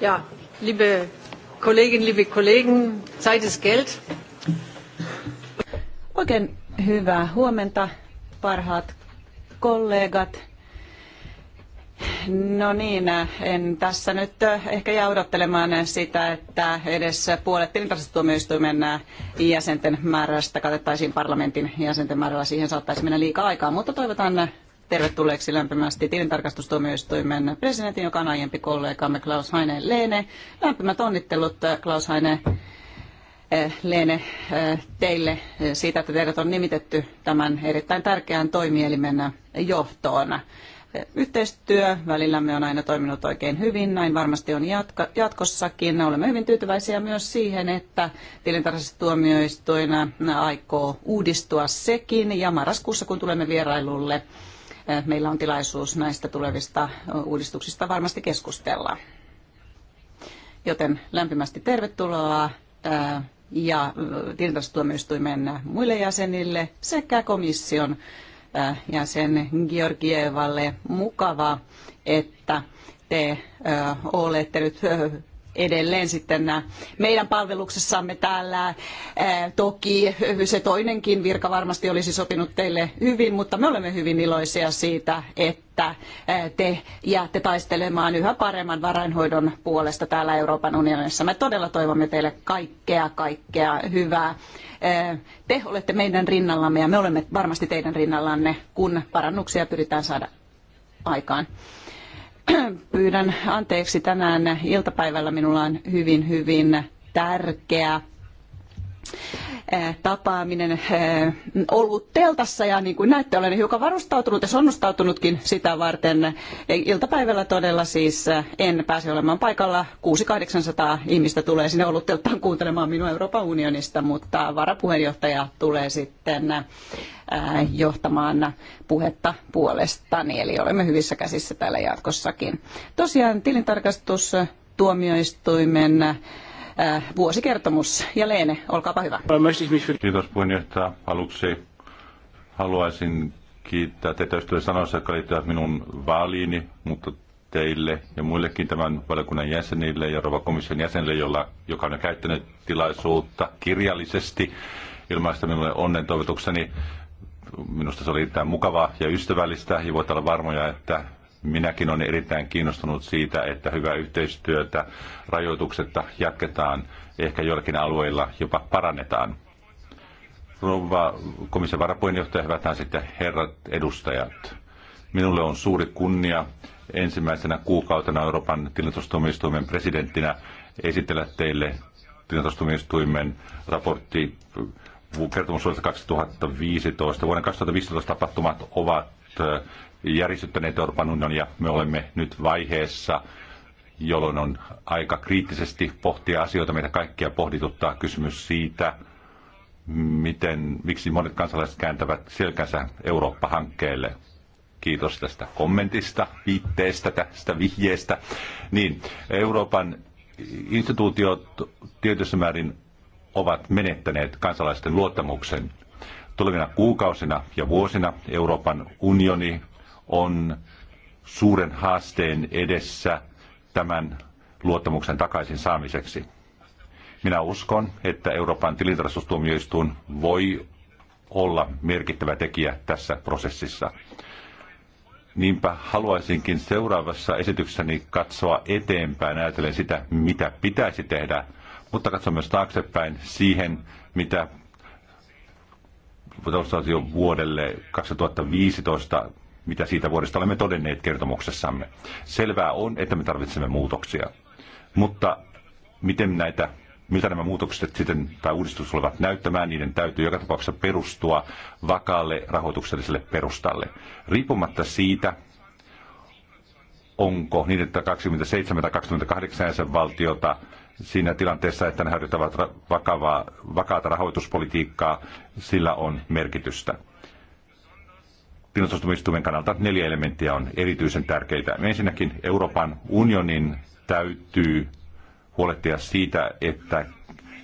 Ja, liebe Kolleginnen, liebe Kollegen, Zeit ist Geld. Oikein hyvää huomenta, parhaat kollegat. No niin, en tässä nyt ehkä jää odottelemaan sitä, että edes puolet tilintarkastustuomioistuimen jäsenten määrästä katettaisiin parlamentin jäsenten määrällä. Siihen saattaisi mennä liikaa aikaa, mutta toivotan tervetulleeksi lämpimästi tilintarkastustuomioistuimen presidentin, joka on aiempi kollegamme Klaus Heine Leene. Lämpimät onnittelut äh, Klaus Heine äh, Leene äh, teille siitä, että teidät on nimitetty tämän erittäin tärkeän toimielimen johtoon. Yhteistyö välillämme on aina toiminut oikein hyvin, näin varmasti on jatka, jatkossakin. Olemme hyvin tyytyväisiä myös siihen, että tilintarkastustuomioistuin aikoo uudistua sekin ja marraskuussa, kun tulemme vierailulle Eh, meillä on tilaisuus näistä tulevista uudistuksista varmasti keskustella. Joten lämpimästi tervetuloa ja tilintarkastustuomioistuimen muille jäsenille sekä komission jäsen Georgievalle mukava, että te olette nyt edelleen sitten äh, meidän palveluksessamme täällä. Äh, toki se toinenkin virka varmasti olisi sopinut teille hyvin, mutta me olemme hyvin iloisia siitä, että äh, te jäätte taistelemaan yhä paremman varainhoidon puolesta täällä Euroopan unionissa. Me todella toivomme teille kaikkea, kaikkea hyvää. Te olette meidän rinnallamme ja me olemme varmasti teidän rinnallanne, kun parannuksia pyritään saada aikaan. Pyydän anteeksi tänään iltapäivällä. Minulla on hyvin, hyvin tärkeä Eh, tapaaminen eh, ollut teltassa ja niin kuin näette olen hiukan varustautunut ja sonnustautunutkin sitä varten. Eh, iltapäivällä todella siis en pääse olemaan paikalla. 6-800 ihmistä tulee sinne ollut telttaan kuuntelemaan minua Euroopan unionista, mutta varapuheenjohtaja tulee sitten johtamaan puhetta puolestani, eli olemme hyvissä käsissä täällä jatkossakin. Tosiaan tilintarkastus tuomioistuimen Äh, vuosikertomus. Ja Leene, olkaapa hyvä. Kiitos puheenjohtaja. Aluksi haluaisin kiittää teitä ystävien sanoissa, jotka liittyvät minun vaaliini, mutta teille ja muillekin tämän valiokunnan jäsenille ja Euroopan komission jäsenille, jolla, joka on jo käyttänyt tilaisuutta kirjallisesti ilmaista minulle onnen toivotukseni. Minusta se oli erittäin mukavaa ja ystävällistä ja voit olla varmoja, että Minäkin olen erittäin kiinnostunut siitä, että hyvää yhteistyötä rajoituksetta jatketaan, ehkä joillakin alueilla jopa parannetaan. Rouva komission varapuheenjohtaja, hyvät naiset ja herrat edustajat. Minulle on suuri kunnia ensimmäisenä kuukautena Euroopan tilintostuomioistuimen presidenttinä esitellä teille tilintostuomioistuimen raportti kertomus vuodelta 2015. Vuoden 2015 tapahtumat ovat järjestyttäneet Euroopan ja Me olemme nyt vaiheessa, jolloin on aika kriittisesti pohtia asioita. Meitä kaikkia pohdituttaa kysymys siitä, miten, miksi monet kansalaiset kääntävät selkänsä Eurooppa-hankkeelle. Kiitos tästä kommentista, viitteestä, tästä vihjeestä. Niin, Euroopan instituutiot tietyssä määrin ovat menettäneet kansalaisten luottamuksen. Tulevina kuukausina ja vuosina Euroopan unioni on suuren haasteen edessä tämän luottamuksen takaisin saamiseksi. Minä uskon, että Euroopan tilintarkastustuomioistuin voi olla merkittävä tekijä tässä prosessissa. Niinpä haluaisinkin seuraavassa esityksessäni katsoa eteenpäin ajatellen sitä, mitä pitäisi tehdä, mutta katsoa myös taaksepäin siihen, mitä vuodelle 2015 mitä siitä vuodesta olemme todenneet kertomuksessamme. Selvää on, että me tarvitsemme muutoksia. Mutta miten näitä, miltä nämä muutokset sitten, tai uudistus tulevat näyttämään, niiden täytyy joka tapauksessa perustua vakaalle rahoitukselliselle perustalle. Riippumatta siitä, onko niiden 27 tai 28 jäsenvaltiota siinä tilanteessa, että ne harjoittavat vakavaa, vakaata rahoituspolitiikkaa, sillä on merkitystä tilintarkastustuomioistuimen kannalta neljä elementtiä on erityisen tärkeitä. Ensinnäkin Euroopan unionin täytyy huolehtia siitä, että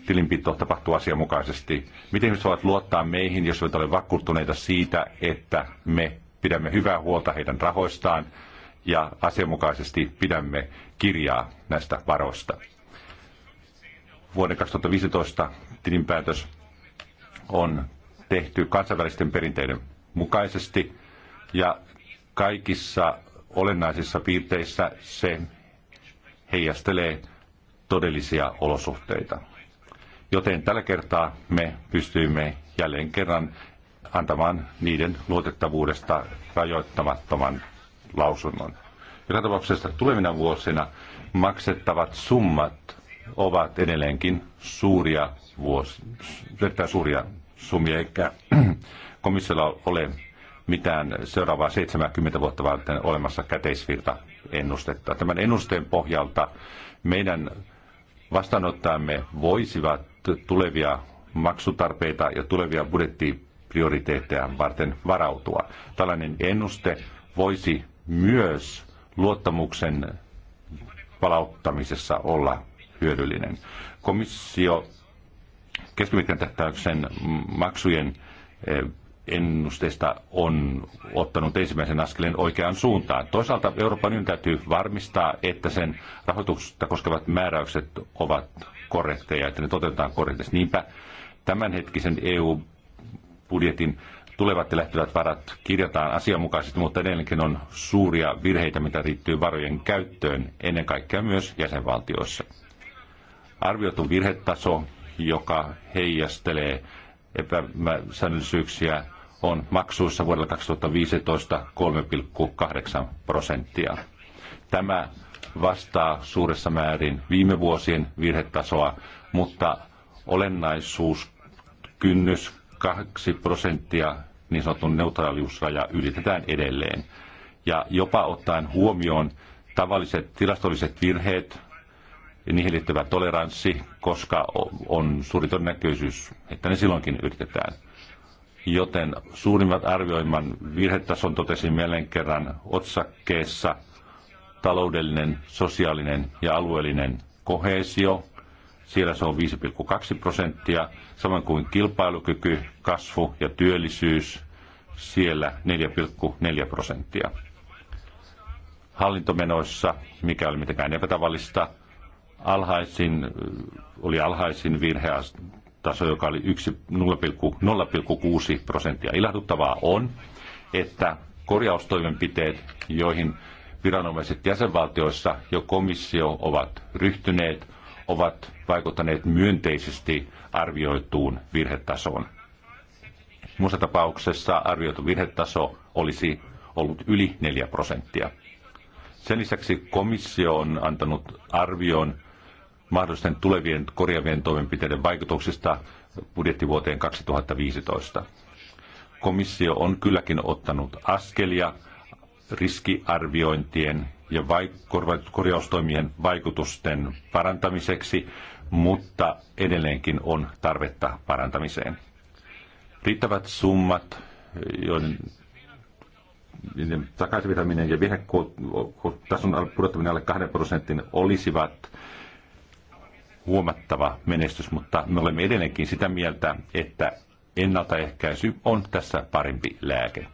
tilinpito tapahtuu asianmukaisesti. Miten ihmiset voivat luottaa meihin, jos eivät ole vakuuttuneita siitä, että me pidämme hyvää huolta heidän rahoistaan ja asianmukaisesti pidämme kirjaa näistä varoista. Vuoden 2015 tilinpäätös on tehty kansainvälisten perinteiden mukaisesti ja kaikissa olennaisissa piirteissä se heijastelee todellisia olosuhteita. Joten tällä kertaa me pystyimme jälleen kerran antamaan niiden luotettavuudesta rajoittamattoman lausunnon. Joka tapauksessa tulevina vuosina maksettavat summat ovat edelleenkin suuria, vuosi, suuria summia, eikä komissiolla ole mitään seuraavaa 70 vuotta varten olemassa käteisvirta ennustetta. Tämän ennusteen pohjalta meidän vastaanottajamme voisivat tulevia maksutarpeita ja tulevia budjettiprioriteetteja varten varautua. Tällainen ennuste voisi myös luottamuksen palauttamisessa olla hyödyllinen. Komissio keskipitkän tähtäyksen maksujen eh, ennusteista on ottanut ensimmäisen askeleen oikeaan suuntaan. Toisaalta Euroopan unionin täytyy varmistaa, että sen rahoitusta koskevat määräykset ovat korrekteja, että ne toteutetaan korrekteisesti. Niinpä tämänhetkisen EU-budjetin tulevat ja lähtevät varat kirjataan asianmukaisesti, mutta edelleenkin on suuria virheitä, mitä liittyy varojen käyttöön, ennen kaikkea myös jäsenvaltioissa. Arvioitu virhetaso, joka heijastelee epäsäännöllisyyksiä on maksuissa vuodelle 2015 3,8 prosenttia. Tämä vastaa suuressa määrin viime vuosien virhetasoa, mutta olennaisuus kynnys 2 prosenttia niin sanotun neutraaliusraja ylitetään edelleen. Ja jopa ottaen huomioon tavalliset tilastolliset virheet, niihin liittyvä toleranssi, koska on suuri todennäköisyys, että ne silloinkin yritetään joten suurimmat arvioiman virhetason totesin jälleen kerran otsakkeessa taloudellinen, sosiaalinen ja alueellinen kohesio. Siellä se on 5,2 prosenttia, samoin kuin kilpailukyky, kasvu ja työllisyys, siellä 4,4 prosenttia. Hallintomenoissa, mikä oli mitenkään epätavallista, alhaisin, oli alhaisin virheaste taso, joka oli 0,6 prosenttia. Ilahduttavaa on, että korjaustoimenpiteet, joihin viranomaiset jäsenvaltioissa ja komissio ovat ryhtyneet, ovat vaikuttaneet myönteisesti arvioituun virhetasoon. Muussa tapauksessa arvioitu virhetaso olisi ollut yli 4 prosenttia. Sen lisäksi komissio on antanut arvion mahdollisten tulevien korjaavien toimenpiteiden vaikutuksista budjettivuoteen 2015. Komissio on kylläkin ottanut askelia riskiarviointien ja korjaustoimien vaikutusten parantamiseksi, mutta edelleenkin on tarvetta parantamiseen. Riittävät summat, joiden takaisinvitaminen ja virhetason pudottaminen alle 2 prosentin olisivat huomattava menestys, mutta me olemme edelleenkin sitä mieltä, että ennaltaehkäisy on tässä parempi lääke.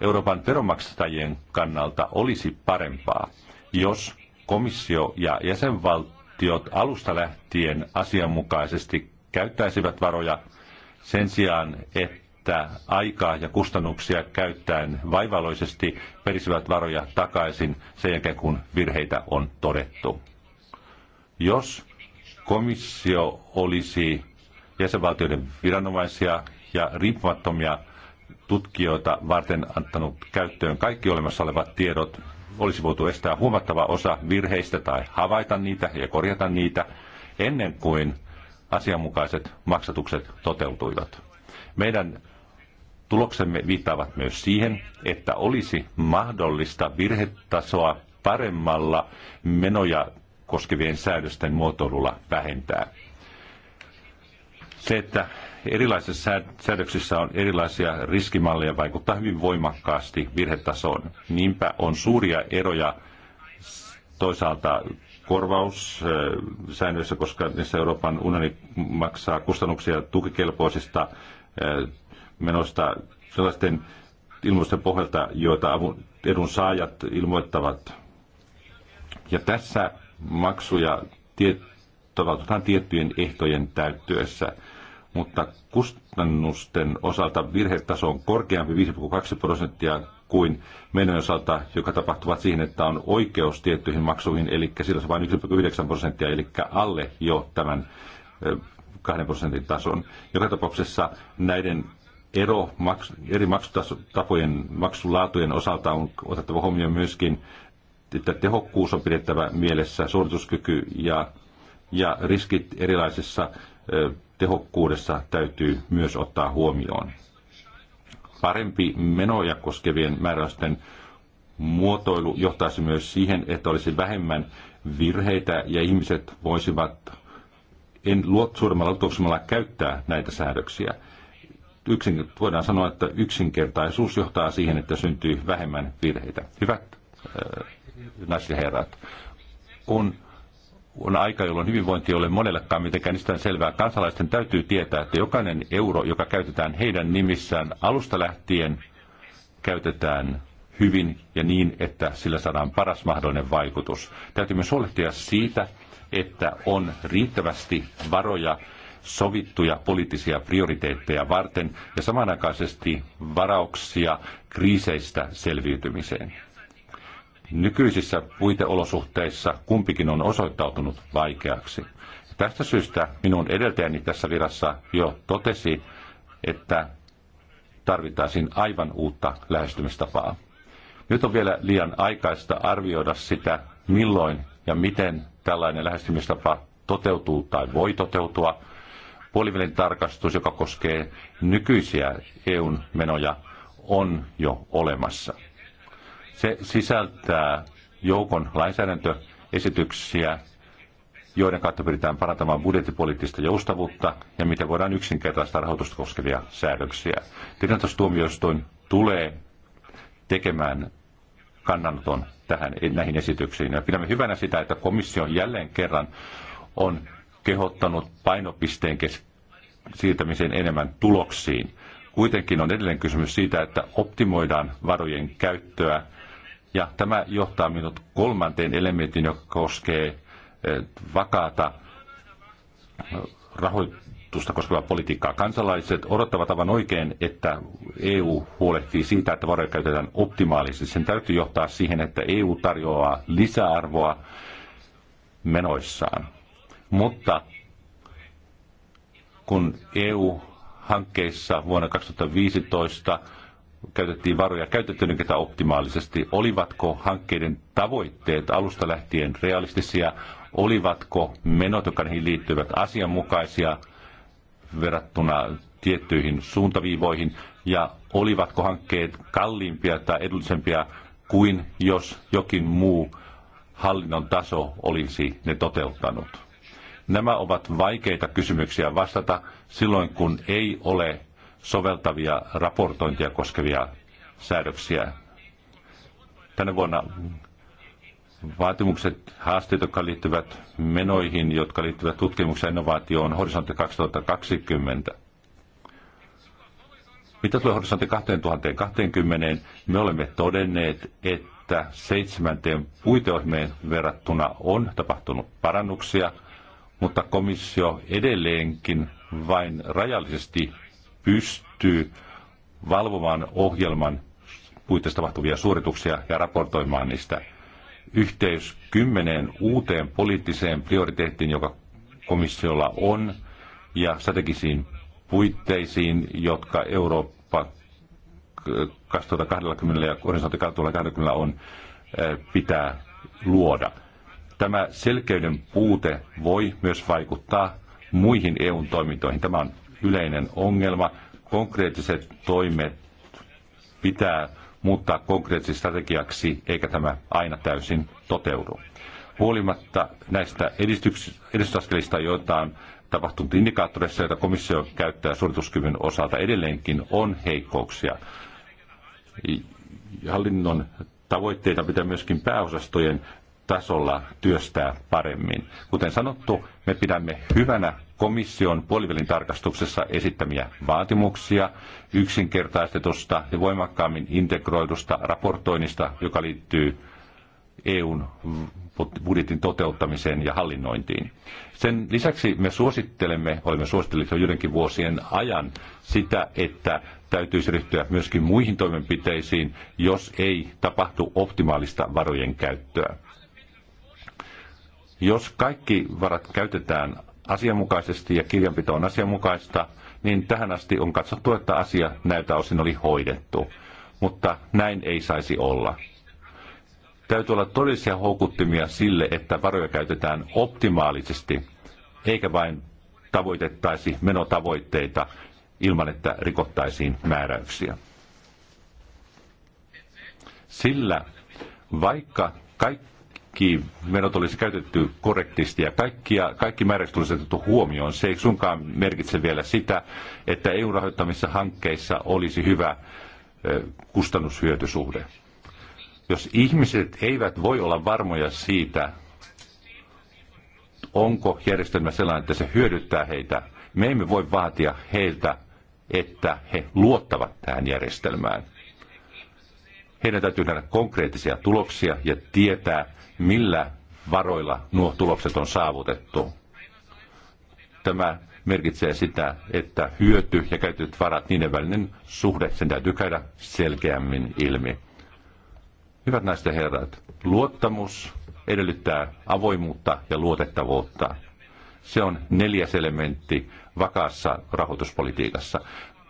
Euroopan veronmaksajien kannalta olisi parempaa, jos komissio ja jäsenvaltiot alusta lähtien asianmukaisesti käyttäisivät varoja sen sijaan, että aikaa ja kustannuksia käyttäen vaivaloisesti perisivät varoja takaisin sen jälkeen, kun virheitä on todettu. Jos komissio olisi jäsenvaltioiden viranomaisia ja riippumattomia tutkijoita varten antanut käyttöön kaikki olemassa olevat tiedot, olisi voitu estää huomattava osa virheistä tai havaita niitä ja korjata niitä ennen kuin asianmukaiset maksatukset toteutuivat. Meidän tuloksemme viittaavat myös siihen, että olisi mahdollista virhetasoa paremmalla menoja koskevien säädösten muotoilulla vähentää. Se, että erilaisissa säädöksissä on erilaisia riskimalleja, vaikuttaa hyvin voimakkaasti virhetasoon. Niinpä on suuria eroja toisaalta korvaussäännöissä, koska niissä Euroopan unioni maksaa kustannuksia tukikelpoisista menosta sellaisten ilmoisten pohjalta, joita edun saajat ilmoittavat. Ja tässä maksuja toteutetaan tiettyjen ehtojen täyttyessä, mutta kustannusten osalta virhetaso on korkeampi 5,2 prosenttia kuin menojen osalta, joka tapahtuvat siihen, että on oikeus tiettyihin maksuihin, eli sillä se vain 1,9 prosenttia, eli alle jo tämän 2 prosentin tason. Joka tapauksessa näiden ero maks, eri maksutapojen, maksulaatujen osalta on otettava huomioon myöskin että tehokkuus on pidettävä mielessä, suorituskyky ja, ja riskit erilaisessa tehokkuudessa täytyy myös ottaa huomioon. Parempi menoja koskevien määräysten muotoilu johtaisi myös siihen, että olisi vähemmän virheitä ja ihmiset voisivat en luot, suuremmalla luottamuksella käyttää näitä säädöksiä. Yksin, voidaan sanoa, että yksinkertaisuus johtaa siihen, että syntyy vähemmän virheitä. Hyvät äh, naiset ja herrat. On, on aika, jolloin hyvinvointi ei ole monellekaan mitenkään istään selvää. Kansalaisten täytyy tietää, että jokainen euro, joka käytetään heidän nimissään alusta lähtien, käytetään hyvin ja niin, että sillä saadaan paras mahdollinen vaikutus. Täytyy myös huolehtia siitä, että on riittävästi varoja sovittuja poliittisia prioriteetteja varten ja samanaikaisesti varauksia kriiseistä selviytymiseen. Nykyisissä puiteolosuhteissa kumpikin on osoittautunut vaikeaksi. Tästä syystä minun edeltäjäni tässä virassa jo totesi, että tarvittaisiin aivan uutta lähestymistapaa. Nyt on vielä liian aikaista arvioida sitä, milloin ja miten tällainen lähestymistapa toteutuu tai voi toteutua. Puolivälin tarkastus, joka koskee nykyisiä EUn menoja, on jo olemassa. Se sisältää joukon lainsäädäntöesityksiä, joiden kautta pyritään parantamaan budjettipoliittista joustavuutta ja miten voidaan yksinkertaistaa rahoitusta koskevia säädöksiä. Tilintustuomioistuin tulee tekemään kannanoton tähän, näihin esityksiin. Ja pidämme hyvänä sitä, että komissio jälleen kerran on kehottanut painopisteen kes- siirtämiseen enemmän tuloksiin. Kuitenkin on edelleen kysymys siitä, että optimoidaan varojen käyttöä ja tämä johtaa minut kolmanteen elementin, joka koskee eh, vakaata eh, rahoitusta koskevaa politiikkaa. Kansalaiset odottavat aivan oikein, että EU huolehtii siitä, että varoja käytetään optimaalisesti. Sen täytyy johtaa siihen, että EU tarjoaa lisäarvoa menoissaan. Mutta kun EU-hankkeissa vuonna 2015 käytettiin varoja, käytetty niitä optimaalisesti? Olivatko hankkeiden tavoitteet alusta lähtien realistisia? Olivatko menot, jotka niihin liittyvät, asianmukaisia verrattuna tiettyihin suuntaviivoihin? Ja olivatko hankkeet kalliimpia tai edullisempia kuin jos jokin muu hallinnon taso olisi ne toteuttanut? Nämä ovat vaikeita kysymyksiä vastata silloin, kun ei ole soveltavia raportointia koskevia säädöksiä. Tänä vuonna vaatimukset, haasteet, jotka liittyvät menoihin, jotka liittyvät tutkimukseen ja innovaatioon, horisontti 2020. Mitä tulee horisontti 2020, me olemme todenneet, että seitsemänteen puiteohjelmeen verrattuna on tapahtunut parannuksia, mutta komissio edelleenkin vain rajallisesti pystyy valvomaan ohjelman puitteissa tapahtuvia suorituksia ja raportoimaan niistä. Yhteys kymmeneen uuteen poliittiseen prioriteettiin, joka komissiolla on, ja strategisiin puitteisiin, jotka Eurooppa 2020 ja 2020 on, eh, pitää luoda. Tämä selkeyden puute voi myös vaikuttaa muihin eu toimintoihin. Tämä on yleinen ongelma. Konkreettiset toimet pitää muuttaa konkreettiseksi strategiaksi, eikä tämä aina täysin toteudu. Huolimatta näistä edistysaskelista, joita on tapahtunut indikaattoreissa, joita komissio käyttää suorituskyvyn osalta, edelleenkin on heikkouksia. Hallinnon tavoitteita pitää myöskin pääosastojen tasolla työstää paremmin. Kuten sanottu, me pidämme hyvänä komission puolivälin tarkastuksessa esittämiä vaatimuksia yksinkertaistetusta ja voimakkaammin integroidusta raportoinnista, joka liittyy EUn budjetin toteuttamiseen ja hallinnointiin. Sen lisäksi me suosittelemme, olemme suositelleet jo joidenkin vuosien ajan sitä, että täytyisi ryhtyä myöskin muihin toimenpiteisiin, jos ei tapahtu optimaalista varojen käyttöä. Jos kaikki varat käytetään asianmukaisesti ja kirjanpito on asianmukaista, niin tähän asti on katsottu, että asia näiltä osin oli hoidettu. Mutta näin ei saisi olla. Täytyy olla todellisia houkuttimia sille, että varoja käytetään optimaalisesti, eikä vain tavoitettaisi menotavoitteita ilman, että rikottaisiin määräyksiä. Sillä vaikka kaikki kaikki menot olisi käytetty korrektisti ja ja kaikki määräykset olisi otettu huomioon. Se ei sunkaan merkitse vielä sitä, että EU-rahoittamissa hankkeissa olisi hyvä kustannushyötysuhde. Jos ihmiset eivät voi olla varmoja siitä, onko järjestelmä sellainen, että se hyödyttää heitä, me emme voi vaatia heiltä, että he luottavat tähän järjestelmään heidän täytyy nähdä konkreettisia tuloksia ja tietää, millä varoilla nuo tulokset on saavutettu. Tämä merkitsee sitä, että hyöty ja käytetyt varat, niiden välinen suhde, sen täytyy käydä selkeämmin ilmi. Hyvät naiset ja herrat, luottamus edellyttää avoimuutta ja luotettavuutta. Se on neljäs elementti vakaassa rahoituspolitiikassa.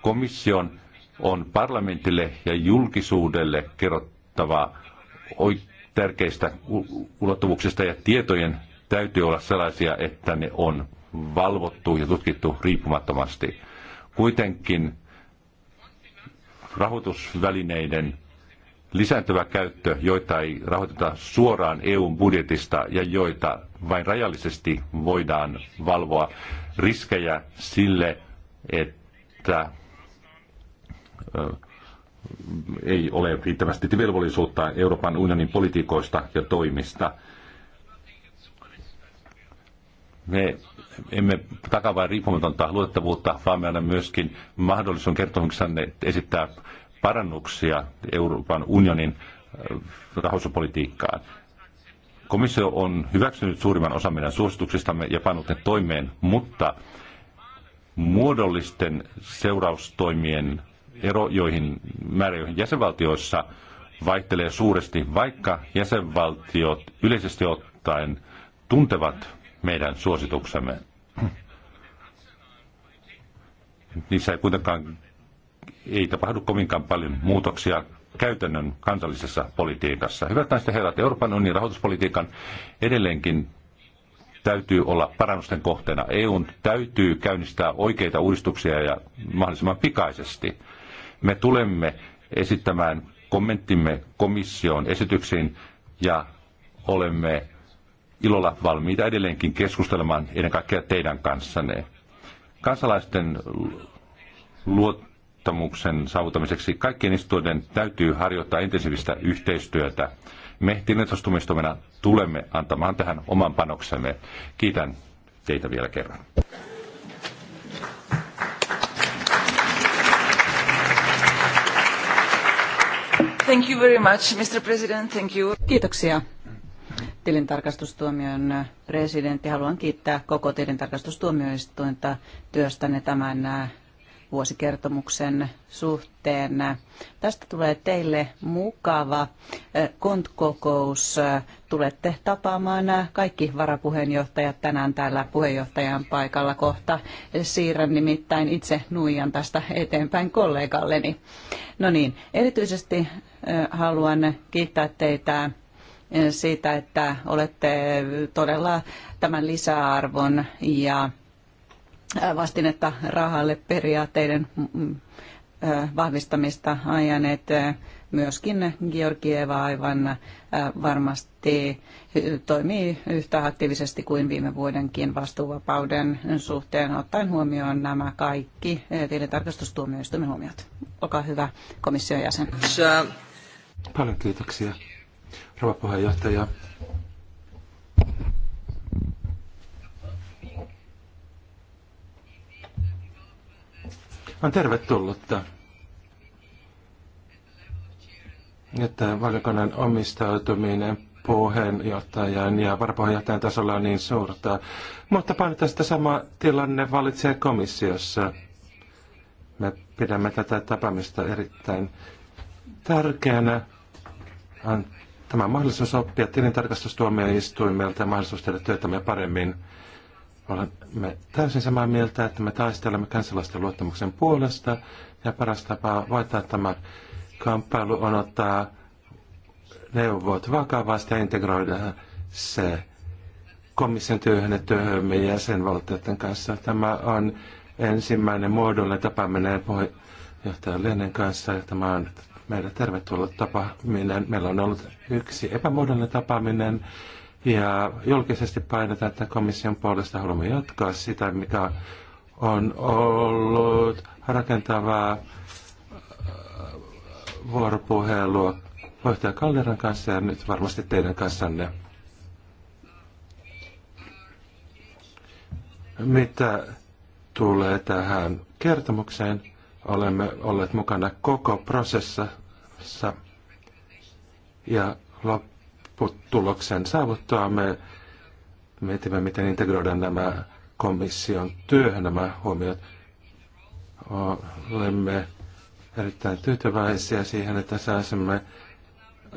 Komission on parlamentille ja julkisuudelle kerrottava tärkeistä ulottuvuuksista ja tietojen täytyy olla sellaisia, että ne on valvottu ja tutkittu riippumattomasti. Kuitenkin rahoitusvälineiden lisääntyvä käyttö, joita ei rahoiteta suoraan EUn budjetista ja joita vain rajallisesti voidaan valvoa riskejä sille, että ei ole riittävästi velvollisuutta Euroopan unionin politiikoista ja toimista. Me emme takaa vain riippumatonta luotettavuutta, vaan me myöskin mahdollisuus kertomuksessanne esittää parannuksia Euroopan unionin rahoituspolitiikkaan. Komissio on hyväksynyt suurimman osan meidän suosituksistamme ja pannut ne toimeen, mutta muodollisten seuraustoimien ero, joihin, määräjoihin jäsenvaltioissa vaihtelee suuresti, vaikka jäsenvaltiot yleisesti ottaen tuntevat meidän suosituksemme. Niissä ei kuitenkaan ei tapahdu kovinkaan paljon muutoksia käytännön kansallisessa politiikassa. Hyvät naiset ja herrat, Euroopan unionin rahoituspolitiikan edelleenkin täytyy olla parannusten kohteena. EUn täytyy käynnistää oikeita uudistuksia ja mahdollisimman pikaisesti. Me tulemme esittämään kommenttimme komission esityksiin ja olemme ilolla valmiita edelleenkin keskustelemaan ennen kaikkea teidän kanssanne. Kansalaisten luottamuksen saavutamiseksi kaikkien istuiden täytyy harjoittaa intensiivistä yhteistyötä. Me tilintastumistomina tulemme antamaan tähän oman panoksemme. Kiitän teitä vielä kerran. Kiitoksia. Tilintarkastustuomion presidentti, haluan kiittää koko tilintarkastustuomioistuinta työstänne tämän vuosikertomuksen suhteen. Tästä tulee teille mukava kontkokous. Tulette tapaamaan kaikki varapuheenjohtajat tänään täällä puheenjohtajan paikalla kohta. Siirrän nimittäin itse nuijan tästä eteenpäin kollegalleni. No niin, erityisesti haluan kiittää teitä siitä, että olette todella tämän lisäarvon ja vastinetta rahalle periaatteiden vahvistamista ajaneet. Myöskin Georgieva aivan varmasti toimii yhtä aktiivisesti kuin viime vuodenkin vastuuvapauden suhteen, ottaen huomioon nämä kaikki tilintarkastustuomioistuimen huomiot. Olkaa hyvä komission jäsen. Paljon kiitoksia, rouva puheenjohtaja. On tervetullutta, että valiokunnan omistautuminen puheenjohtajan ja varapuheenjohtajan tasolla on niin suurta. Mutta painotan sitä sama tilanne valitsee komissiossa. Me pidämme tätä tapaamista erittäin tärkeänä tämä on mahdollisuus oppia tilintarkastustuomioistuimelta ja mahdollisuus tehdä työtämme paremmin. Olemme täysin samaa mieltä, että me taistelemme kansalaisten luottamuksen puolesta ja paras tapa voittaa tämä kamppailu on ottaa neuvot vakavasti ja integroida se komission työhön ja työhön meidän jäsenvaltioiden kanssa. Tämä on ensimmäinen muodollinen tapa menee puheenjohtaja Lennen kanssa ja tämä on meille tervetullut tapaaminen. Meillä on ollut yksi epämuodollinen tapaaminen ja julkisesti painetaan että komission puolesta haluamme jatkaa sitä, mikä on ollut rakentavaa äh, vuoropuhelua puheenjohtaja Kalleran kanssa ja nyt varmasti teidän kanssanne. Mitä tulee tähän kertomukseen, Olemme olleet mukana koko prosessissa ja lopputuloksen saavuttua me mietimme, miten integroida nämä komission työhön nämä huomiot. Olemme erittäin tyytyväisiä siihen, että saisimme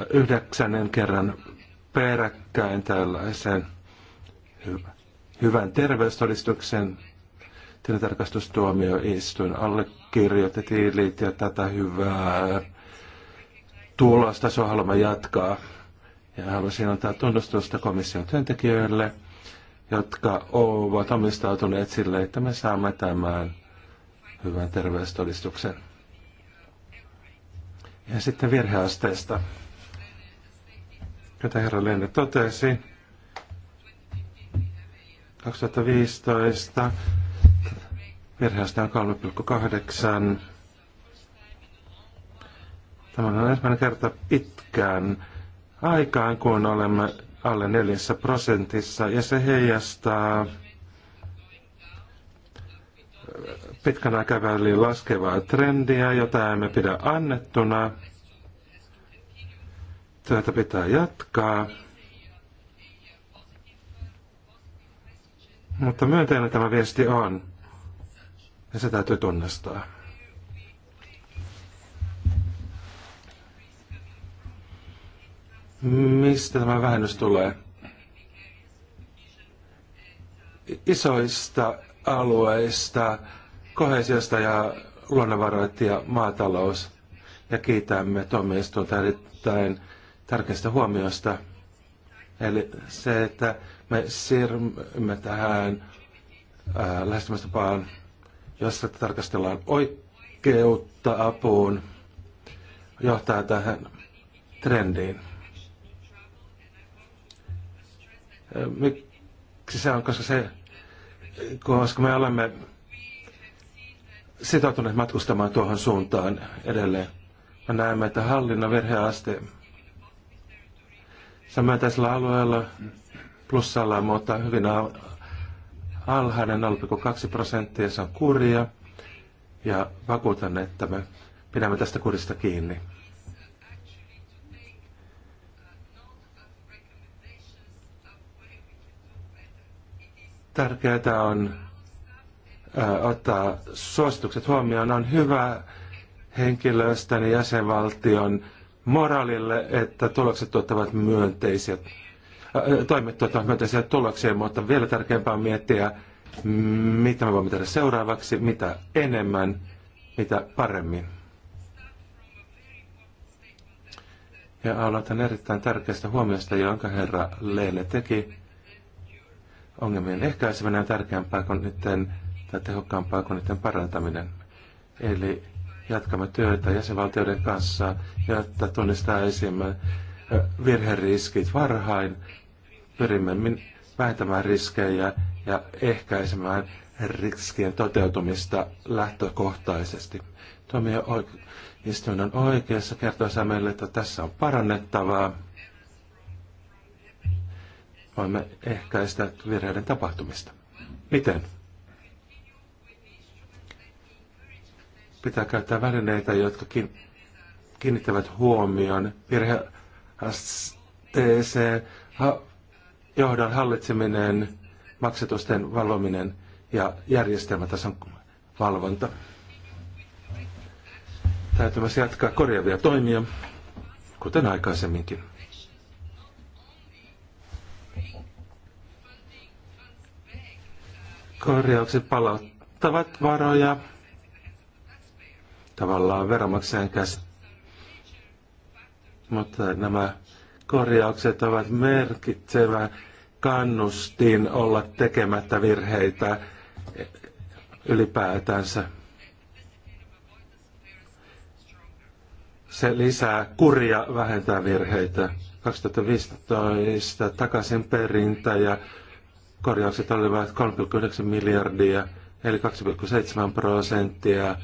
yhdeksännen kerran peräkkäin tällaisen hyvän terveystodistuksen tilintarkastustuomioistuin allekirjoitti tiilit ja tätä hyvää tulostasoa haluamme jatkaa. Ja haluaisin antaa tunnustusta komission työntekijöille, jotka ovat omistautuneet sille, että me saamme tämän hyvän terveystodistuksen. Ja sitten virheasteesta, jota herra Lenne totesi. 2015 Virheistä on 3,8. Tämä on ensimmäinen kerta pitkään aikaan, kun olemme alle neljässä prosentissa, ja se heijastaa pitkän aikavälin laskevaa trendiä, jota emme pidä annettuna. Työtä pitää jatkaa. Mutta myönteinen tämä viesti on. Ja se täytyy tunnistaa. Mistä tämä vähennys tulee? Isoista alueista, kohesiosta ja luonnonvaroit ja maatalous. Ja kiitämme tuomioistuinta erittäin tärkeästä huomiosta. Eli se, että me siirrymme tähän äh, lähestymistapaan jossa tarkastellaan oikeutta apuun, johtaa tähän trendiin. Miksi se on? Koska, se, koska me olemme sitoutuneet matkustamaan tuohon suuntaan edelleen. Me näemme, että hallinnan virheaste samantaisella alueella plussalla, mutta hyvin alhainen 0,2 prosenttia, se on kuria. Ja vakuutan, että me pidämme tästä kurista kiinni. Tärkeää on ää, ottaa suositukset huomioon. On hyvä henkilöstön ja jäsenvaltion moraalille, että tulokset tuottavat myönteisiä toimet tuottavat myönteisiä tuloksia, mutta vielä tärkeämpää on miettiä, mitä me voimme tehdä seuraavaksi, mitä enemmän, mitä paremmin. Ja aloitan erittäin tärkeästä huomiosta, jonka herra Leele teki. Ongelmien ehkäiseminen on tärkeämpää kuin niiden, tai tehokkaampaa kuin niiden parantaminen. Eli jatkamme työtä jäsenvaltioiden kanssa, jotta tunnistaa esimerkiksi virheriskit varhain pyrimme vähentämään riskejä ja ehkäisemään riskien toteutumista lähtökohtaisesti. Tuomioistuin on oikeassa, kertoessa meille, että tässä on parannettavaa. Voimme ehkäistä virheiden tapahtumista. Miten? Pitää käyttää välineitä, jotka kiinnittävät huomion virheasteeseen, johdon hallitseminen, maksatusten valvominen ja järjestelmätason valvonta. Täytyy myös jatkaa korjaavia toimia, kuten aikaisemminkin. Korjaukset palauttavat varoja tavallaan veronmaksajan käsi. Mutta nämä korjaukset ovat merkitsevä kannustin olla tekemättä virheitä ylipäätänsä. Se lisää kuria, vähentää virheitä. 2015 takaisin perintä ja korjaukset olivat 3,9 miljardia, eli 2,7 prosenttia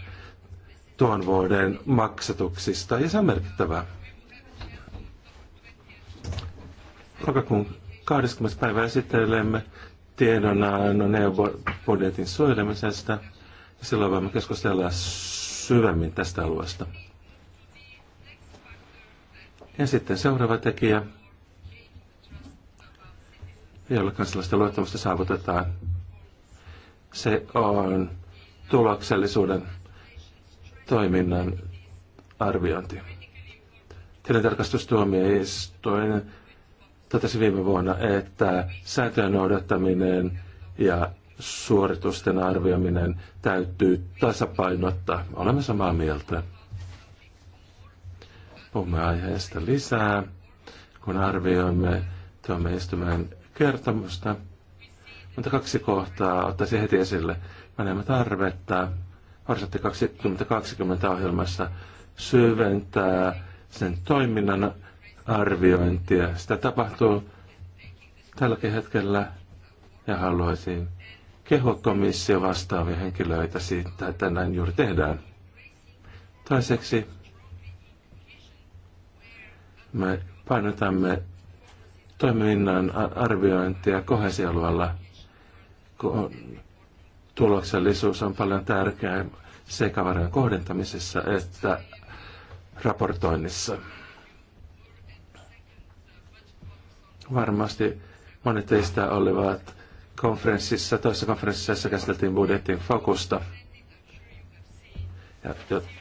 tuon vuoden maksatuksista, ja se on merkittävää. Lokakuun 20. päivä esittelemme tiedonannon EU-budjetin suojelemisesta ja silloin voimme keskustella syvemmin tästä alueesta. Ja sitten seuraava tekijä, jolla kansalaisten luottamusta saavutetaan, se on tuloksellisuuden toiminnan arviointi. Tilintarkastustuomioistuin totesi viime vuonna, että sääntöjen noudattaminen ja suoritusten arvioiminen täytyy tasapainottaa. Olemme samaa mieltä. Puhumme aiheesta lisää, kun arvioimme istumään kertomusta. Mutta kaksi kohtaa ottaisin heti esille. Mä näemme tarvetta Horisontti 2020 ohjelmassa syventää sen toiminnan arviointia. Sitä tapahtuu tälläkin hetkellä ja haluaisin kehokomissio vastaavia henkilöitä siitä, että näin juuri tehdään. Toiseksi me painotamme toiminnan arviointia kohesialueella, kun tuloksellisuus on paljon tärkeää sekä varojen kohdentamisessa että raportoinnissa. Varmasti monet teistä olivat konferenssissa, toisessa konferenssissa, jossa käsiteltiin budjetin fokusta. Ja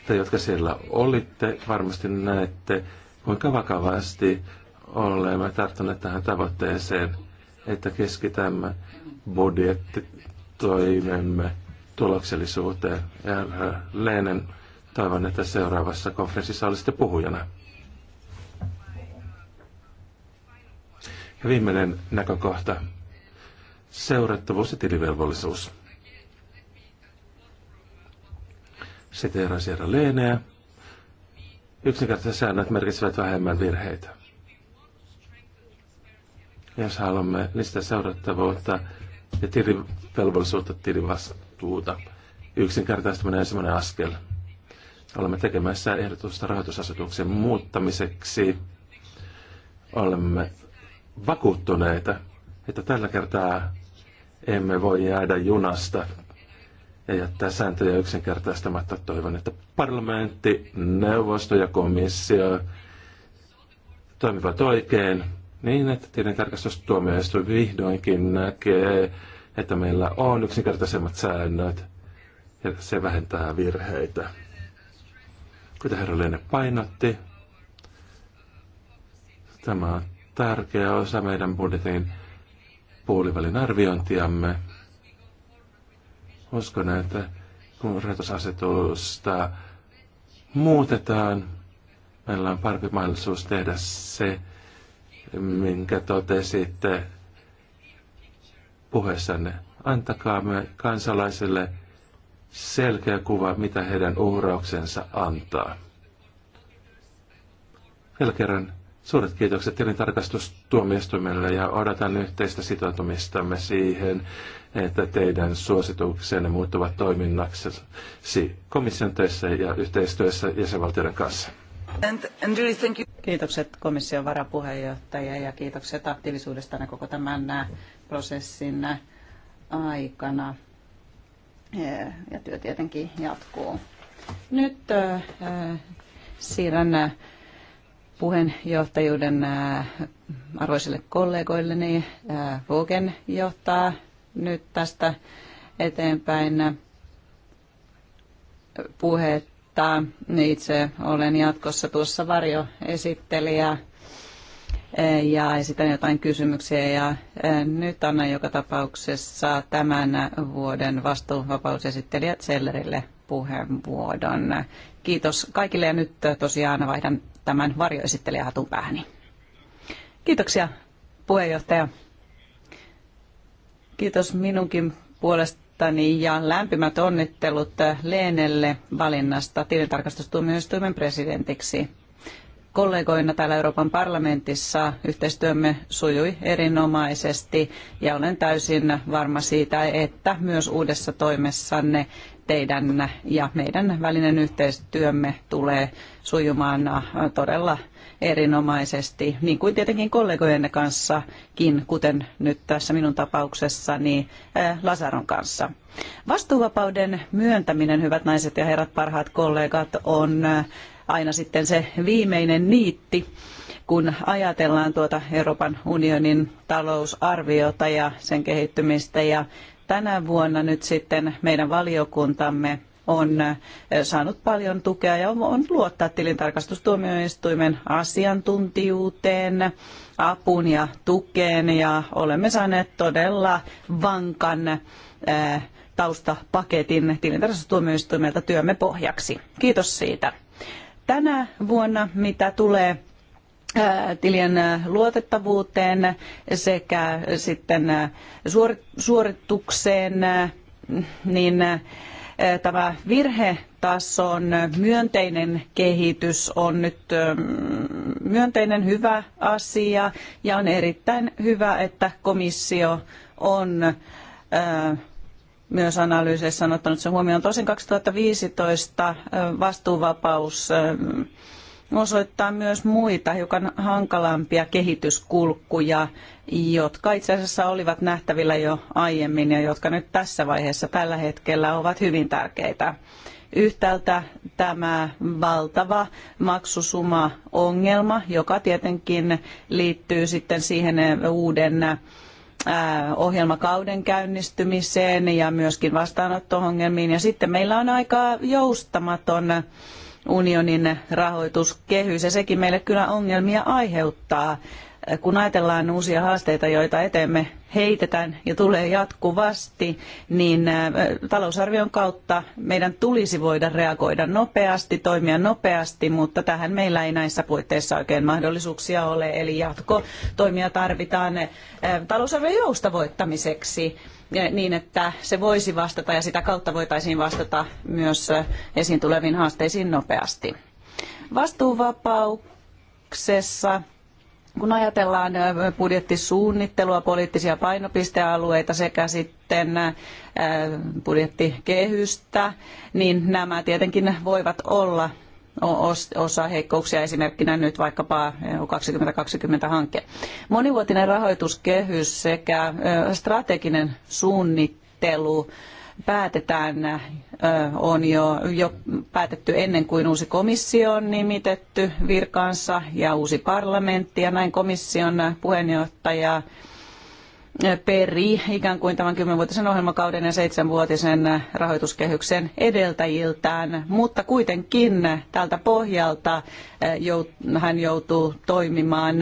te, jotka siellä olitte, varmasti näette, kuinka vakavasti olemme tarttuneet tähän tavoitteeseen, että keskitämme budjettitoimemme tuloksellisuuteen. Ja äh, Leenen toivon, että seuraavassa konferenssissa olisitte puhujana. Ja viimeinen näkökohta, seurattavuus ja tilivelvollisuus. Siteeraan Sierra Leeneä. Yksinkertaiset säännöt merkitsevät vähemmän virheitä. Jos haluamme lisätä seurattavuutta ja tilivelvollisuutta, tilivastuuta, yksinkertaistaminen on ensimmäinen askel. Olemme tekemässä ehdotusta rahoitusasetuksen muuttamiseksi. Olemme vakuuttuneita, että tällä kertaa emme voi jäädä junasta ja jättää sääntöjä yksinkertaistamatta. Toivon, että parlamentti, neuvosto ja komissio toimivat oikein niin, että tilintarkastustuomioistuin vihdoinkin näkee, että meillä on yksinkertaisemmat säännöt ja se vähentää virheitä. Kuten herra Leine painotti, tämä on tärkeä osa meidän budjetin puolivälin arviointiamme. Uskon, että kun rahoitusasetusta muutetaan, meillä on parempi mahdollisuus tehdä se, minkä totesitte puheessanne. me kansalaisille selkeä kuva, mitä heidän uhrauksensa antaa. Vielä kerran Suuret kiitokset tilintarkastustuomioistuimelle ja odotan yhteistä sitoutumistamme siihen, että teidän suosituksenne muuttuvat toiminnaksi komission töissä ja yhteistyössä jäsenvaltioiden kanssa. Kiitokset komission varapuheenjohtaja ja kiitokset aktiivisuudesta koko tämän prosessin aikana. Ja työ tietenkin jatkuu. Nyt siirrän puheenjohtajuuden arvoisille kollegoilleni. Niin, Vogen johtaa nyt tästä eteenpäin puhetta. Itse olen jatkossa tuossa varjoesittelijä ja esitän jotain kysymyksiä. Ja nyt annan joka tapauksessa tämän vuoden vastuuvapausesittelijä Sellerille puheenvuoron. Kiitos kaikille ja nyt tosiaan vaihdan tämän varjoesittelijä hatun päähäni. Kiitoksia puheenjohtaja. Kiitos minunkin puolestani ja lämpimät onnittelut Leenelle valinnasta tilintarkastustuomioistuimen presidentiksi. Kollegoina täällä Euroopan parlamentissa yhteistyömme sujui erinomaisesti ja olen täysin varma siitä, että myös uudessa toimessanne teidän ja meidän välinen yhteistyömme tulee sujumaan todella erinomaisesti, niin kuin tietenkin kollegojenne kanssakin, kuten nyt tässä minun tapauksessani eh, Lasaron kanssa. Vastuuvapauden myöntäminen, hyvät naiset ja herrat, parhaat kollegat, on eh, aina sitten se viimeinen niitti, kun ajatellaan tuota Euroopan unionin talousarviota ja sen kehittymistä ja tänä vuonna nyt sitten meidän valiokuntamme on saanut paljon tukea ja on luottaa tilintarkastustuomioistuimen asiantuntijuuteen, apuun ja tukeen ja olemme saaneet todella vankan taustapaketin tilintarkastustuomioistuimelta työmme pohjaksi. Kiitos siitä. Tänä vuonna, mitä tulee Äh, tilien äh, luotettavuuteen sekä sitten äh, suoritukseen, niin tämä virhetason myönteinen kehitys on nyt myönteinen hyvä asia ja on erittäin hyvä, että komissio on myös analyyseissa on ottanut sen huomioon. Tosin 2015 vastuuvapaus osoittaa myös muita hiukan hankalampia kehityskulkuja, jotka itse asiassa olivat nähtävillä jo aiemmin ja jotka nyt tässä vaiheessa tällä hetkellä ovat hyvin tärkeitä. Yhtäältä tämä valtava maksusuma-ongelma, joka tietenkin liittyy sitten siihen eh, uuden eh, ohjelmakauden käynnistymiseen ja myöskin vastaanotto-ongelmiin. Ja sitten meillä on aika joustamaton unionin rahoituskehys ja sekin meille kyllä ongelmia aiheuttaa. Kun ajatellaan uusia haasteita, joita eteemme heitetään ja tulee jatkuvasti, niin äh, talousarvion kautta meidän tulisi voida reagoida nopeasti, toimia nopeasti, mutta tähän meillä ei näissä puitteissa oikein mahdollisuuksia ole. Eli jatko toimia tarvitaan äh, talousarvion joustavoittamiseksi niin, että se voisi vastata ja sitä kautta voitaisiin vastata myös esiin tuleviin haasteisiin nopeasti. Vastuuvapauksessa kun ajatellaan budjettisuunnittelua, poliittisia painopistealueita sekä sitten budjettikehystä, niin nämä tietenkin voivat olla osa heikkouksia, esimerkkinä nyt vaikkapa EU 2020-hanke. Monivuotinen rahoituskehys sekä strateginen suunnittelu päätetään, on jo, jo päätetty ennen kuin uusi komissio on nimitetty virkaansa ja uusi parlamentti ja näin komission puheenjohtaja peri ikään kuin tämän kymmenvuotisen ohjelmakauden ja seitsemänvuotisen rahoituskehyksen edeltäjiltään, mutta kuitenkin tältä pohjalta hän joutuu toimimaan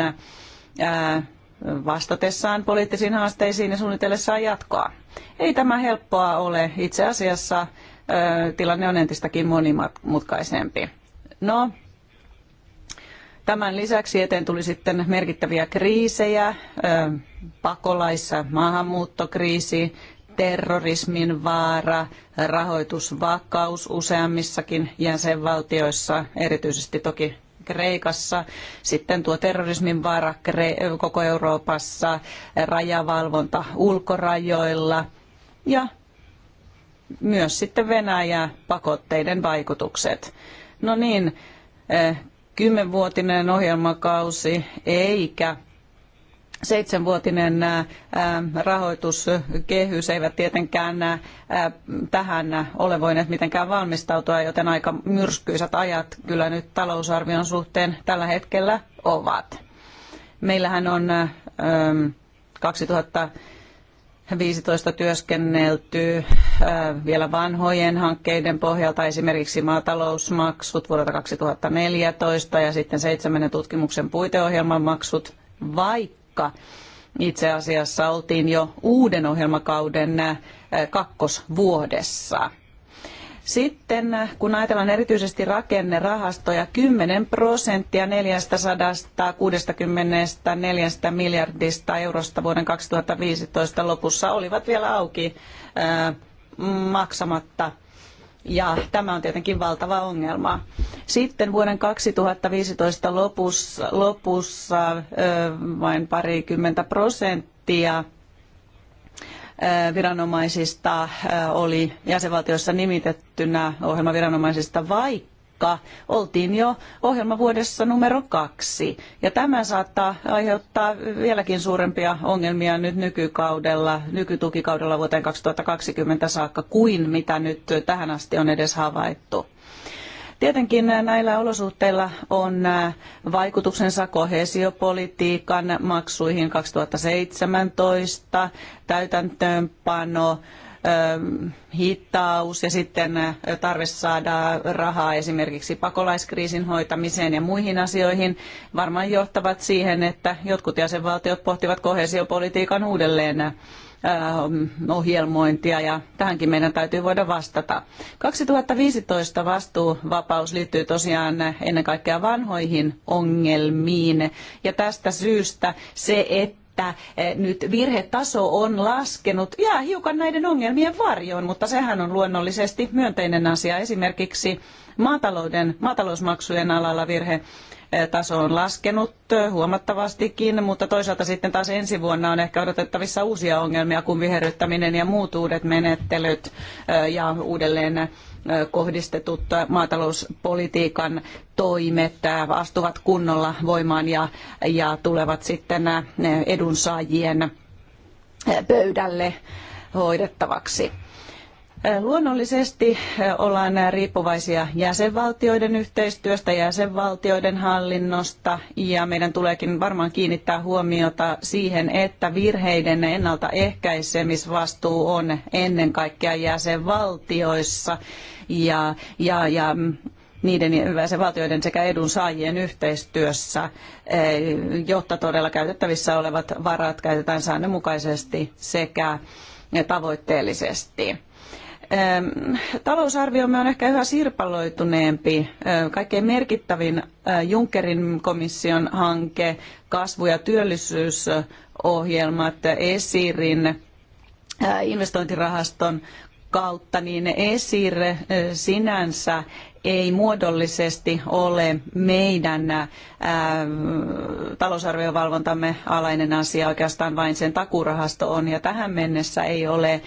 vastatessaan poliittisiin haasteisiin ja suunnitellessaan jatkoa. Ei tämä helppoa ole. Itse asiassa tilanne on entistäkin monimutkaisempi. No, Tämän lisäksi eteen tuli sitten merkittäviä kriisejä, pakolaissa maahanmuuttokriisi, terrorismin vaara, rahoitusvakaus useammissakin jäsenvaltioissa, erityisesti toki Kreikassa, sitten tuo terrorismin vaara koko Euroopassa, rajavalvonta ulkorajoilla ja myös sitten Venäjä pakotteiden vaikutukset. No niin, kymmenvuotinen ohjelmakausi eikä seitsemänvuotinen rahoituskehys eivät tietenkään tähän ole voineet mitenkään valmistautua, joten aika myrskyisät ajat kyllä nyt talousarvion suhteen tällä hetkellä ovat. Meillähän on 2000 15 työskennelty äh, vielä vanhojen hankkeiden pohjalta, esimerkiksi maatalousmaksut vuodelta 2014 ja sitten seitsemännen tutkimuksen puiteohjelman maksut, vaikka itse asiassa oltiin jo uuden ohjelmakauden äh, kakkosvuodessa. Sitten äh, kun ajatellaan erityisesti rakennerahastoja, 10 prosenttia 464 miljardista eurosta vuoden 2015 lopussa olivat vielä auki äh, maksamatta ja tämä on tietenkin valtava ongelma. Sitten vuoden 2015 lopussa, lopussa äh, vain parikymmentä prosenttia viranomaisista oli jäsenvaltioissa nimitettynä ohjelmaviranomaisista, vaikka oltiin jo ohjelmavuodessa numero kaksi. Ja tämä saattaa aiheuttaa vieläkin suurempia ongelmia nyt nykykaudella, nykytukikaudella vuoteen 2020 saakka kuin mitä nyt tähän asti on edes havaittu. Tietenkin äh, näillä olosuhteilla on äh, vaikutuksensa kohesiopolitiikan maksuihin 2017, täytäntöönpano, äh, hittaus ja sitten tarve saada rahaa esimerkiksi pakolaiskriisin hoitamiseen ja muihin asioihin varmaan johtavat siihen, että jotkut jäsenvaltiot pohtivat kohesiopolitiikan uudelleen Äh, ohjelmointia ja tähänkin meidän täytyy voida vastata. 2015 vastuuvapaus liittyy tosiaan ennen kaikkea vanhoihin ongelmiin ja tästä syystä se, että että eh, nyt virhetaso on laskenut, jää hiukan näiden ongelmien varjoon, mutta sehän on luonnollisesti myönteinen asia. Esimerkiksi maatalouden, maatalousmaksujen alalla virhe taso on laskenut huomattavastikin, mutta toisaalta sitten taas ensi vuonna on ehkä odotettavissa uusia ongelmia kuin viherryttäminen ja muut uudet menettelyt ja uudelleen kohdistetut maatalouspolitiikan toimet astuvat kunnolla voimaan ja, ja tulevat sitten edunsaajien pöydälle hoidettavaksi. Luonnollisesti ollaan riippuvaisia jäsenvaltioiden yhteistyöstä, jäsenvaltioiden hallinnosta ja meidän tuleekin varmaan kiinnittää huomiota siihen, että virheiden ennaltaehkäisemisvastuu on ennen kaikkea jäsenvaltioissa ja, ja, ja niiden jäsenvaltioiden sekä edunsaajien yhteistyössä, jotta todella käytettävissä olevat varat käytetään säännönmukaisesti sekä tavoitteellisesti Talousarviomme on ehkä yhä sirpaloituneempi. Kaikkein merkittävin Junckerin komission hanke, kasvu- ja työllisyysohjelmat, ESIRin, investointirahaston kautta, niin ESIR sinänsä ei muodollisesti ole meidän ää, äh, talousarviovalvontamme alainen asia, oikeastaan vain sen takurahasto on, ja tähän mennessä ei ole äh,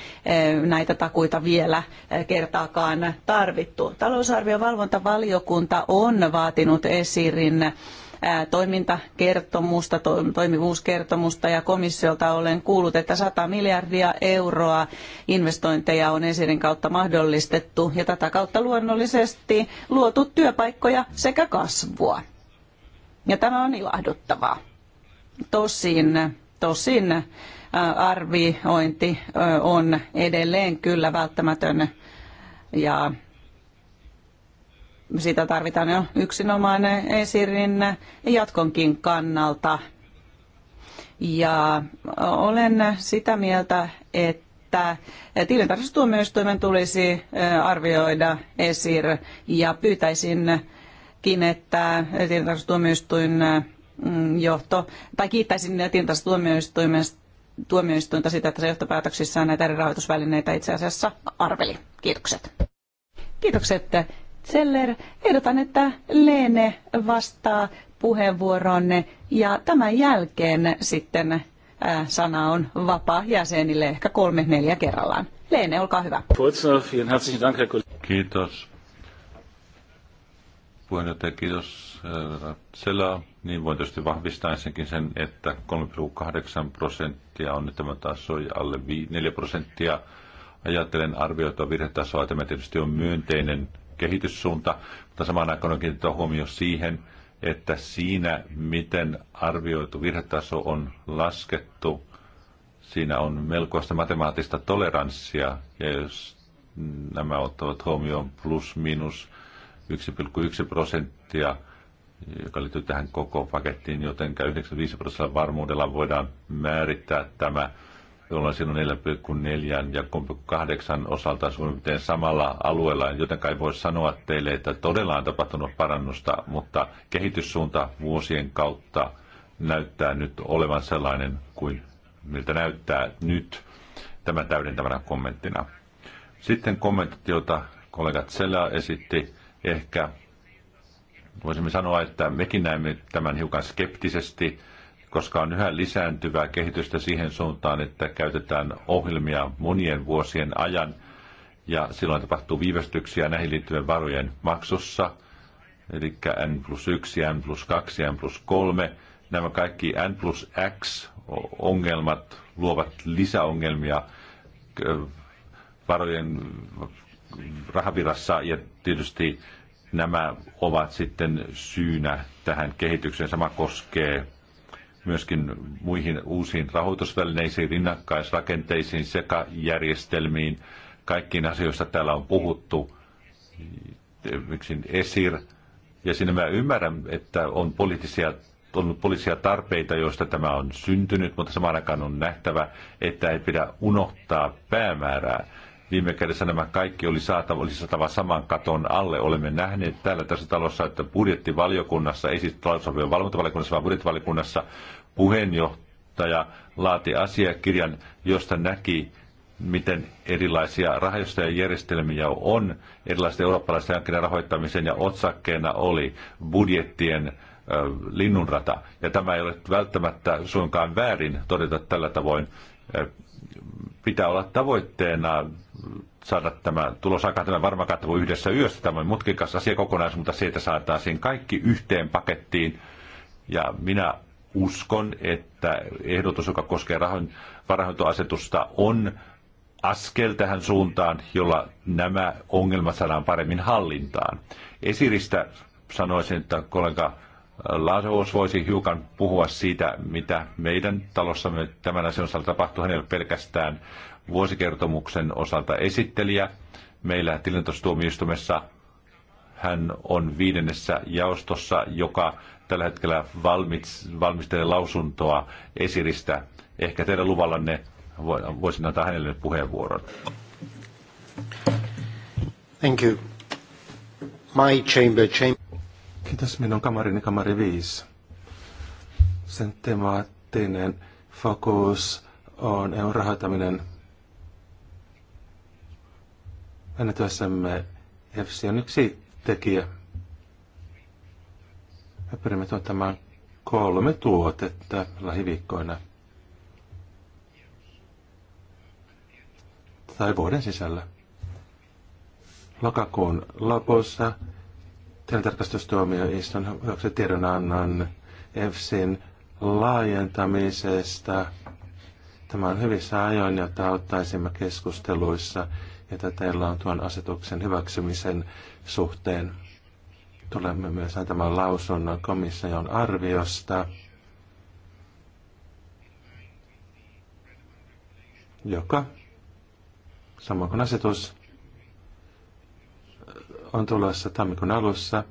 näitä takuita vielä äh, kertaakaan tarvittu. Talousarviovalvontavaliokunta on vaatinut esirin toimintakertomusta, toimivuuskertomusta ja komissiolta olen kuullut, että 100 miljardia euroa investointeja on esirin kautta mahdollistettu ja tätä kautta luonnollisesti luotu työpaikkoja sekä kasvua. Ja tämä on ilahduttavaa. Tosin, tosin arviointi on edelleen kyllä välttämätön ja sitä tarvitaan jo yksinomaan esirinne jatkonkin kannalta. Ja olen sitä mieltä, että tilintarkastustuomioistuimen tulisi arvioida esir ja pyytäisinkin, että tilintarkastustuomioistuin mm, johto, tai kiittäisin tilintarkastustuomioistuinta sitä, että se johtopäätöksissään näitä eri rahoitusvälineitä itse asiassa arveli. Kiitokset. Kiitokset Zeller, ehdotan, että Leene vastaa puheenvuoronne ja tämän jälkeen sitten äh, sana on vapaa jäsenille ehkä kolme, neljä kerrallaan. Leene, olkaa hyvä. Kiitos. Puheenjohtaja, kiitos äh, Sela. Niin voin tietysti vahvistaa ensinnäkin sen, että 3,8 prosenttia on nyt tämä taso ja alle 4 prosenttia. Ajattelen arvioitua virhetasoa. Tämä tietysti on myönteinen kehityssuunta, mutta samaan aikaan on kiinnitetty huomio siihen, että siinä, miten arvioitu virhetaso on laskettu, siinä on melkoista matemaattista toleranssia, ja jos nämä ottavat huomioon plus minus 1,1 prosenttia, joka liittyy tähän koko pakettiin, joten 95 prosentilla varmuudella voidaan määrittää tämä jolloin siinä on 4,4 ja 3,8 osalta suurin samalla alueella, joten kai voisi sanoa teille, että todella on tapahtunut parannusta, mutta kehityssuunta vuosien kautta näyttää nyt olevan sellainen kuin miltä näyttää nyt tämä täydentävänä kommenttina. Sitten kommentit, joita kollegat Sela esitti, ehkä voisimme sanoa, että mekin näemme tämän hiukan skeptisesti, koska on yhä lisääntyvää kehitystä siihen suuntaan, että käytetään ohjelmia monien vuosien ajan ja silloin tapahtuu viivästyksiä näihin liittyvien varojen maksussa, eli N plus 1, N plus 2, N plus 3. Nämä kaikki N plus X ongelmat luovat lisäongelmia varojen rahavirassa ja tietysti nämä ovat sitten syynä tähän kehitykseen. Sama koskee myöskin muihin uusiin rahoitusvälineisiin, rinnakkaisrakenteisiin sekä järjestelmiin. Kaikkiin asioista täällä on puhuttu, miksi esir. Ja siinä mä ymmärrän, että on poliittisia on poliisia tarpeita, joista tämä on syntynyt, mutta samaan aikaan on nähtävä, että ei pidä unohtaa päämäärää. Viime kädessä nämä kaikki oli saatava, oli saatava saman katon alle. Olemme nähneet täällä tässä talossa, että budjettivaliokunnassa, ei siis talousarvion valvontavaliokunnassa, vaan budjettivaliokunnassa puheenjohtaja laati asiakirjan, josta näki, miten erilaisia järjestelmiä on erilaisten eurooppalaisten hankkeiden rahoittamisen ja otsakkeena oli budjettien linnunrata. Ja tämä ei ole välttämättä suinkaan väärin todeta tällä tavoin pitää olla tavoitteena saada tämä tulos aikaan tämä varma kattavu yhdessä yössä, tämä asia kokonaisuus, mutta siitä saataisiin kaikki yhteen pakettiin. Ja minä uskon, että ehdotus, joka koskee varahoitoasetusta, on askel tähän suuntaan, jolla nämä ongelmat saadaan paremmin hallintaan. Esiristä sanoisin, että kollega Lazarus voisi hiukan puhua siitä, mitä meidän talossamme tämän asian osalta tapahtui Hän ei ole pelkästään vuosikertomuksen osalta esittelijä. Meillä tilintostuomioistumessa hän on viidennessä jaostossa, joka tällä hetkellä valmistelee lausuntoa esiristä. Ehkä teidän luvallanne voisin antaa hänelle puheenvuoron. Thank you. My chamber, chamber. Kiitos. Minun kamarini kamari 5. Sen temaattinen fokus on EUn rahoittaminen. Aina työssämme EFSI on yksi tekijä. Me pyrimme tuottamaan kolme tuotetta lähiviikkoina. Tai vuoden sisällä. Lokakuun lopussa tilintarkastustuomioistuin hyväksyi tiedonannon EFSin laajentamisesta. Tämä on hyvissä ajoin, jota auttaisimme keskusteluissa, jota teillä on tuon asetuksen hyväksymisen suhteen. Tulemme myös antamaan lausunnon komission arviosta, joka, samoin kuin asetus, on tulossa tammikuun alussa.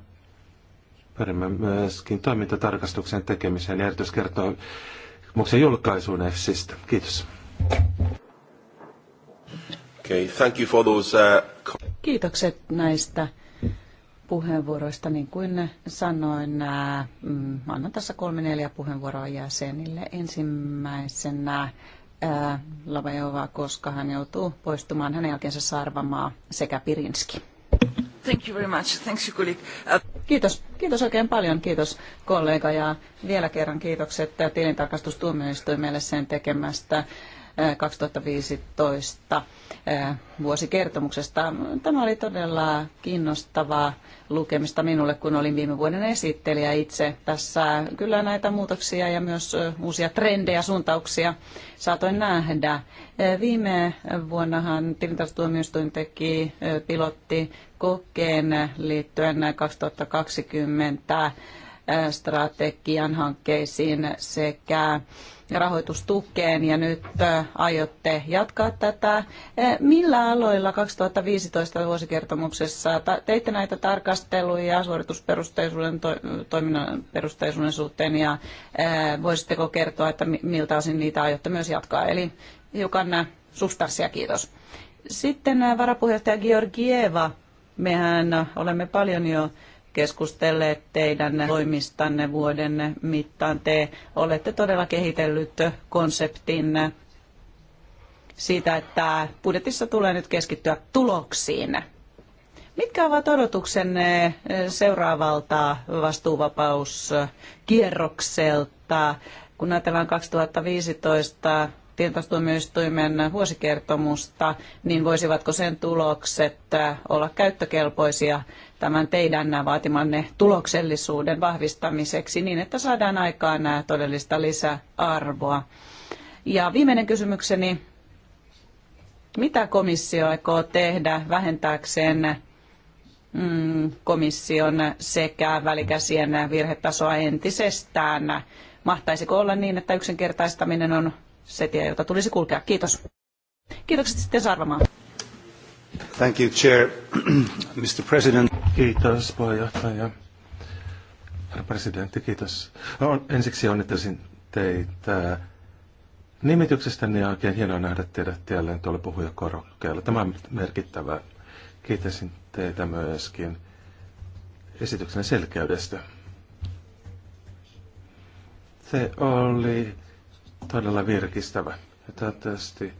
Pärimme myöskin toimintatarkastuksen tekemiseen ja erityiskertomuksen julkaisuun EFSistä. Kiitos. Okay, thank you for those, uh... Kiitokset näistä puheenvuoroista. Niin kuin sanoin, uh, mm, annan tässä kolme neljä puheenvuoroa jäsenille. Ensimmäisenä uh, Lavajovaa, koska hän joutuu poistumaan hänen jälkeensä Sarvamaa sekä Pirinski. Uh, Kiitos. Kiitos oikein paljon. Kiitos kollega ja vielä kerran kiitokset tilintarkastustuomioistuimelle sen tekemästä 2015 vuosikertomuksesta. Tämä oli todella kiinnostavaa lukemista minulle, kun olin viime vuoden esittelijä itse. Tässä kyllä näitä muutoksia ja myös uusia trendejä, suuntauksia saatoin nähdä. Viime vuonnahan tilintarkastustuomioistuin teki pilotti kokeen liittyen 2020 strategian hankkeisiin sekä rahoitustukeen ja nyt aiotte jatkaa tätä. Millä aloilla 2015 vuosikertomuksessa teitte näitä tarkasteluja suoritusperusteisuuden, toiminnan perusteisuuden suhteen ja voisitteko kertoa, että miltä osin niitä aiotte myös jatkaa? Eli hiukan substanssia, kiitos. Sitten varapuheenjohtaja Georgieva. Mehän olemme paljon jo keskustelleet teidän toimistanne vuoden mittaan. Te olette todella kehitellyt konseptin siitä, että budjetissa tulee nyt keskittyä tuloksiin. Mitkä ovat odotuksenne seuraavalta vastuuvapauskierrokselta? Kun ajatellaan 2015 toimen vuosikertomusta, niin voisivatko sen tulokset äh, olla käyttökelpoisia tämän teidän vaatimanne tuloksellisuuden vahvistamiseksi niin, että saadaan aikaan äh, todellista lisäarvoa. Ja viimeinen kysymykseni, mitä komissio aikoo tehdä vähentääkseen mm, komission sekä välikäsien virhetasoa entisestään? Mahtaisiko olla niin, että yksinkertaistaminen on se tie, jota tulisi kulkea. Kiitos. Kiitokset sitten Sarvamaa. Thank you, Chair. Mr. President. Kiitos, puheenjohtaja. Herra presidentti, kiitos. On, ensiksi onnittelisin teitä nimityksestänne ja oikein hienoa nähdä teidät jälleen tuolla puhujakorokkeella. Tämä on merkittävää. Kiitäisin teitä myöskin esityksen selkeydestä. Se oli todella virkistävä. Ja toivottavasti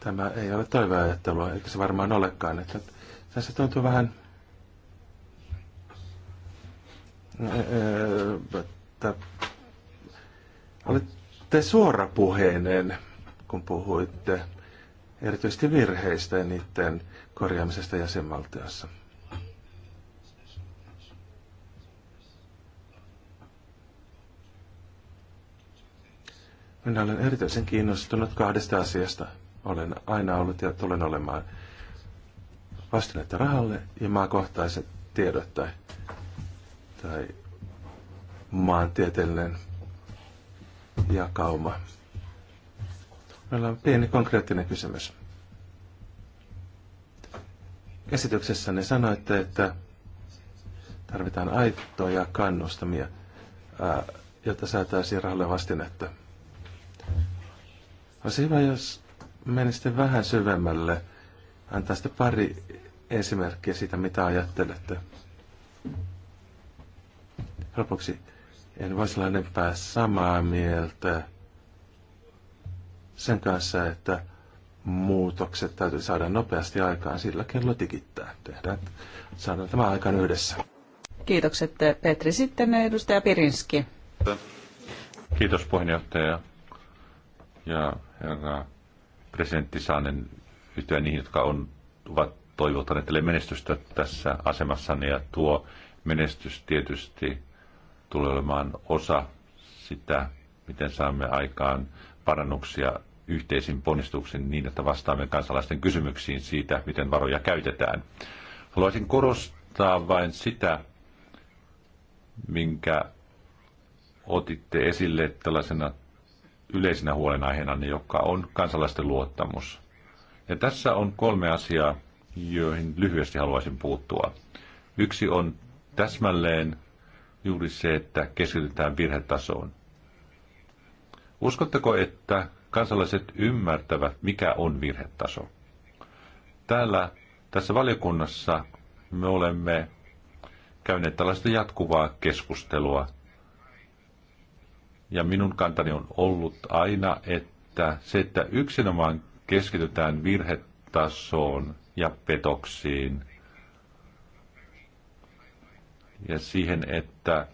tämä ei ole toiveajattelua, eikä se varmaan olekaan. Että tässä tuntuu vähän että olitte suorapuheinen, kun puhuitte erityisesti virheistä ja niiden korjaamisesta jäsenvaltiossa. Minä olen erityisen kiinnostunut kahdesta asiasta. Olen aina ollut ja tulen olemaan vastineita rahalle ja maakohtaiset tiedot tai, tai maantieteellinen jakauma. Meillä on pieni konkreettinen kysymys. Esityksessäni sanoitte, että tarvitaan aitoja kannustamia, jotta saataisiin rahalle vastinetta. Olisi hyvä, jos menisitte vähän syvemmälle. Antaisitte pari esimerkkiä siitä, mitä ajattelette. Lopuksi en voisi olla enempää samaa mieltä sen kanssa, että muutokset täytyy saada nopeasti aikaan. Sillä kello tikittää. Tehdään, saadaan tämä aikaan yhdessä. Kiitokset Petri. Sitten edustaja Pirinski. Kiitos puheenjohtaja. Ja herra presidentti Saanen yhtyä niihin, jotka on, ovat toivottaneet teille menestystä tässä asemassanne. Ja tuo menestys tietysti tulee olemaan osa sitä, miten saamme aikaan parannuksia yhteisin ponnistuksen niin, että vastaamme kansalaisten kysymyksiin siitä, miten varoja käytetään. Haluaisin korostaa vain sitä, minkä otitte esille tällaisena yleisenä huolenaiheena, niin joka on kansalaisten luottamus. Ja tässä on kolme asiaa, joihin lyhyesti haluaisin puuttua. Yksi on täsmälleen juuri se, että keskitytään virhetasoon. Uskotteko, että kansalaiset ymmärtävät, mikä on virhetaso? Täällä tässä valiokunnassa me olemme käyneet tällaista jatkuvaa keskustelua ja minun kantani on ollut aina, että se, että yksinomaan keskitytään virhetasoon ja petoksiin ja siihen, että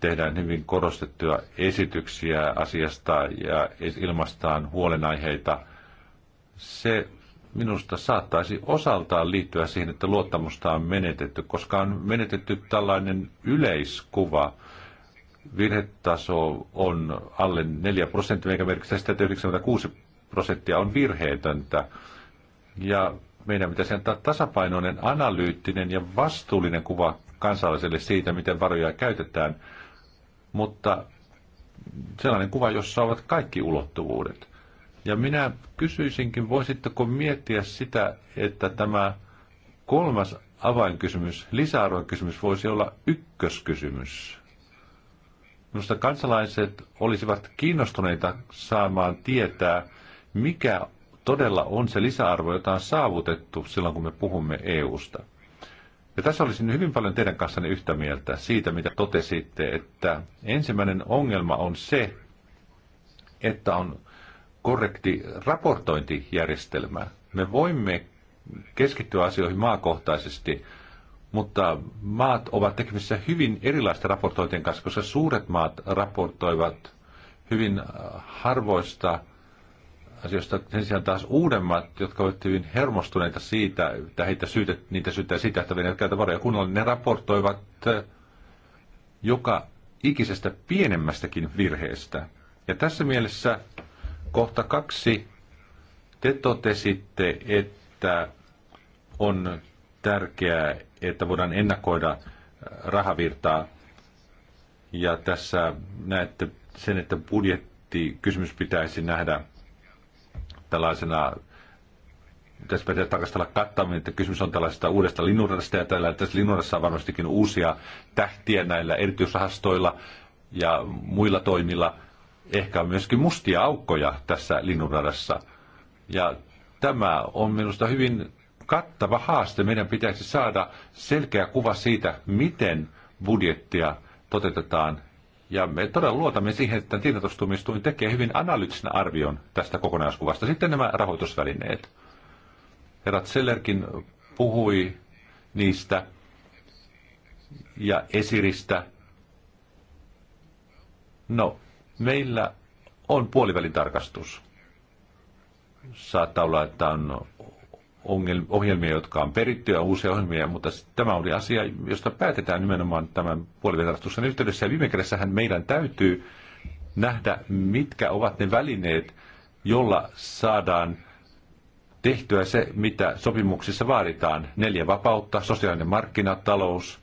tehdään hyvin korostettuja esityksiä asiasta ja ilmastaan huolenaiheita, se minusta saattaisi osaltaan liittyä siihen, että luottamusta on menetetty, koska on menetetty tällainen yleiskuva – virhetaso on alle 4 prosenttia, mikä merkitsee sitä, että 96 prosenttia on virheetöntä. Ja meidän pitäisi antaa tasapainoinen, analyyttinen ja vastuullinen kuva kansalaiselle siitä, miten varoja käytetään, mutta sellainen kuva, jossa ovat kaikki ulottuvuudet. Ja minä kysyisinkin, voisitteko miettiä sitä, että tämä kolmas avainkysymys, lisäarvon kysymys, voisi olla ykköskysymys Minusta kansalaiset olisivat kiinnostuneita saamaan tietää, mikä todella on se lisäarvo, jota on saavutettu silloin, kun me puhumme EUsta. Ja tässä olisin hyvin paljon teidän kanssanne yhtä mieltä siitä, mitä totesitte, että ensimmäinen ongelma on se, että on korrekti raportointijärjestelmä. Me voimme keskittyä asioihin maakohtaisesti, mutta maat ovat tekemisissä hyvin erilaisten raportointien kanssa, koska suuret maat raportoivat hyvin äh, harvoista asioista. Sen sijaan taas uudemmat, jotka ovat hyvin hermostuneita siitä, että heitä syytet, niitä syyttää siitä, että Venäjät käytä varoja kunnolla, ne raportoivat äh, joka ikisestä pienemmästäkin virheestä. Ja tässä mielessä kohta kaksi, te totesitte, että on tärkeää, että voidaan ennakoida äh, rahavirtaa. Ja tässä näette sen, että budjettikysymys pitäisi nähdä tällaisena tässä pitäisi tarkastella kattaminen, että kysymys on tällaisesta uudesta linnunradasta, ja tällä, tässä linnunradassa on varmastikin uusia tähtiä näillä erityisrahastoilla ja muilla toimilla. Ehkä on myöskin mustia aukkoja tässä linnunradassa. Ja tämä on minusta hyvin kattava haaste. Meidän pitäisi saada selkeä kuva siitä, miten budjettia toteutetaan. Ja me todella luotamme siihen, että tietotustumistuin tekee hyvin analyyttisen arvion tästä kokonaiskuvasta. Sitten nämä rahoitusvälineet. Herra Zellerkin puhui niistä ja esiristä. No, meillä on puolivälin tarkastus. Saattaa olla, että on ohjelmia, jotka on perittyjä, uusia ohjelmia, mutta tämä oli asia, josta päätetään nimenomaan tämän puolivetarastuksen yhteydessä. Ja viime kädessähän meidän täytyy nähdä, mitkä ovat ne välineet, jolla saadaan tehtyä se, mitä sopimuksissa vaaditaan. Neljä vapautta, sosiaalinen markkinatalous,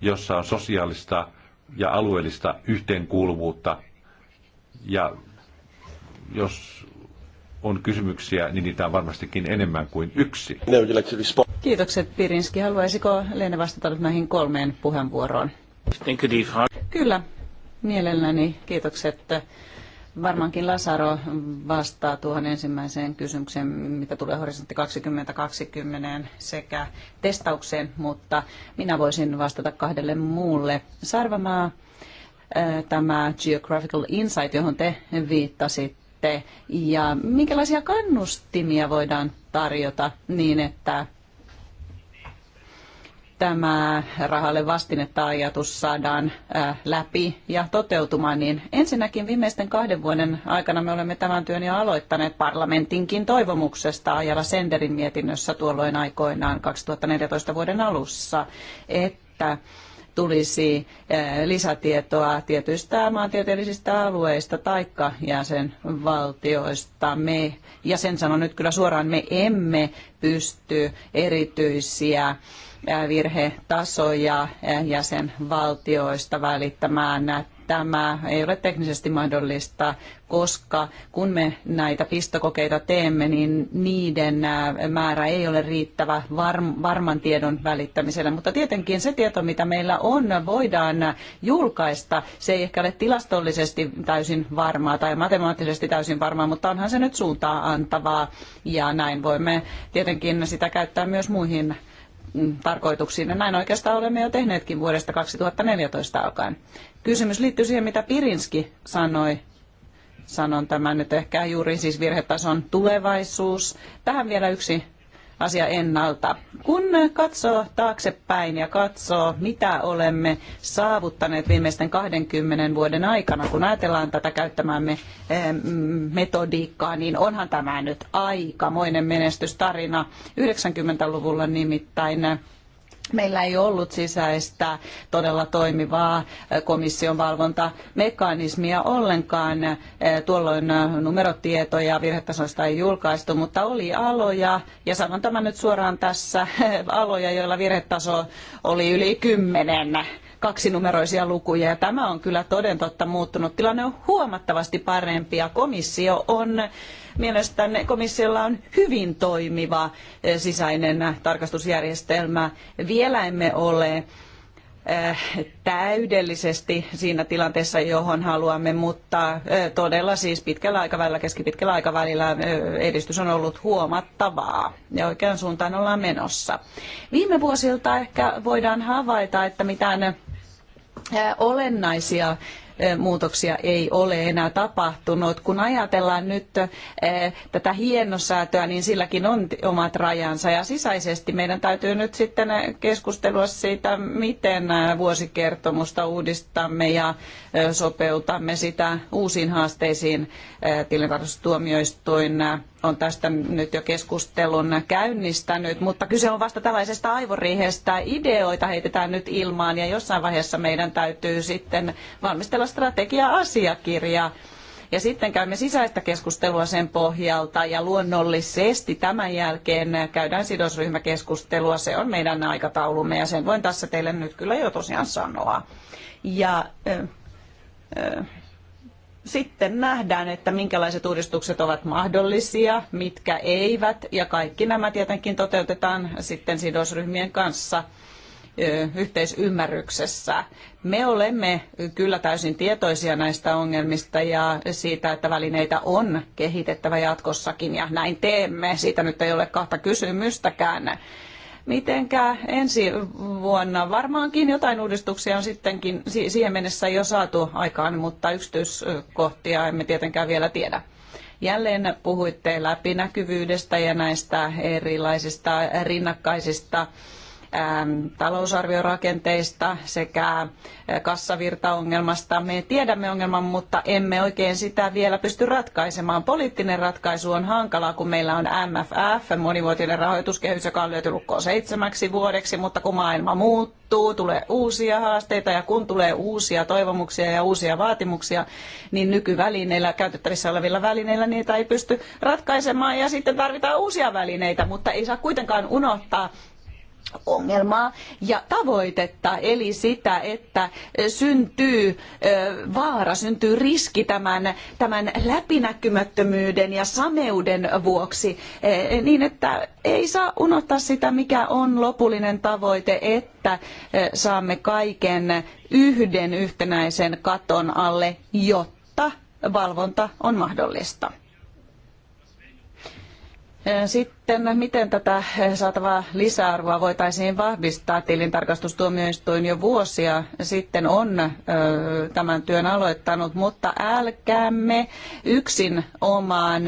jossa on sosiaalista ja alueellista yhteenkuuluvuutta. Ja jos on kysymyksiä, niin niitä on varmastikin enemmän kuin yksi. Kiitokset Pirinski. Haluaisiko Leena vastata nyt näihin kolmeen puheenvuoroon? Kyllä, mielelläni. Kiitokset. Varmaankin Lasaro vastaa tuohon ensimmäiseen kysymykseen, mitä tulee horisontti 2020 sekä testaukseen, mutta minä voisin vastata kahdelle muulle. Sarvamaa, tämä Geographical Insight, johon te viittasit, sitten ja minkälaisia kannustimia voidaan tarjota niin, että tämä rahalle vastinetta ajatus saadaan äh, läpi ja toteutumaan, niin ensinnäkin viimeisten kahden vuoden aikana me olemme tämän työn jo aloittaneet parlamentinkin toivomuksesta ajalla Senderin mietinnössä tuolloin aikoinaan 2014 vuoden alussa, että tulisi eh, lisätietoa tietyistä maantieteellisistä alueista tai jäsenvaltioista. Me, ja sen sanon nyt kyllä suoraan, me emme pysty erityisiä eh, virhetasoja eh, jäsenvaltioista välittämään tämä ei ole teknisesti mahdollista, koska kun me näitä pistokokeita teemme, niin niiden määrä ei ole riittävä varman tiedon välittämiselle. Mutta tietenkin se tieto, mitä meillä on, voidaan julkaista. Se ei ehkä ole tilastollisesti täysin varmaa tai matemaattisesti täysin varmaa, mutta onhan se nyt suuntaa antavaa. Ja näin voimme tietenkin sitä käyttää myös muihin Mm, tarkoituksiin. Ja no näin oikeastaan olemme jo tehneetkin vuodesta 2014 alkaen. Kysymys liittyy siihen, mitä Pirinski sanoi. Sanon tämän nyt ehkä juuri siis virhetason tulevaisuus. Tähän vielä yksi asia ennalta. Kun katsoo taaksepäin ja katsoo, mitä olemme saavuttaneet viimeisten 20 vuoden aikana, kun ajatellaan tätä käyttämäämme eh, mm, metodiikkaa, niin onhan tämä nyt aikamoinen menestystarina. 90-luvulla nimittäin Meillä ei ollut sisäistä todella toimivaa komission valvontamekanismia ollenkaan. Tuolloin numerotietoja virhetasoista ei julkaistu, mutta oli aloja, ja sanon tämän nyt suoraan tässä, aloja, joilla virhetaso oli yli kymmenen kaksinumeroisia lukuja. Ja tämä on kyllä toden totta muuttunut. Tilanne on huomattavasti parempi ja komissio on, mielestäni komissiolla on hyvin toimiva eh, sisäinen tarkastusjärjestelmä. Vielä emme ole Eh, täydellisesti siinä tilanteessa, johon haluamme, mutta eh, todella siis pitkällä aikavälillä, keskipitkällä aikavälillä eh, edistys on ollut huomattavaa ja oikean suuntaan ollaan menossa. Viime vuosilta ehkä voidaan havaita, että mitään olennaisia muutoksia ei ole enää tapahtunut. Kun ajatellaan nyt tätä hienosäätöä, niin silläkin on omat rajansa ja sisäisesti meidän täytyy nyt sitten keskustella siitä, miten vuosikertomusta uudistamme ja sopeutamme sitä uusiin haasteisiin tilintarkastustuomioistuin on tästä nyt jo keskustelun käynnistänyt, mutta kyse on vasta tällaisesta aivoriihestä. Ideoita heitetään nyt ilmaan ja jossain vaiheessa meidän täytyy sitten valmistella strategia-asiakirjaa. Ja sitten käymme sisäistä keskustelua sen pohjalta ja luonnollisesti tämän jälkeen käydään sidosryhmäkeskustelua. Se on meidän aikataulumme ja sen voin tässä teille nyt kyllä jo tosiaan sanoa. Ja, äh, äh, sitten nähdään, että minkälaiset uudistukset ovat mahdollisia, mitkä eivät, ja kaikki nämä tietenkin toteutetaan sitten sidosryhmien kanssa yhteisymmärryksessä. Me olemme kyllä täysin tietoisia näistä ongelmista ja siitä, että välineitä on kehitettävä jatkossakin ja näin teemme. Siitä nyt ei ole kahta kysymystäkään mitenkä ensi vuonna. Varmaankin jotain uudistuksia on sittenkin siihen mennessä jo saatu aikaan, mutta yksityiskohtia emme tietenkään vielä tiedä. Jälleen puhuitte läpinäkyvyydestä ja näistä erilaisista rinnakkaisista Ähm, talousarviorakenteista sekä äh, kassavirtaongelmasta. Me tiedämme ongelman, mutta emme oikein sitä vielä pysty ratkaisemaan. Poliittinen ratkaisu on hankalaa, kun meillä on MFF, monivuotinen rahoituskehys, joka on lyöty lukkoon seitsemäksi vuodeksi, mutta kun maailma muuttuu, tulee uusia haasteita ja kun tulee uusia toivomuksia ja uusia vaatimuksia, niin nykyvälineillä, käytettävissä olevilla välineillä niitä ei pysty ratkaisemaan ja sitten tarvitaan uusia välineitä, mutta ei saa kuitenkaan unohtaa ongelmaa ja tavoitetta, eli sitä, että syntyy vaara, syntyy riski tämän, tämän läpinäkymättömyyden ja sameuden vuoksi, niin että ei saa unohtaa sitä, mikä on lopullinen tavoite, että saamme kaiken yhden yhtenäisen katon alle, jotta valvonta on mahdollista. Sitten miten tätä saatavaa lisäarvoa voitaisiin vahvistaa? Tilintarkastustuomioistuin jo vuosia sitten on tämän työn aloittanut, mutta älkäämme yksin omaan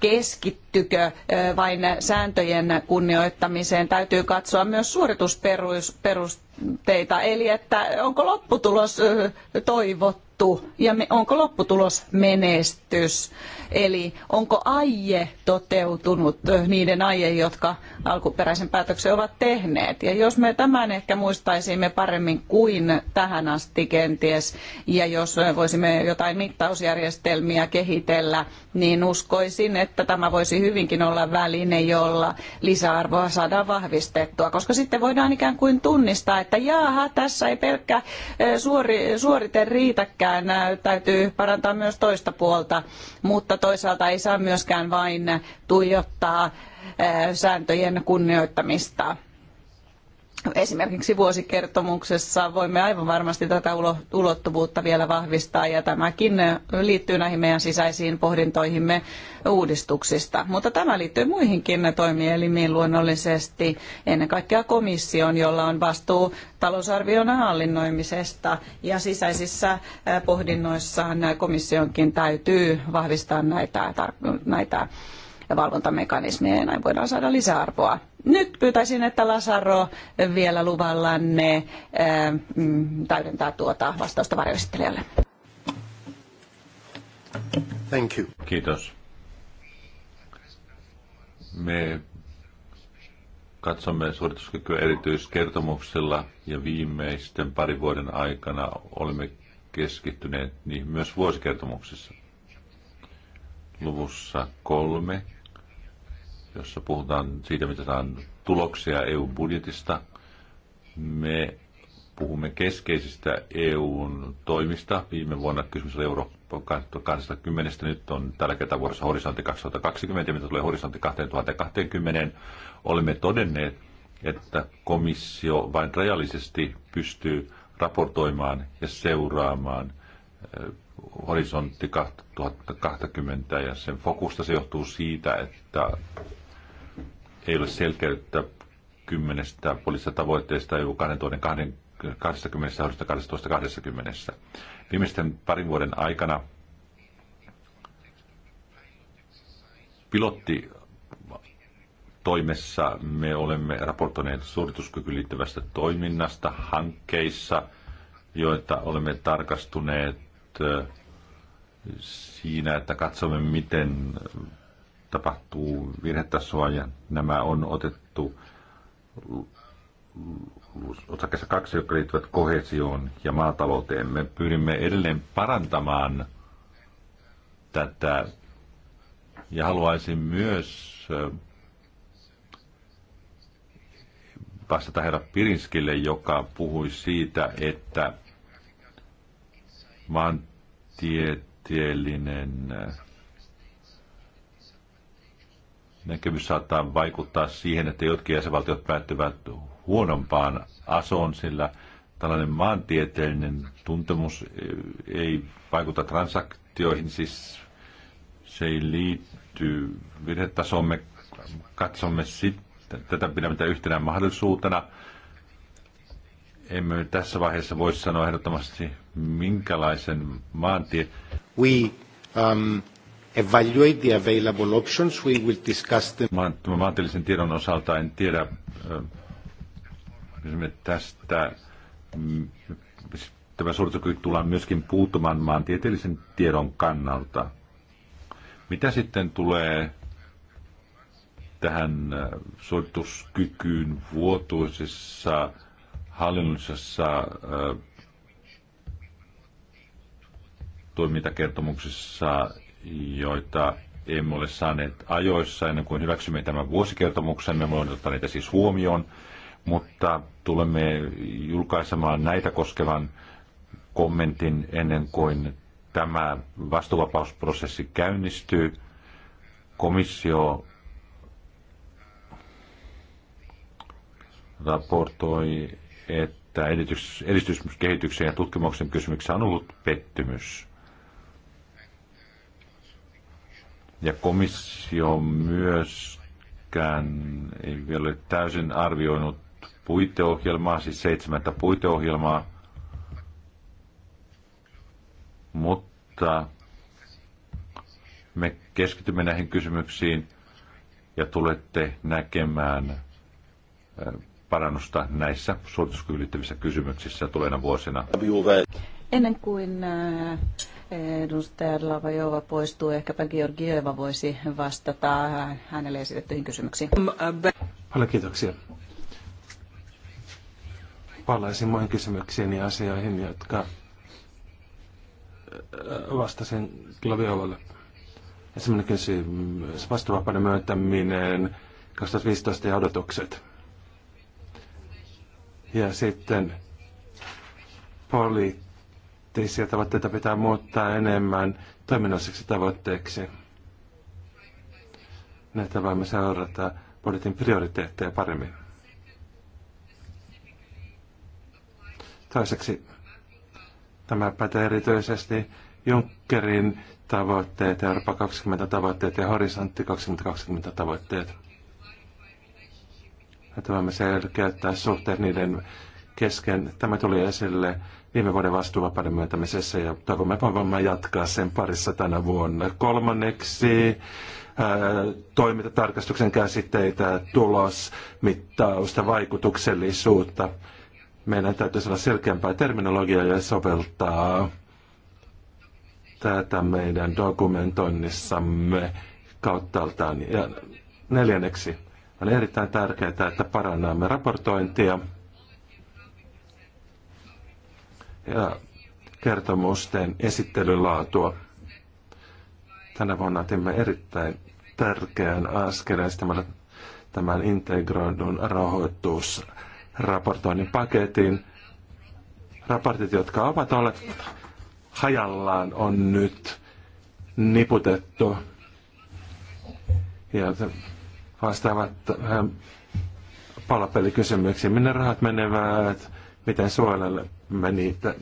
keskittykö vain sääntöjen kunnioittamiseen. Täytyy katsoa myös suoritusperusteita, eli että onko lopputulos toivottu ja onko lopputulos menestys. Eli onko aie toteutunut niiden aie, jotka alkuperäisen päätöksen ovat tehneet. Ja jos me tämän ehkä muistaisimme paremmin kuin tähän asti kenties, ja jos voisimme jotain mittausjärjestelmiä kehitellä, niin uskoisin, että tämä voisi hyvinkin olla väline, jolla lisäarvoa saadaan vahvistettua, koska sitten voidaan ikään kuin tunnistaa, että jaaha, tässä ei pelkkä suori, suorite riitäkään, täytyy parantaa myös toista puolta, mutta mutta toisaalta ei saa myöskään vain tuijottaa sääntöjen kunnioittamista. Esimerkiksi vuosikertomuksessa voimme aivan varmasti tätä ulottuvuutta vielä vahvistaa ja tämäkin liittyy näihin meidän sisäisiin pohdintoihimme uudistuksista. Mutta tämä liittyy muihinkin toimielimiin luonnollisesti, ennen kaikkea komission, jolla on vastuu talousarvion hallinnoimisesta ja sisäisissä pohdinnoissaan komissionkin täytyy vahvistaa näitä, näitä valvontamekanismeja ja näin voidaan saada lisäarvoa nyt pyytäisin, että Lasaro vielä luvallanne mm, täydentää tuota vastausta varjoesittelijälle. Thank you. Kiitos. Me katsomme suorituskykyä erityiskertomuksella ja viimeisten parin vuoden aikana olemme keskittyneet niihin myös vuosikertomuksissa. Luvussa kolme jossa puhutaan siitä, mitä saadaan tuloksia EU-budjetista. Me puhumme keskeisistä EUn toimista. Viime vuonna kysymys oli Eurooppa 2010, nyt on tällä kertaa vuodessa horisontti 2020, mitä tulee horisontti 2020. Olemme todenneet, että komissio vain rajallisesti pystyy raportoimaan ja seuraamaan eh, horisontti 2020 ja sen fokusta se johtuu siitä, että ei ole selkeyttä kymmenestä poliittisesta tavoitteesta EU 2020 12, Viimeisten parin vuoden aikana pilotti toimessa me olemme raportoineet suorituskykyyn liittyvästä toiminnasta hankkeissa, joita olemme tarkastuneet äh, siinä, että katsomme, miten tapahtuu virhetasoa ja nämä on otettu osakkeessa kaksi, jotka liittyvät kohesioon ja maatalouteen. Me pyrimme edelleen parantamaan tätä ja haluaisin myös äh, vastata herra Pirinskille, joka puhui siitä, että maantieteellinen äh, näkemys saattaa vaikuttaa siihen, että jotkin jäsenvaltiot päättyvät huonompaan asoon, sillä tällainen maantieteellinen tuntemus eh, ei vaikuta transaktioihin, siis se ei liitty virhetasomme. Katsomme sitten, tätä pidämme yhtenä mahdollisuutena. Emme tässä vaiheessa voi sanoa ehdottomasti minkälaisen maantie... We, um, evaluate the available options. We will discuss them. Mä, maantieteellisen tiedon osalta en tiedä, tästä, mm, tämä suorituskyky tullaan myöskin puuttumaan maantieteellisen tiedon kannalta. Mitä sitten tulee tähän suorituskykyyn vuotuisessa hallinnollisessa toimintakertomuksessa joita emme ole saaneet ajoissa ennen kuin hyväksymme tämän vuosikertomuksen. Me olemme ottaneet siis huomioon, mutta tulemme julkaisemaan näitä koskevan kommentin ennen kuin tämä vastuvapausprosessi käynnistyy. Komissio raportoi, että edistyskehityksen ja tutkimuksen kysymyksessä on ollut pettymys. Ja komissio myöskään ei vielä täysin arvioinut puiteohjelmaa, siis seitsemättä puiteohjelmaa, mutta me keskitymme näihin kysymyksiin ja tulette näkemään parannusta näissä suorituskyvyn kysymyksissä tulevina vuosina. Ennen kuin äh, edustaja Lavajova poistuu, ehkäpä Georgieva voisi vastata hänelle esitettyihin kysymyksiin. Um, uh, Paljon kiitoksia. Palaisin muihin kysymyksiin ja asioihin, jotka äh, vastasin Laviovalle. Ensimmäinen kysymys, vastuvapauden myöntäminen 2015 ja odotukset. Ja sitten poliittinen poliittisia tavoitteita pitää muuttaa enemmän toiminnalliseksi tavoitteiksi. Näitä voimme seurata budjetin prioriteetteja paremmin. Toiseksi tämä pätee erityisesti Junckerin tavoitteet, Eurooppa 20 tavoitteet ja Horisontti 2020 tavoitteet. Että voimme selkeyttää suhteet niiden kesken. Tämä tuli esille viime vuoden vastuuvapauden myöntämisessä ja toivomme voimme jatkaa sen parissa tänä vuonna. Kolmanneksi ää, toimintatarkastuksen käsitteitä, tulos, mittausta, vaikutuksellisuutta. Meidän täytyy olla selkeämpää terminologiaa ja soveltaa tätä meidän dokumentoinnissamme kauttaaltaan. Ja neljänneksi on erittäin tärkeää, että parannamme raportointia – ja kertomusten esittelylaatua. Tänä vuonna otimme erittäin tärkeän askeleen tämän, tämän integroidun rahoitusraportoinnin paketin. Raportit, jotka ovat olleet hajallaan, on nyt niputettu ja vastaavat äh, palapelikysymyksiin. Minne rahat menevät? miten suojelemme niitä,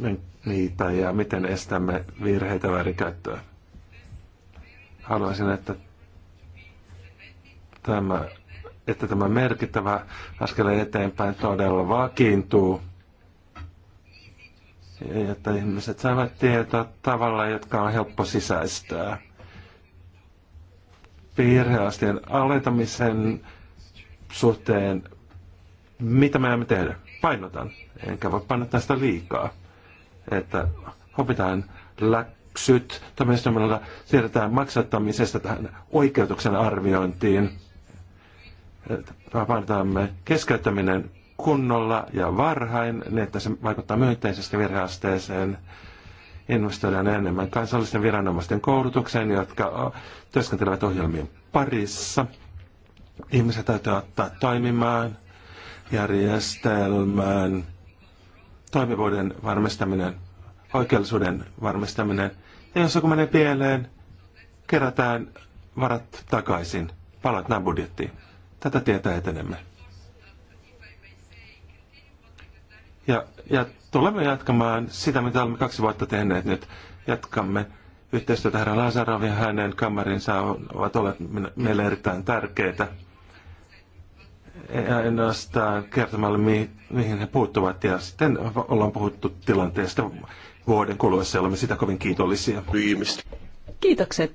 niitä ja miten estämme virheitä väärinkäyttöä. Haluaisin, että tämä, että tämä merkittävä askel eteenpäin todella vakiintuu. Ja että ihmiset saavat tietoa tavalla, jotka on helppo sisäistää. Virheastien alentamisen suhteen, mitä me emme tehdä? painotan, enkä voi painottaa sitä liikaa, että opitaan läksyt, tämmöisellä siirretään maksattamisesta tähän oikeutuksen arviointiin. Painotamme keskeyttäminen kunnolla ja varhain, niin että se vaikuttaa myönteisesti virheasteeseen. Investoidaan enemmän kansallisten viranomaisten koulutukseen, jotka työskentelevät ohjelmien parissa. Ihmiset täytyy ottaa toimimaan – järjestelmään toimivuuden varmistaminen, oikeellisuuden varmistaminen. Ja jos joku menee pieleen, kerätään varat takaisin, palataan budjettiin. Tätä tietää etenemme. Ja, ja tulemme jatkamaan sitä, mitä olemme kaksi vuotta tehneet nyt. Jatkamme yhteistyötä herra Lazarov ja hänen kammarinsa ovat olleet meille erittäin tärkeitä ainoastaan kertomalla, mi- mihin he puuttuvat. Ja sitten ollaan puhuttu tilanteesta vuoden kuluessa, olemme sitä kovin kiitollisia. Kiitokset.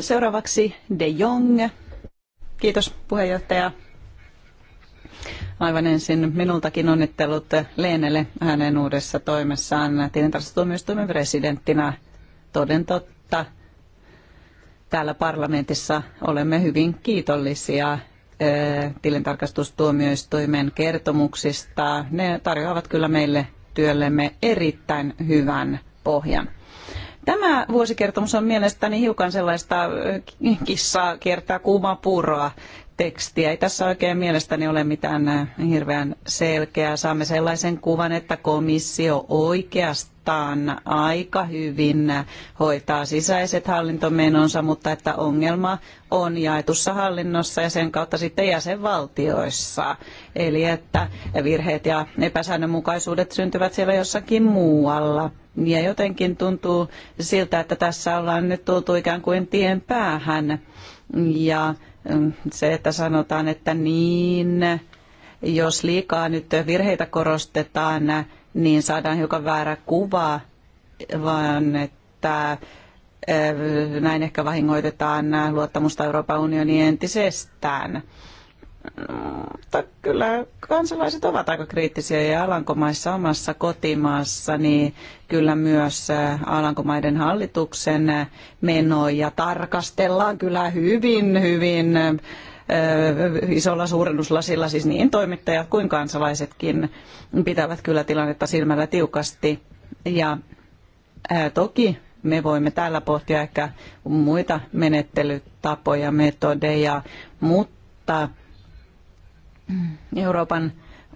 Seuraavaksi De Jong. Kiitos puheenjohtaja. Aivan ensin minultakin onnittelut Leenelle hänen uudessa toimessaan tilintarkastustuomioistuimen presidenttinä. Toden totta, täällä parlamentissa olemme hyvin kiitollisia Eh, tilintarkastustuomioistuimen kertomuksista. Ne tarjoavat kyllä meille työllemme erittäin hyvän pohjan. Tämä vuosikertomus on mielestäni hiukan sellaista eh, kissaa kiertää kuumaa puuroa tekstiä. Ei tässä oikein mielestäni ole mitään eh, hirveän selkeää. Saamme sellaisen kuvan, että komissio oikeasti valtaan aika hyvin hoitaa sisäiset hallintomenonsa, mutta että ongelma on jaetussa hallinnossa ja sen kautta sitten jäsenvaltioissa. Eli että virheet ja epäsäännönmukaisuudet syntyvät siellä jossakin muualla. Ja jotenkin tuntuu siltä, että tässä ollaan nyt tultu ikään kuin tien päähän. Ja mm, se, että sanotaan, että niin, jos liikaa nyt virheitä korostetaan, niin saadaan hiukan väärä kuva, vaan että näin ehkä vahingoitetaan luottamusta Euroopan unioniin entisestään. Mutta kyllä kansalaiset ovat aika kriittisiä ja Alankomaissa omassa kotimaassa, niin kyllä myös Alankomaiden hallituksen menoja tarkastellaan kyllä hyvin, hyvin isolla suurennuslasilla, siis niin toimittajat kuin kansalaisetkin pitävät kyllä tilannetta silmällä tiukasti. Ja toki me voimme täällä pohtia ehkä muita menettelytapoja, metodeja, mutta Euroopan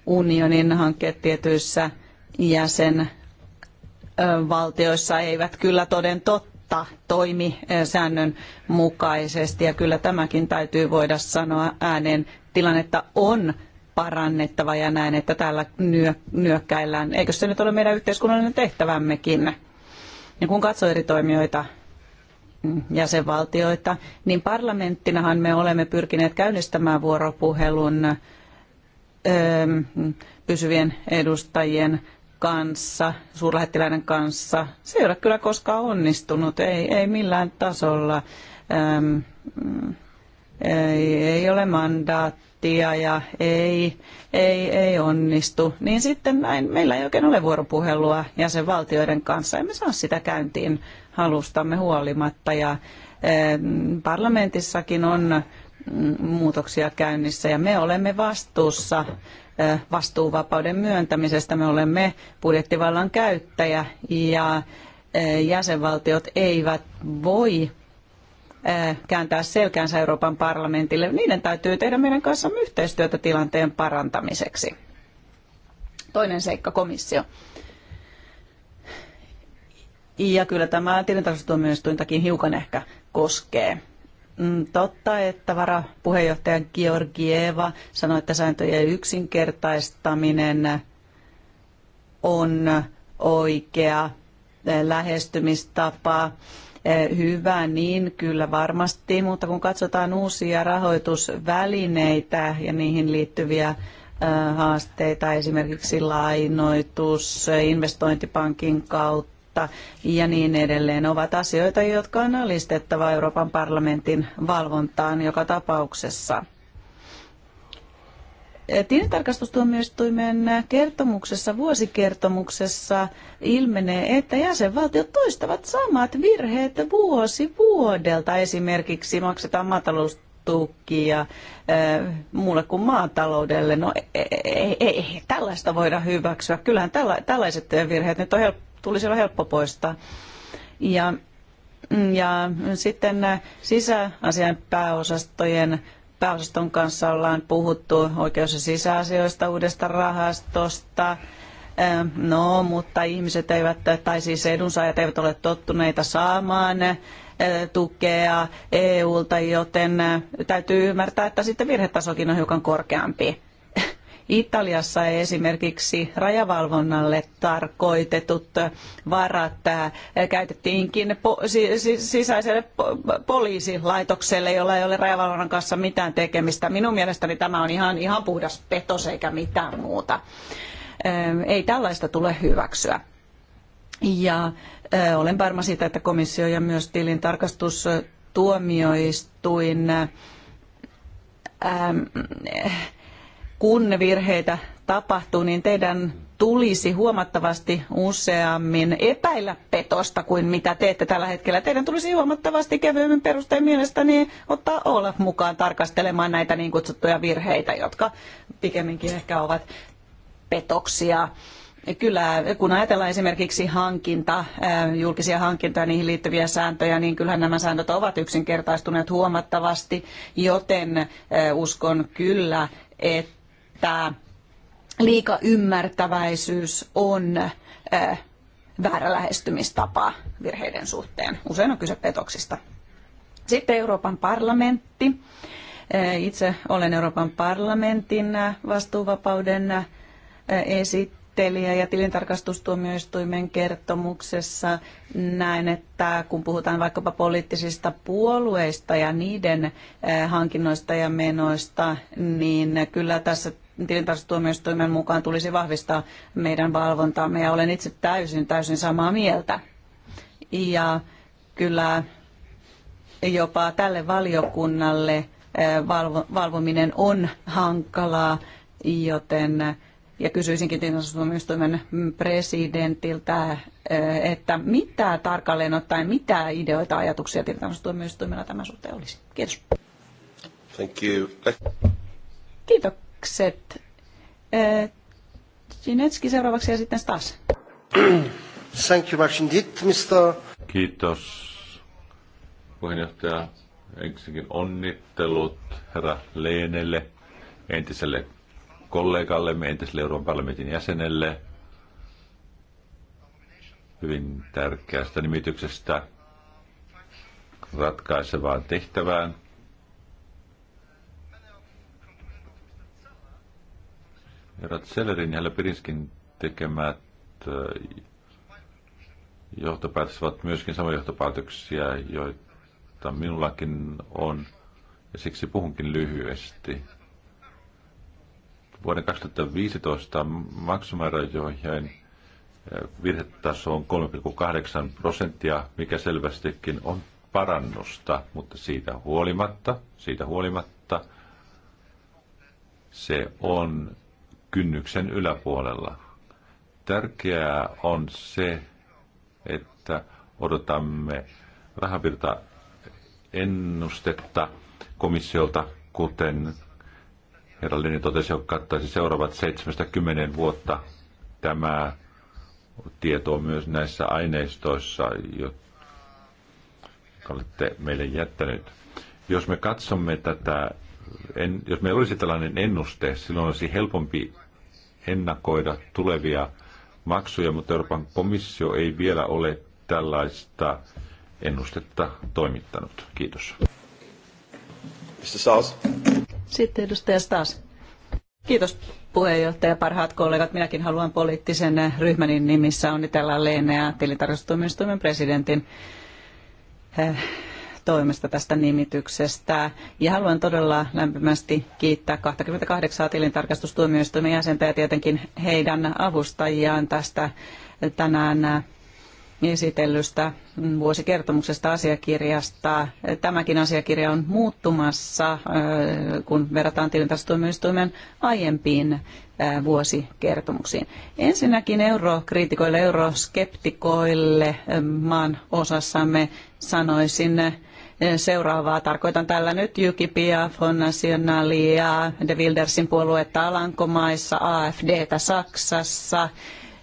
unionin hankkeet tietyissä jäsenvaltioissa eivät kyllä toden totta mutta toimi säännön mukaisesti. Ja kyllä tämäkin täytyy voida sanoa ääneen. Tilannetta on parannettava ja näin, että täällä nyökkäillään. Eikö se nyt ole meidän yhteiskunnallinen tehtävämmekin? Ja kun katsoo eri toimijoita, mm, jäsenvaltioita, niin parlamenttinahan me olemme pyrkineet käynnistämään vuoropuhelun öö, mm, pysyvien edustajien kanssa, suurlähettiläiden kanssa. Se ei ole kyllä koskaan onnistunut, ei, ei millään tasolla. Ähm, ei, ei ole mandaattia ja ei, ei, ei onnistu, niin sitten näin, meillä ei oikein ole vuoropuhelua jäsenvaltioiden kanssa. Emme saa sitä käyntiin halustamme huolimatta ja parlamentissakin on mm, muutoksia käynnissä ja me olemme vastuussa vastuuvapauden myöntämisestä. Me olemme budjettivallan käyttäjä ja jäsenvaltiot eivät voi kääntää selkäänsä Euroopan parlamentille. Niiden täytyy tehdä meidän kanssamme yhteistyötä tilanteen parantamiseksi. Toinen seikka, komissio. Ja kyllä tämä tilintarkastustuomioistuintakin hiukan ehkä koskee. Mm, totta, että varapuheenjohtaja Georgieva sanoi, että sääntöjen yksinkertaistaminen on oikea eh, lähestymistapa. Eh, hyvä, niin kyllä varmasti, mutta kun katsotaan uusia rahoitusvälineitä ja niihin liittyviä eh, haasteita, esimerkiksi lainoitus investointipankin kautta, vuotta ja niin edelleen ovat asioita, jotka on alistettava Euroopan parlamentin valvontaan joka tapauksessa. Tilintarkastustuomioistuimen kertomuksessa, vuosikertomuksessa ilmenee, että jäsenvaltiot toistavat samat virheet vuosi vuodelta. Esimerkiksi maksetaan maataloustukia eh, muulle kuin maataloudelle. No ei, ei, ei e, e, tällaista voida hyväksyä. Kyllähän tällaiset virheet nyt on helppo tulisi olla helppo poistaa. Ja, ja sitten sisäasian pääosastojen pääosaston kanssa ollaan puhuttu oikeus- ja sisäasioista, uudesta rahastosta, ähm, No, mutta ihmiset eivät, tai siis edunsaajat eivät ole tottuneita saamaan äh, tukea EUlta, joten äh, täytyy ymmärtää, että sitten virhetasokin on hiukan korkeampi. Italiassa esimerkiksi rajavalvonnalle tarkoitetut varat käytettiinkin sisäiselle poliisilaitokselle, jolla ei ole rajavalvonnan kanssa mitään tekemistä. Minun mielestäni tämä on ihan, ihan puhdas petos eikä mitään muuta. Ei tällaista tule hyväksyä. Ja olen varma siitä, että komissio ja myös tilintarkastustuomioistuin ähm, kun virheitä tapahtuu, niin teidän tulisi huomattavasti useammin epäillä petosta kuin mitä teette tällä hetkellä. Teidän tulisi huomattavasti kevyemmin perustein mielestäni ottaa olla mukaan tarkastelemaan näitä niin kutsuttuja virheitä, jotka pikemminkin ehkä ovat petoksia. Kyllä, kun ajatellaan esimerkiksi hankinta, julkisia hankintoja ja niihin liittyviä sääntöjä, niin kyllähän nämä säännöt ovat yksinkertaistuneet huomattavasti, joten uskon kyllä, että että liika ymmärtäväisyys on äh, väärä lähestymistapa virheiden suhteen. Usein on kyse petoksista. Sitten Euroopan parlamentti. Äh, itse olen Euroopan parlamentin äh, vastuuvapauden esittelijä ja tilintarkastustuomioistuimen kertomuksessa näen, että kun puhutaan vaikkapa poliittisista puolueista ja niiden hankinnoista ja menoista, niin kyllä tässä tilintarkastustuomioistuimen mukaan tulisi vahvistaa meidän valvontaamme ja olen itse täysin, täysin samaa mieltä. Ja kyllä jopa tälle valiokunnalle eh, valvo, valvominen on hankalaa, joten eh, ja kysyisinkin tilintarkastustuomioistuimen presidentiltä, eh, että mitä tarkalleen ottaen, mitä ideoita, ajatuksia tilintarkastustuomioistuimella tämän suhteen olisi. Kiitos. Thank you. Kiitos kiitokset. Jinetski äh, seuraavaksi ja sitten Stas. Thank you much indeed, Mr. Kiitos puheenjohtaja. Ensinnäkin onnittelut herra Leenelle, entiselle kollegallemme, entiselle Euroopan parlamentin jäsenelle, hyvin tärkeästä nimityksestä ratkaisevaan tehtävään – herrat Sellerin ja Lepirinskin tekemät johtopäätökset ovat myöskin samoja johtopäätöksiä, joita minullakin on, ja siksi puhunkin lyhyesti. Vuoden 2015 maksumäärä, joihin virhetaso on 3,8 prosenttia, mikä selvästikin on parannusta, mutta siitä huolimatta, siitä huolimatta se on kynnyksen yläpuolella. Tärkeää on se, että odotamme rahavirta ennustetta komissiolta, kuten herra Lini totesi, joka kattaisi seuraavat 70 vuotta. Tämä tieto on myös näissä aineistoissa, jotka olette meille jättänyt. Jos me katsomme tätä en, jos meillä olisi tällainen ennuste, silloin olisi helpompi ennakoida tulevia maksuja, mutta Euroopan komissio ei vielä ole tällaista ennustetta toimittanut. Kiitos. Sitten edustaja Stas. Kiitos puheenjohtaja, parhaat kollegat. Minäkin haluan poliittisen ryhmän nimissä onnitella Leena ja tilintarkastustoimistoimen presidentin eh, toimesta tästä nimityksestä. Ja haluan todella lämpimästi kiittää 28 tilintarkastustuomioistuimen jäsentä ja tietenkin heidän avustajiaan tästä tänään esitellystä vuosikertomuksesta asiakirjasta. Tämäkin asiakirja on muuttumassa, äh, kun verrataan tilintarkastustuomioistuimen aiempiin äh, vuosikertomuksiin. Ensinnäkin eurokriitikoille, euroskeptikoille äh, maan osassamme sanoisin seuraavaa. Tarkoitan tällä nyt Jykipia, Front Nationalia, De Wildersin puoluetta Alankomaissa, AFDtä Saksassa,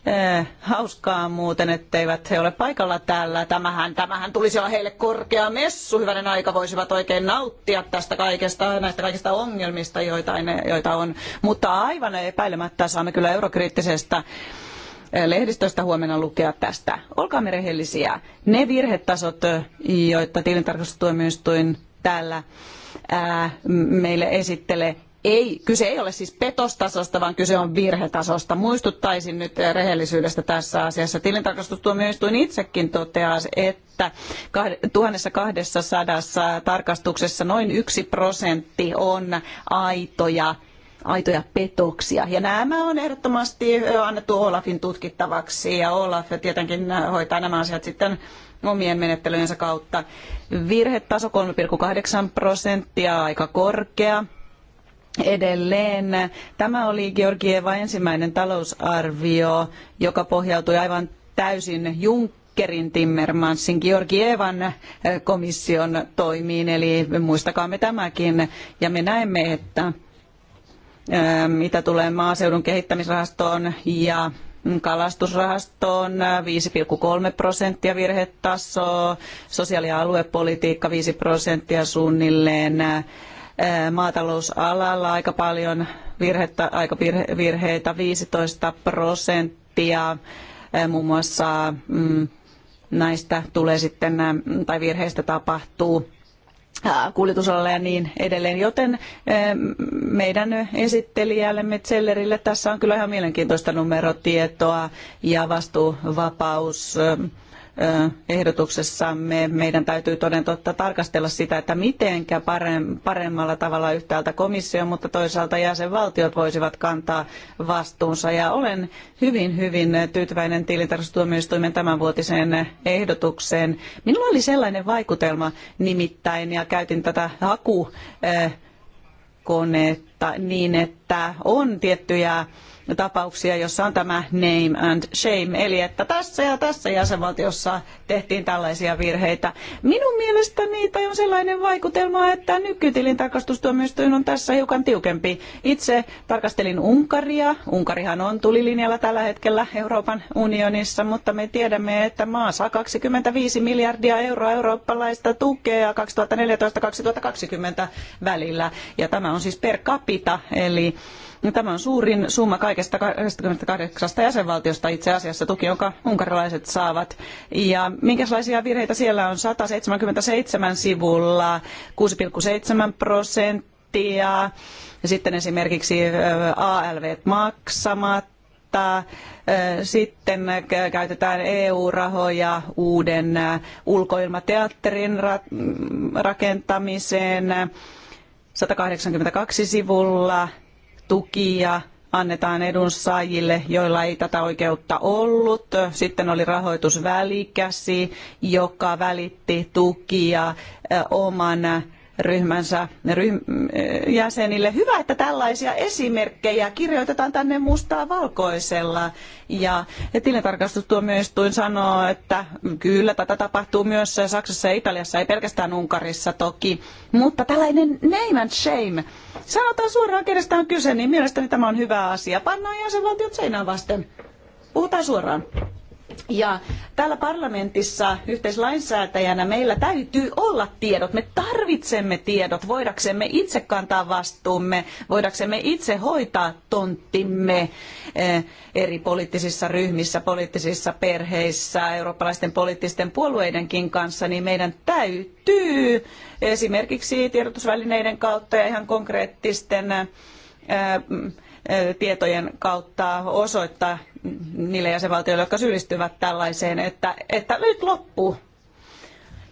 eh, hauskaa muuten, etteivät he ole paikalla täällä. Tämähän, tämähän tulisi olla heille korkea messu. Hyvänen aika voisivat oikein nauttia tästä kaikesta, näistä kaikista ongelmista, joita, ne, joita on. Mutta aivan epäilemättä saamme kyllä eurokriittisestä lehdistöstä huomenna lukea tästä. Olkaamme rehellisiä. Ne virhetasot, joita tilintarkastustuomioistuin täällä ää, meille esittelee, ei, kyse ei ole siis petostasosta, vaan kyse on virhetasosta. Muistuttaisin nyt rehellisyydestä tässä asiassa. Tilintarkastustuomioistuin itsekin toteaa, että 1200 tarkastuksessa noin yksi prosentti on aitoja aitoja petoksia. Ja nämä on ehdottomasti annettu Olafin tutkittavaksi ja Olaf tietenkin hoitaa nämä asiat sitten omien menettelyjensä kautta. Virhetaso 3,8 prosenttia, aika korkea. Edelleen tämä oli Georgieva ensimmäinen talousarvio, joka pohjautui aivan täysin Junckerin Timmermansin Georgievan komission toimiin, eli muistakaamme tämäkin. Ja me näemme, että mitä tulee maaseudun kehittämisrahastoon ja kalastusrahastoon 5,3 prosenttia virhetasoa, sosiaali- ja aluepolitiikka 5 prosenttia suunnilleen, maatalousalalla aika paljon virhettä, aika virheitä 15 prosenttia, muun muassa mm, näistä tulee sitten, tai virheistä tapahtuu Äh, kuljetusalalla ja niin edelleen. Joten äh, meidän esittelijällemme Zellerille tässä on kyllä ihan mielenkiintoista numerotietoa ja vastuuvapaus äh, ehdotuksessamme meidän täytyy toden totta tarkastella sitä, että miten paremmalla tavalla yhtäältä komissio, mutta toisaalta jäsenvaltiot voisivat kantaa vastuunsa. Ja olen hyvin, hyvin tyytyväinen tilintarkastustuomioistuimen tämänvuotiseen ehdotukseen. Minulla oli sellainen vaikutelma nimittäin, ja käytin tätä haku niin, että on tiettyjä tapauksia, jossa on tämä name and shame, eli että tässä ja tässä jäsenvaltiossa tehtiin tällaisia virheitä. Minun mielestäni tai on sellainen vaikutelma, että nykytilintarkastustuomioistuin on tässä hiukan tiukempi. Itse tarkastelin Unkaria. Unkarihan on tulilinjalla tällä hetkellä Euroopan unionissa, mutta me tiedämme, että maa saa 25 miljardia euroa eurooppalaista tukea 2014-2020 välillä. Ja tämä on siis per capita, eli No, tämä on suurin summa kaikesta 28 jäsenvaltiosta itse asiassa tuki, jonka unkarilaiset saavat. Ja minkälaisia virheitä siellä on? 177 sivulla 6,7 prosenttia. Ja sitten esimerkiksi ALV maksamatta. Sitten käytetään EU-rahoja uuden ulkoilmateatterin rakentamiseen. 182 sivulla tukia annetaan edunsaajille, joilla ei tätä oikeutta ollut. Sitten oli rahoitusvälikäsi, joka välitti tukia oman ryhmänsä ryhm, jäsenille. Hyvä, että tällaisia esimerkkejä kirjoitetaan tänne mustaa valkoisella. Ja tilintarkastustuomioistuin sanoo, että kyllä tätä tapahtuu myös Saksassa ja Italiassa, ei pelkästään Unkarissa toki. Mutta tällainen name and shame, sanotaan suoraan kenestä on kyse, niin mielestäni tämä on hyvä asia. Pannaan jäsenvaltiot seinään vasten. Puhutaan suoraan. Ja täällä parlamentissa yhteislainsäätäjänä meillä täytyy olla tiedot. Me tarvitsemme tiedot voidaksemme itse kantaa vastuumme, voidaksemme itse hoitaa tonttimme eh, eri poliittisissa ryhmissä, poliittisissa perheissä, eurooppalaisten poliittisten puolueidenkin kanssa, niin meidän täytyy esimerkiksi tiedotusvälineiden kautta ja ihan konkreettisten eh, mm, eh, tietojen kautta osoittaa niille jäsenvaltioille, jotka syyllistyvät tällaiseen, että, että nyt loppuu.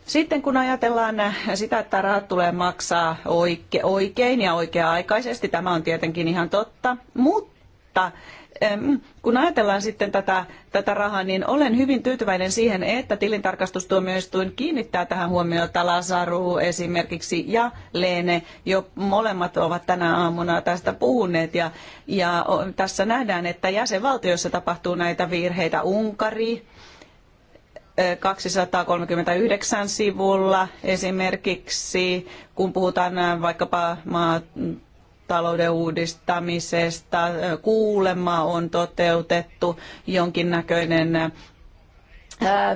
Sitten kun ajatellaan sitä, että rahat tulee maksaa oikein ja oikea-aikaisesti, tämä on tietenkin ihan totta, mutta kun ajatellaan sitten tätä, tätä rahaa, niin olen hyvin tyytyväinen siihen, että tilintarkastustuomioistuin kiinnittää tähän huomiota Lasaru esimerkiksi ja Leene. Jo molemmat ovat tänä aamuna tästä puhuneet ja, ja tässä nähdään, että jäsenvaltioissa tapahtuu näitä virheitä. Unkari, 239 sivulla esimerkiksi, kun puhutaan vaikkapa talouden uudistamisesta. Kuulema on toteutettu jonkinnäköinen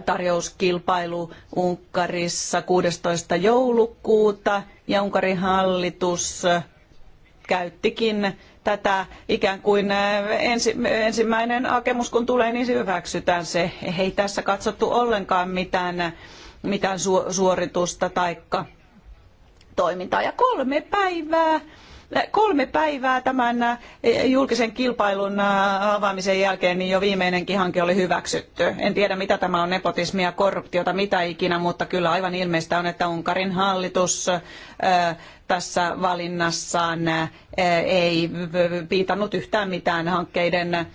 tarjouskilpailu Unkarissa 16. joulukuuta ja Unkarin hallitus käyttikin tätä ikään kuin ensi, ensimmäinen hakemus kun tulee, niin se hyväksytään se. Ei tässä katsottu ollenkaan mitään, mitään suoritusta taikka toimintaa. Ja kolme päivää Kolme päivää tämän julkisen kilpailun avaamisen jälkeen niin jo viimeinenkin hanke oli hyväksytty. En tiedä mitä tämä on nepotismia, korruptiota, mitä ikinä, mutta kyllä aivan ilmeistä on, että Unkarin hallitus tässä valinnassaan ei piitannut yhtään mitään hankkeiden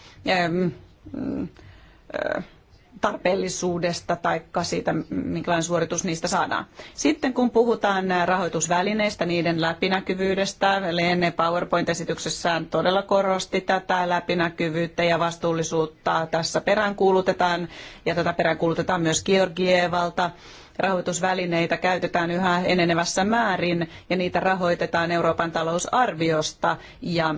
tarpeellisuudesta tai siitä, minkälainen suoritus niistä saadaan. Sitten kun puhutaan rahoitusvälineistä, niiden läpinäkyvyydestä, Lenne PowerPoint-esityksessään todella korosti tätä läpinäkyvyyttä ja vastuullisuutta. Tässä peräänkuulutetaan ja tätä peräänkuulutetaan myös Georgievalta rahoitusvälineitä käytetään yhä enenevässä määrin ja niitä rahoitetaan Euroopan talousarviosta ja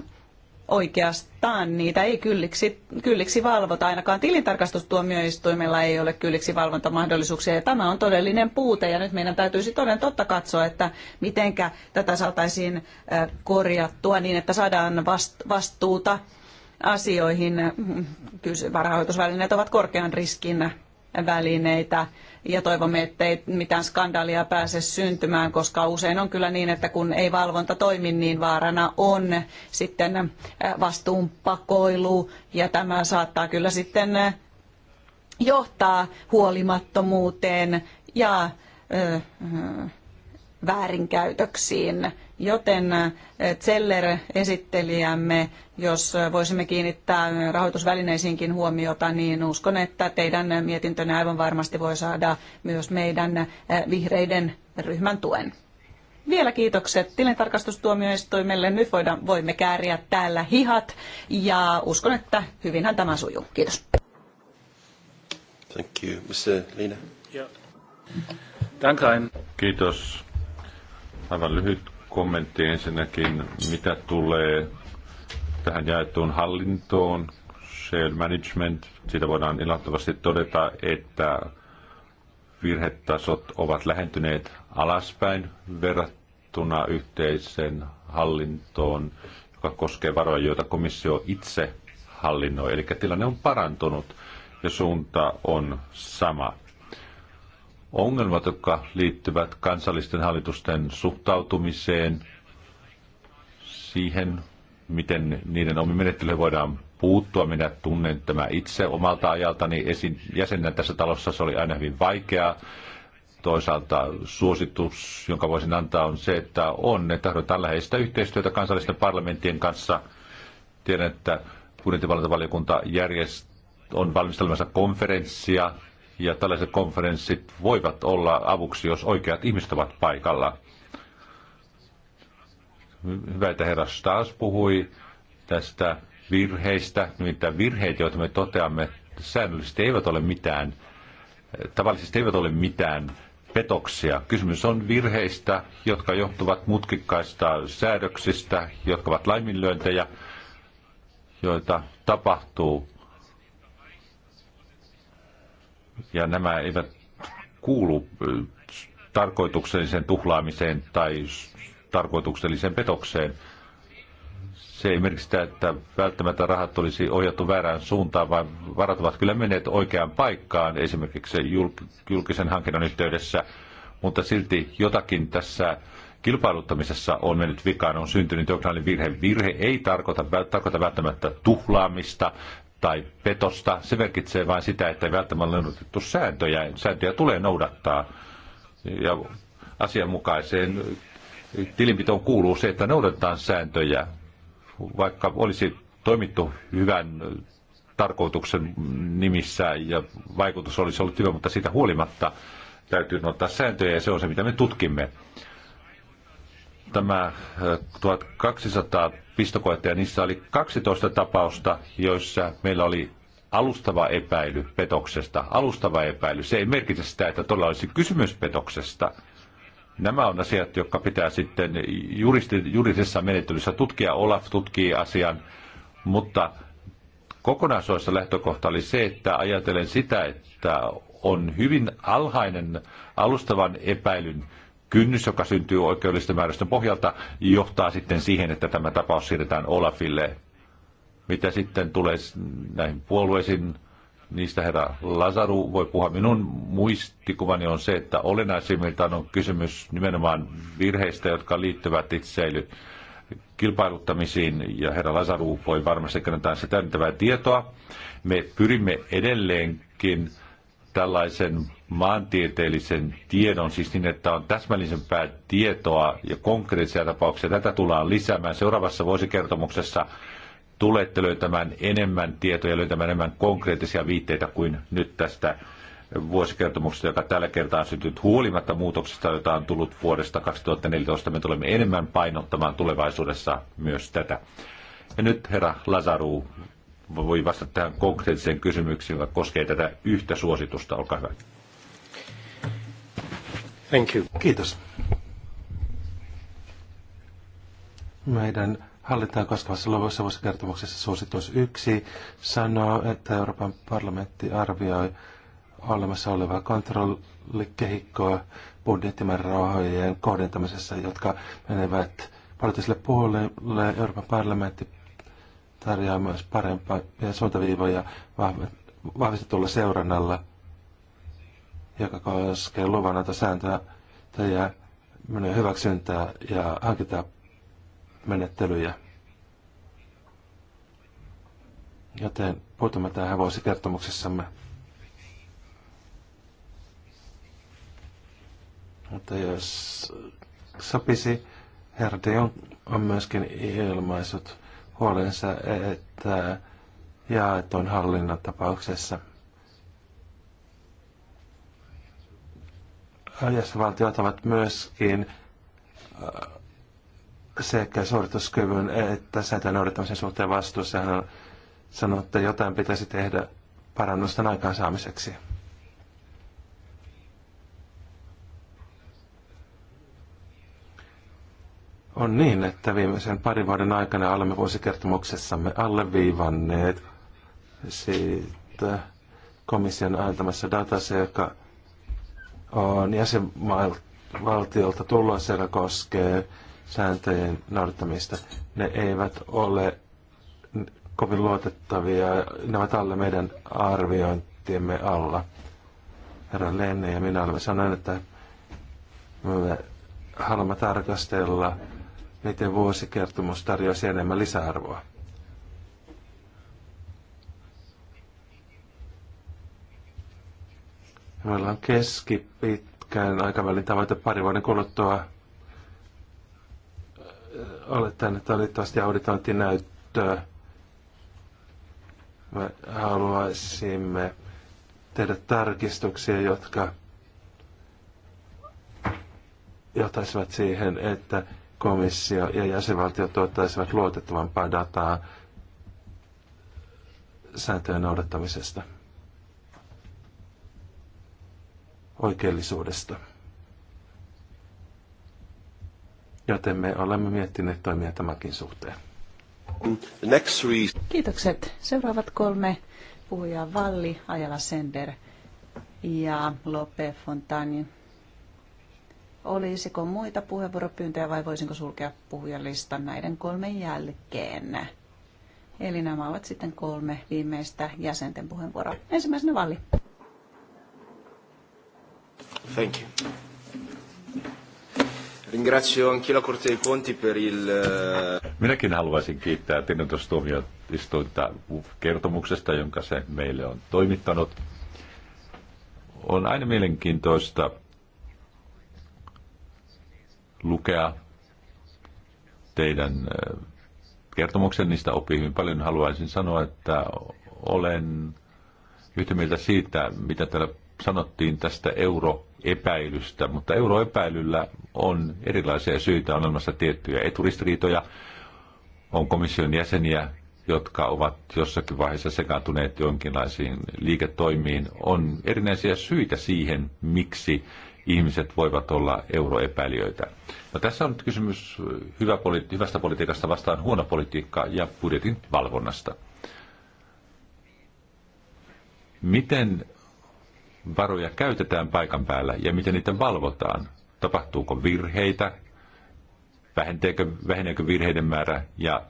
oikeastaan niitä ei kylliksi, kylliksi valvota. Ainakaan tilintarkastustuomioistuimella ei ole kylliksi valvontamahdollisuuksia. Ja tämä on todellinen puute ja nyt meidän täytyisi toden totta katsoa, että mitenkä tätä saataisiin korjattua niin, että saadaan vastuuta asioihin. Kyllä varahoitusvälineet ovat korkean riskin välineitä ja toivomme, ettei mitään skandaalia pääse syntymään, koska usein on kyllä niin, että kun ei valvonta toimi, niin vaarana on sitten äh, vastuun pakoilu ja tämä saattaa kyllä sitten äh, johtaa huolimattomuuteen ja äh, väärinkäytöksiin. Joten eh, Zeller esittelijämme, jos voisimme kiinnittää rahoitusvälineisiinkin huomiota, niin uskon, että teidän mietintönne aivan varmasti voi saada myös meidän eh, vihreiden ryhmän tuen. Vielä kiitokset tilintarkastustuomioistuimelle. Nyt voidaan, voimme kääriä täällä hihat ja uskon, että hyvinhän tämä sujuu. Kiitos. Thank you. Mr. Lina. Yeah. Kiitos. Aivan lyhyt kommentti ensinnäkin, mitä tulee tähän jaettuun hallintoon, shared management. Siitä voidaan ilahtavasti todeta, että virhetasot ovat lähentyneet alaspäin verrattuna yhteiseen hallintoon, joka koskee varoja, joita komissio itse hallinnoi. Eli tilanne on parantunut ja suunta on sama ongelmat, jotka liittyvät kansallisten hallitusten suhtautumiseen, siihen, miten niiden omiin menettelyihin voidaan puuttua. Minä tunnen tämä itse omalta ajaltani esiin jäsenenä tässä talossa. Se oli aina hyvin vaikeaa. Toisaalta suositus, jonka voisin antaa, on se, että on, että tarvitaan läheistä yhteistyötä kansallisten parlamenttien kanssa. Tiedän, että budjettivalvontavaliokunta järjest, on valmistelemassa konferenssia ja tällaiset konferenssit voivat olla avuksi, jos oikeat ihmiset ovat paikalla. Hyvä, että herra Stas puhui tästä virheistä. Nimittäin virheet, joita me toteamme säännöllisesti, eivät ole mitään, tavallisesti eivät ole mitään petoksia. Kysymys on virheistä, jotka johtuvat mutkikkaista säädöksistä, jotka ovat laiminlyöntejä, joita tapahtuu ja nämä eivät kuulu tarkoitukselliseen tuhlaamiseen tai tarkoitukselliseen petokseen. Se ei merkitse sitä, että välttämättä rahat olisi ohjattu väärään suuntaan, vaan varat ovat kyllä menneet oikeaan paikkaan, esimerkiksi julkisen hankinnan yhteydessä, mutta silti jotakin tässä kilpailuttamisessa on mennyt vikaan, on syntynyt jonkinlainen virhe. Virhe ei tarkoita, tarkoita välttämättä tuhlaamista, tai petosta. Se merkitsee vain sitä, että ei välttämättä ole noudatettu sääntöjä. Sääntöjä tulee noudattaa. Ja asianmukaiseen tilinpitoon kuuluu se, että noudatetaan sääntöjä. Vaikka olisi toimittu hyvän tarkoituksen nimissä ja vaikutus olisi ollut hyvä, mutta siitä huolimatta täytyy noudattaa sääntöjä ja se on se, mitä me tutkimme. Tämä 1200 äh, pistokoetta ja niissä oli 12 tapausta, joissa meillä oli alustava epäily petoksesta. Alustava epäily, se ei merkitse sitä, että todella olisi kysymys petoksesta. Nämä on asiat, jotka pitää sitten juridisessa menettelyssä tutkia. Olaf tutkii asian, mutta kokonaisuudessa lähtökohta oli se, että ajatellen sitä, että on hyvin alhainen alustavan epäilyn kynnys, joka syntyy oikeudellisten määräysten pohjalta, johtaa sitten siihen, että tämä tapaus siirretään Olafille. Mitä sitten tulee näihin puolueisiin, niistä herra Lazaru voi puhua. Minun muistikuvani on se, että olennaisimmiltaan on kysymys nimenomaan virheistä, jotka liittyvät itseily kilpailuttamisiin, ja herra Lazaru voi varmasti kannattaa sitä tietoa. Me pyrimme edelleenkin tällaisen maantieteellisen tiedon, siis niin, että on täsmällisempää tietoa ja konkreettisia tapauksia. Tätä tullaan lisäämään. Seuraavassa vuosikertomuksessa tulette löytämään enemmän tietoja, löytämään enemmän konkreettisia viitteitä kuin nyt tästä vuosikertomuksesta, joka tällä kertaa on syntynyt huolimatta muutoksista, joita on tullut vuodesta 2014. Me tulemme enemmän painottamaan tulevaisuudessa myös tätä. Ja nyt herra Lazaru voi vastata tähän konkreettiseen kysymykseen, joka koskee tätä yhtä suositusta. Olkaa hyvä. Thank you. Kiitos. Meidän hallintaa koskevassa luvussa vuosikertomuksessa suositus yksi sanoo, että Euroopan parlamentti arvioi olemassa olevaa kontrollikehikkoa budjettimäärärahojen kohdentamisessa, jotka menevät poliittiselle puolelle. Euroopan parlamentti tarjoaa myös parempaa ja suuntaviivoja vahvistetulla seurannalla, joka koskee luvanata sääntöä tai menee hyväksyntää ja hankita menettelyjä. Joten puutumme tähän vuosikertomuksessamme. Mutta jos sopisi, Herra on, on myöskin ilmaisut huolensa, että jaeton hallinnan tapauksessa jäsenvaltiot ovat myöskin äh, sekä suorituskyvyn että sääntöjen noudattamisen suhteen vastuussa. Hän on sanonut, että jotain pitäisi tehdä parannusten aikaansaamiseksi. On niin, että viimeisen parin vuoden aikana olemme vuosikertomuksessamme alleviivanneet siitä komission antamassa datassa, joka on jäsenvaltiolta tullut, joka koskee sääntöjen noudattamista. Ne eivät ole kovin luotettavia. Ne ovat alle meidän arviointiemme alla. Herra Lenne ja minä olemme sanoneet, että me haluamme tarkastella miten vuosikertomus tarjoaisi enemmän lisäarvoa. Meillä on keskipitkän aikavälin tavoite pari vuoden kuluttua. Oletan, että valitettavasti auditointinäyttöä. Me haluaisimme tehdä tarkistuksia, jotka johtaisivat siihen, että komissio ja jäsenvaltiot tuottaisivat luotettavampaa dataa sääntöjen noudattamisesta, oikeellisuudesta. Joten me olemme miettineet toimia tämänkin suhteen. Kiitokset. Seuraavat kolme puhujaa Valli, Ajala Sender ja Lope Fontani. Olisiko muita puheenvuoropyyntöjä vai voisinko sulkea puhujalistan näiden kolmen jälkeen? Eli nämä ovat sitten kolme viimeistä jäsenten puheenvuoroa. Ensimmäisenä Valli. Thank you. Ringrazio la Corte dei Conti per il... Eh, Minäkin haluaisin kiittää tilintostuomioistuinta kertomuksesta, jonka se meille on toimittanut. On aina mielenkiintoista lukea teidän kertomuksen, niistä oppii hyvin paljon. Haluaisin sanoa, että olen yhtä mieltä siitä, mitä täällä sanottiin tästä euroepäilystä, mutta euroepäilyllä on erilaisia syitä, on olemassa tiettyjä eturistiriitoja, on komission jäseniä, jotka ovat jossakin vaiheessa sekaantuneet jonkinlaisiin liiketoimiin, on erinäisiä syitä siihen, miksi ihmiset voivat olla euroepäilijöitä. No, tässä on nyt kysymys äh, hyvä politi- hyvästä politiikasta vastaan huono politiikka ja budjetin valvonnasta. Miten varoja käytetään paikan päällä ja miten niitä valvotaan? Tapahtuuko virheitä? Vähenteekö, väheneekö virheiden määrä ja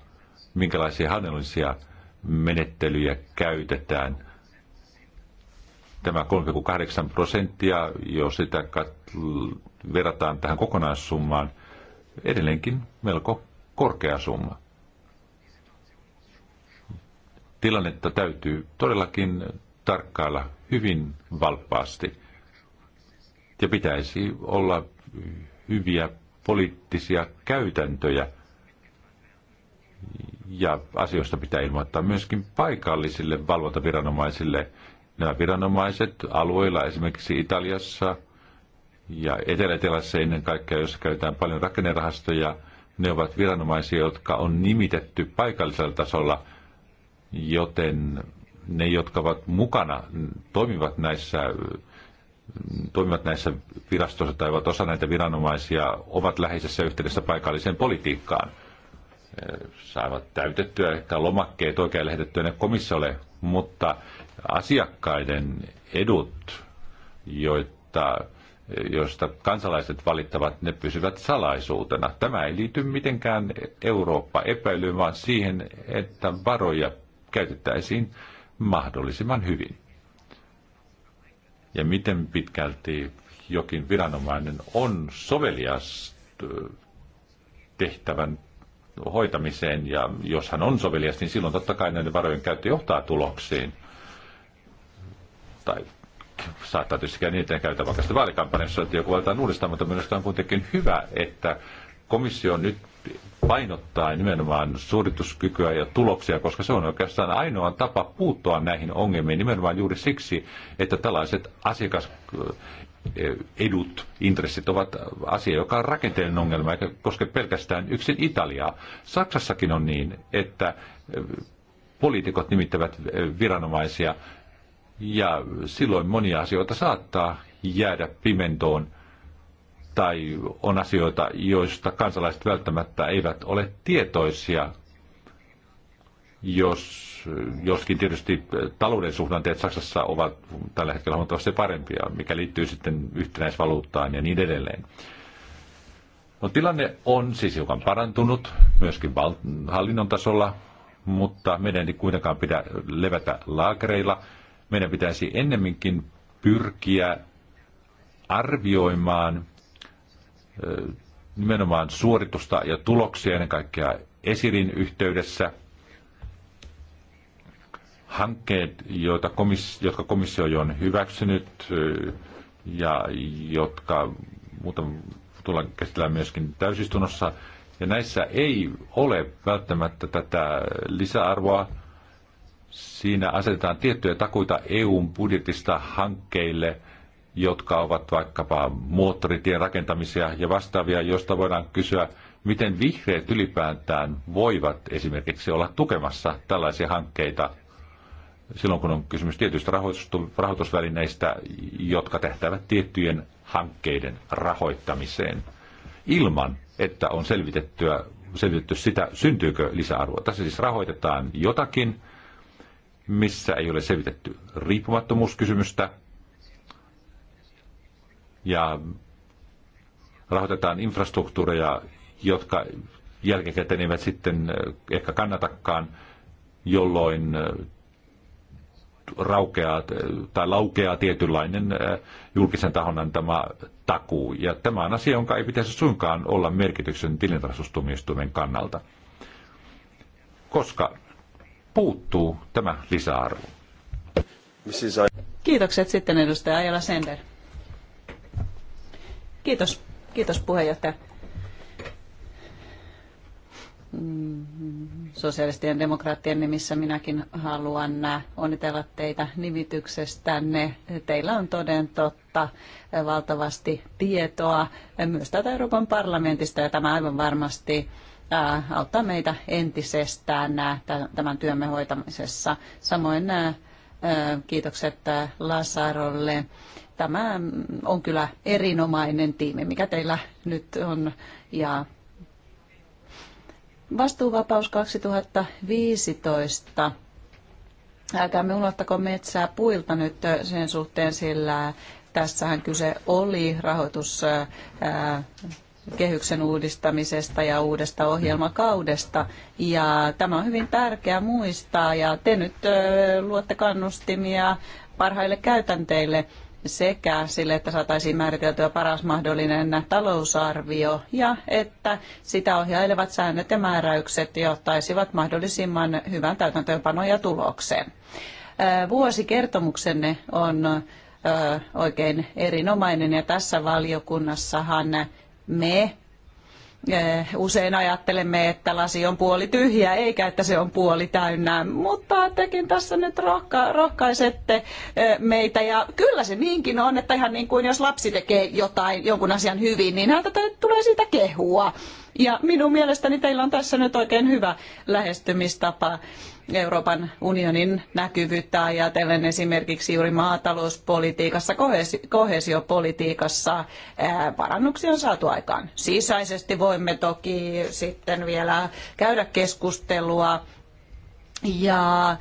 minkälaisia hallinnollisia menettelyjä käytetään? tämä 3,8 prosenttia, jos sitä verrataan tähän kokonaissummaan, edelleenkin melko korkea summa. Tilannetta täytyy todellakin tarkkailla hyvin valppaasti. Ja pitäisi olla hyviä poliittisia käytäntöjä. Ja asioista pitää ilmoittaa myöskin paikallisille valvontaviranomaisille – nämä viranomaiset alueilla, esimerkiksi Italiassa ja Etelä-Etelässä ennen kaikkea, jossa käytetään paljon rakennerahastoja, ne ovat viranomaisia, jotka on nimitetty paikallisella tasolla, joten ne, jotka ovat mukana, toimivat näissä, toimivat näissä virastoissa tai ovat osa näitä viranomaisia, ovat läheisessä yhteydessä paikalliseen politiikkaan. Saavat täytettyä ehkä lomakkeet oikein lähetettyä ne komissiolle, mutta asiakkaiden edut, joita, joista kansalaiset valittavat, ne pysyvät salaisuutena. Tämä ei liity mitenkään Eurooppa-epäilyyn, vaan siihen, että varoja käytettäisiin mahdollisimman hyvin. Ja miten pitkälti jokin viranomainen on sovelias tehtävän hoitamiseen, ja jos hän on sovelias, niin silloin totta kai näiden varojen käyttö johtaa tuloksiin tai saattaa tietysti käydä niitä käytä vaikka sitä vaalikampanjassa, että joku valitaan uudestaan, mutta minusta on kuitenkin hyvä, että komissio nyt painottaa nimenomaan suorituskykyä ja tuloksia, koska se on oikeastaan ainoa tapa puuttua näihin ongelmiin nimenomaan juuri siksi, että tällaiset asiakas eh, edut, intressit ovat asia, joka on rakenteellinen ongelma, eikä koske pelkästään yksin Italiaa. Saksassakin on niin, että eh, poliitikot nimittävät eh, viranomaisia ja silloin monia asioita saattaa jäädä pimentoon tai on asioita, joista kansalaiset välttämättä eivät ole tietoisia, jos, joskin tietysti talouden suhdanteet Saksassa ovat tällä hetkellä huomattavasti parempia, mikä liittyy sitten yhtenäisvaluuttaan ja niin edelleen. No, tilanne on siis hiukan parantunut myöskin hallinnon tasolla, mutta meidän ei kuitenkaan pidä levätä laakereilla – meidän pitäisi ennemminkin pyrkiä arvioimaan nimenomaan suoritusta ja tuloksia ennen kaikkea esirin yhteydessä. Hankkeet, joita komissio, jotka komissio on hyväksynyt ja jotka muuten tullaan käsitellään myöskin täysistunnossa. Ja näissä ei ole välttämättä tätä lisäarvoa, Siinä asetetaan tiettyjä takuita EUn budjetista hankkeille, jotka ovat vaikkapa moottoritien rakentamisia ja vastaavia, joista voidaan kysyä, miten vihreät ylipäätään voivat esimerkiksi olla tukemassa tällaisia hankkeita silloin, kun on kysymys tietyistä rahoitusvälineistä, jotka tehtävät tiettyjen hankkeiden rahoittamiseen ilman, että on selvitettyä, selvitetty sitä, syntyykö lisäarvoa. Tässä siis rahoitetaan jotakin, missä ei ole selvitetty riippumattomuuskysymystä ja rahoitetaan infrastruktuureja, jotka jälkikäteen eivät sitten ehkä kannatakaan, jolloin raukeaa tai laukeaa tietynlainen julkisen tahon antama takuu. Ja tämä on asia, jonka ei pitäisi suinkaan olla merkityksen tilintarkastustuomioistuimen kannalta. Koska puuttuu tämä lisäarvo. Kiitokset sitten edustaja Ajala Sender. Kiitos. Kiitos puheenjohtaja. Mm, sosialistien demokraattien nimissä minäkin haluan äh, onnitella teitä nimityksestänne. Teillä on toden totta äh, valtavasti tietoa äh, myös tätä Euroopan parlamentista ja tämä aivan varmasti auttaa meitä entisestään tämän työmme hoitamisessa. Samoin kiitokset Lasarolle. Tämä mm, on kyllä erinomainen tiimi, mikä teillä nyt on. Ja vastuuvapaus 2015 älkäämme unohtako metsää puilta nyt sen suhteen, sillä tässähän kyse oli rahoitus kehyksen uudistamisesta ja uudesta ohjelmakaudesta. Ja tämä on hyvin tärkeää muistaa ja te nyt luotte kannustimia parhaille käytänteille sekä sille, että saataisiin määriteltyä paras mahdollinen talousarvio ja että sitä ohjailevat säännöt ja määräykset johtaisivat mahdollisimman hyvän täytäntöönpanon ja tulokseen. Vuosikertomuksenne on oikein erinomainen ja tässä valiokunnassahan me eh, usein ajattelemme, että lasi on puoli tyhjä, eikä että se on puoli täynnä, mutta tekin tässä nyt rohka- rohkaisette eh, meitä. Ja kyllä se niinkin on, että ihan niin kuin jos lapsi tekee jotain, jonkun asian hyvin, niin häntä tulee siitä kehua. Ja minun mielestäni teillä on tässä nyt oikein hyvä lähestymistapa. Euroopan unionin näkyvyyttä ajatellen esimerkiksi juuri maatalouspolitiikassa, kohesiopolitiikassa parannuksia on saatu aikaan. Sisäisesti voimme toki sitten vielä käydä keskustelua ja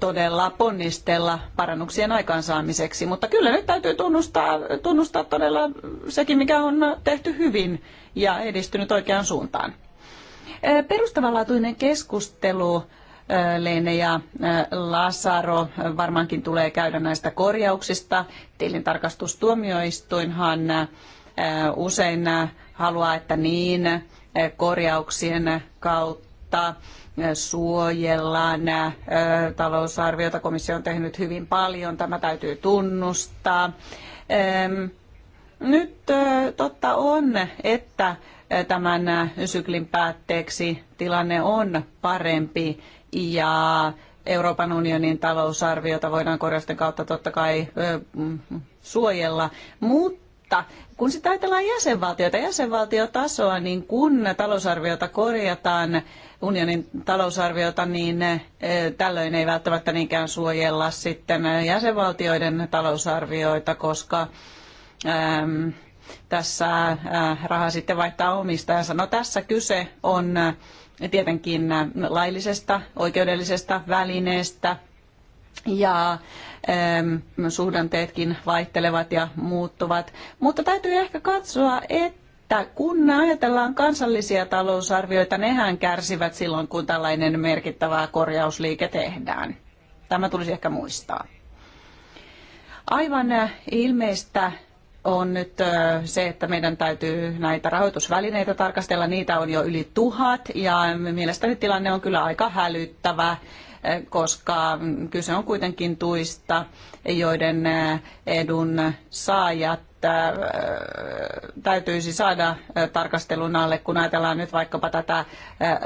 todella ponnistella parannuksien aikaansaamiseksi. Mutta kyllä nyt täytyy tunnustaa, tunnustaa todella sekin, mikä on tehty hyvin ja edistynyt oikeaan suuntaan. Perustavanlaatuinen keskustelu Leene ja Lasaro varmaankin tulee käydä näistä korjauksista. Tilintarkastustuomioistuinhan usein haluaa, että niin korjauksien kautta suojellaan talousarviota. Komissio on tehnyt hyvin paljon, tämä täytyy tunnustaa. Nyt totta on, että tämän syklin päätteeksi tilanne on parempi ja Euroopan unionin talousarviota voidaan korjausten kautta totta kai mm, mm, suojella, mutta kun sitä ajatellaan jäsenvaltioita, jäsenvaltiotasoa, niin kun talousarviota korjataan, unionin talousarviota, niin tällöin ei välttämättä niinkään suojella sitten jäsenvaltioiden talousarvioita, koska äm, tässä äh, raha sitten vaihtaa omistajansa. No tässä kyse on tietenkin äh, laillisesta oikeudellisesta välineestä ja ähm, suhdanteetkin vaihtelevat ja muuttuvat. Mutta täytyy ehkä katsoa, että kun ajatellaan kansallisia talousarvioita, nehän kärsivät silloin, kun tällainen merkittävä korjausliike tehdään. Tämä tulisi ehkä muistaa. Aivan äh, ilmeistä on nyt se, että meidän täytyy näitä rahoitusvälineitä tarkastella. Niitä on jo yli tuhat ja mielestäni tilanne on kyllä aika hälyttävä koska kyse on kuitenkin tuista, joiden edun saajat että äh, täytyisi saada äh, tarkastelun alle, kun ajatellaan nyt vaikkapa tätä äh,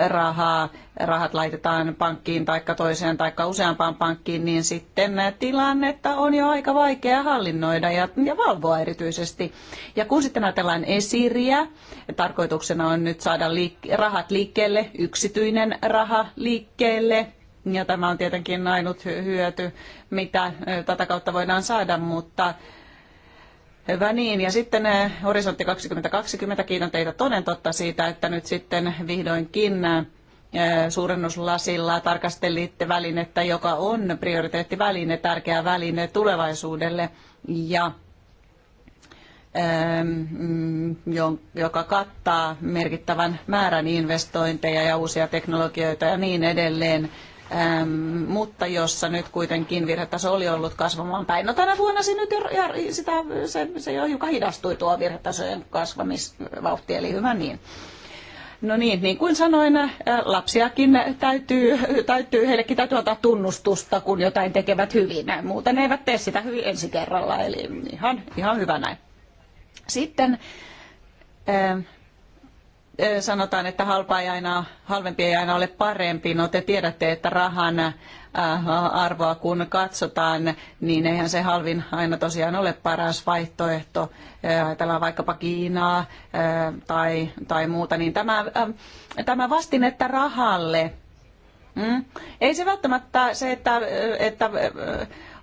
rahaa, rahat laitetaan pankkiin tai toiseen tai useampaan pankkiin, niin sitten tilannetta on jo aika vaikea hallinnoida ja, ja valvoa erityisesti. Ja kun sitten ajatellaan esiriä, tarkoituksena on nyt saada liik- rahat liikkeelle, yksityinen raha liikkeelle, ja tämä on tietenkin ainut hyöty, mitä tätä kautta voidaan saada, mutta Hyvä niin, ja sitten eh, Horisontti 2020, kiitän teitä toden totta siitä, että nyt sitten vihdoinkin eh, suurennuslasilla tarkastelitte välinettä, joka on prioriteettiväline, tärkeä väline tulevaisuudelle ja ehm, mm, joka kattaa merkittävän määrän investointeja ja uusia teknologioita ja niin edelleen mutta jossa nyt kuitenkin virhetaso oli ollut kasvamaan päin. No tänä vuonna se nyt ja sitä, se, se jo hiukan hidastui tuo virhetasojen kasvamisvauhti, eli hyvä niin. No niin, niin kuin sanoin, lapsiakin täytyy, täytyy, heillekin täytyy antaa tunnustusta, kun jotain tekevät hyvin. Muuten ne eivät tee sitä hyvin ensi kerralla, eli ihan, ihan hyvä näin. Sitten Eh, sanotaan, että halpa ei aina, halvempi ei aina ole parempi. No te tiedätte, että rahan äh, arvoa kun katsotaan, niin eihän se halvin aina tosiaan ole paras vaihtoehto. Eh, ajatellaan vaikkapa Kiinaa eh, tai, tai muuta, niin tämä, tämä että rahalle, mm, ei se välttämättä se, että, että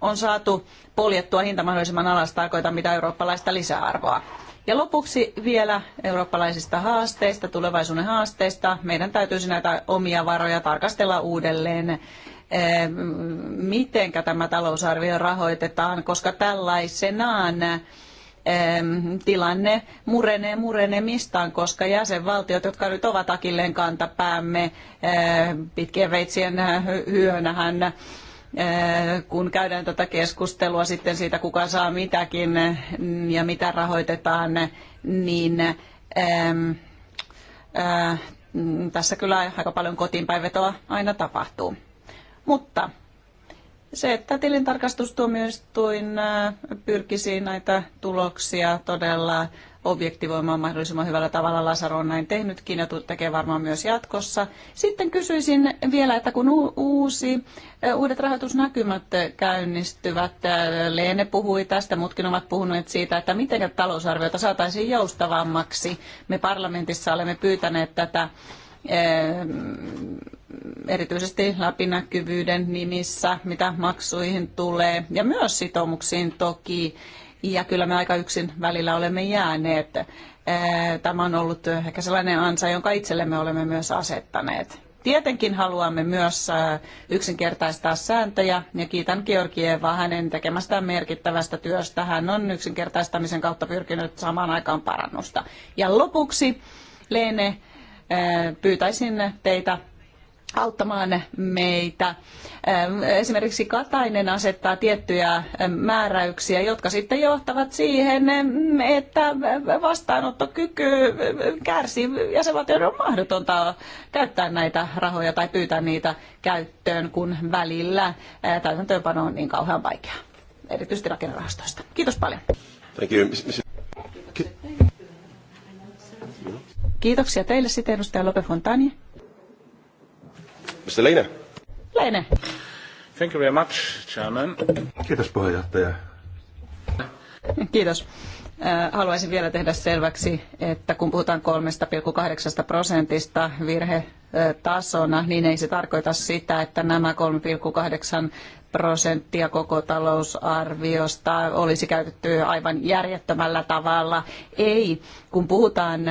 on saatu poljettua hinta mahdollisimman alas tarkoita mitä eurooppalaista lisäarvoa. Ja lopuksi vielä eurooppalaisista haasteista, tulevaisuuden haasteista. Meidän täytyisi näitä omia varoja tarkastella uudelleen eh, miten tämä talousarvio rahoitetaan, koska tällaisenaan eh, tilanne murenee murenemistaan, koska jäsenvaltiot, jotka nyt ovat akilleen kantapäämme eh, pitkien veitsien hyönähän, Eh, kun käydään tätä keskustelua sitten siitä, kuka saa mitäkin mm, ja mitä rahoitetaan, niin eh, mm, tässä kyllä aika paljon kotiinpäinvetoa aina tapahtuu. Mutta se, että tilintarkastustuomioistuin eh, pyrkisi näitä tuloksia todella objektivoimaan mahdollisimman hyvällä tavalla. Lasaro on näin tehnytkin ja tekee varmaan myös jatkossa. Sitten kysyisin vielä, että kun uusi, uudet rahoitusnäkymät käynnistyvät, Leene puhui tästä, muutkin ovat puhuneet siitä, että miten talousarviota saataisiin joustavammaksi. Me parlamentissa olemme pyytäneet tätä erityisesti läpinäkyvyyden nimissä, mitä maksuihin tulee, ja myös sitoumuksiin toki ja kyllä me aika yksin välillä olemme jääneet. Tämä on ollut ehkä sellainen ansa, jonka itsellemme olemme myös asettaneet. Tietenkin haluamme myös yksinkertaistaa sääntöjä ja kiitän Georgievaa hänen tekemästään merkittävästä työstä. Hän on yksinkertaistamisen kautta pyrkinyt samaan aikaan parannusta. Ja lopuksi, Leene, pyytäisin teitä auttamaan meitä. Ähm, esimerkiksi Katainen asettaa tiettyjä ähm, määräyksiä, jotka sitten johtavat siihen, ähm, että vastaanottokyky äh, kärsii ja se on mahdotonta käyttää näitä rahoja tai pyytää niitä käyttöön, kun välillä äh, täytäntöönpano on niin kauhean vaikeaa, erityisesti rakennerahastoista. Kiitos paljon. Thank you. Kiitoksia teille sitten edustaja Lope Fontani. Mr. Leine. Leine. Thank you very much, Chairman. Kiitos puheenjohtaja. Kiitos. Äh, haluaisin vielä tehdä selväksi, että kun puhutaan 3,8 prosentista virhetasona, niin ei se tarkoita sitä, että nämä 3,8 prosenttia koko talousarviosta olisi käytetty aivan järjettömällä tavalla. Ei, kun puhutaan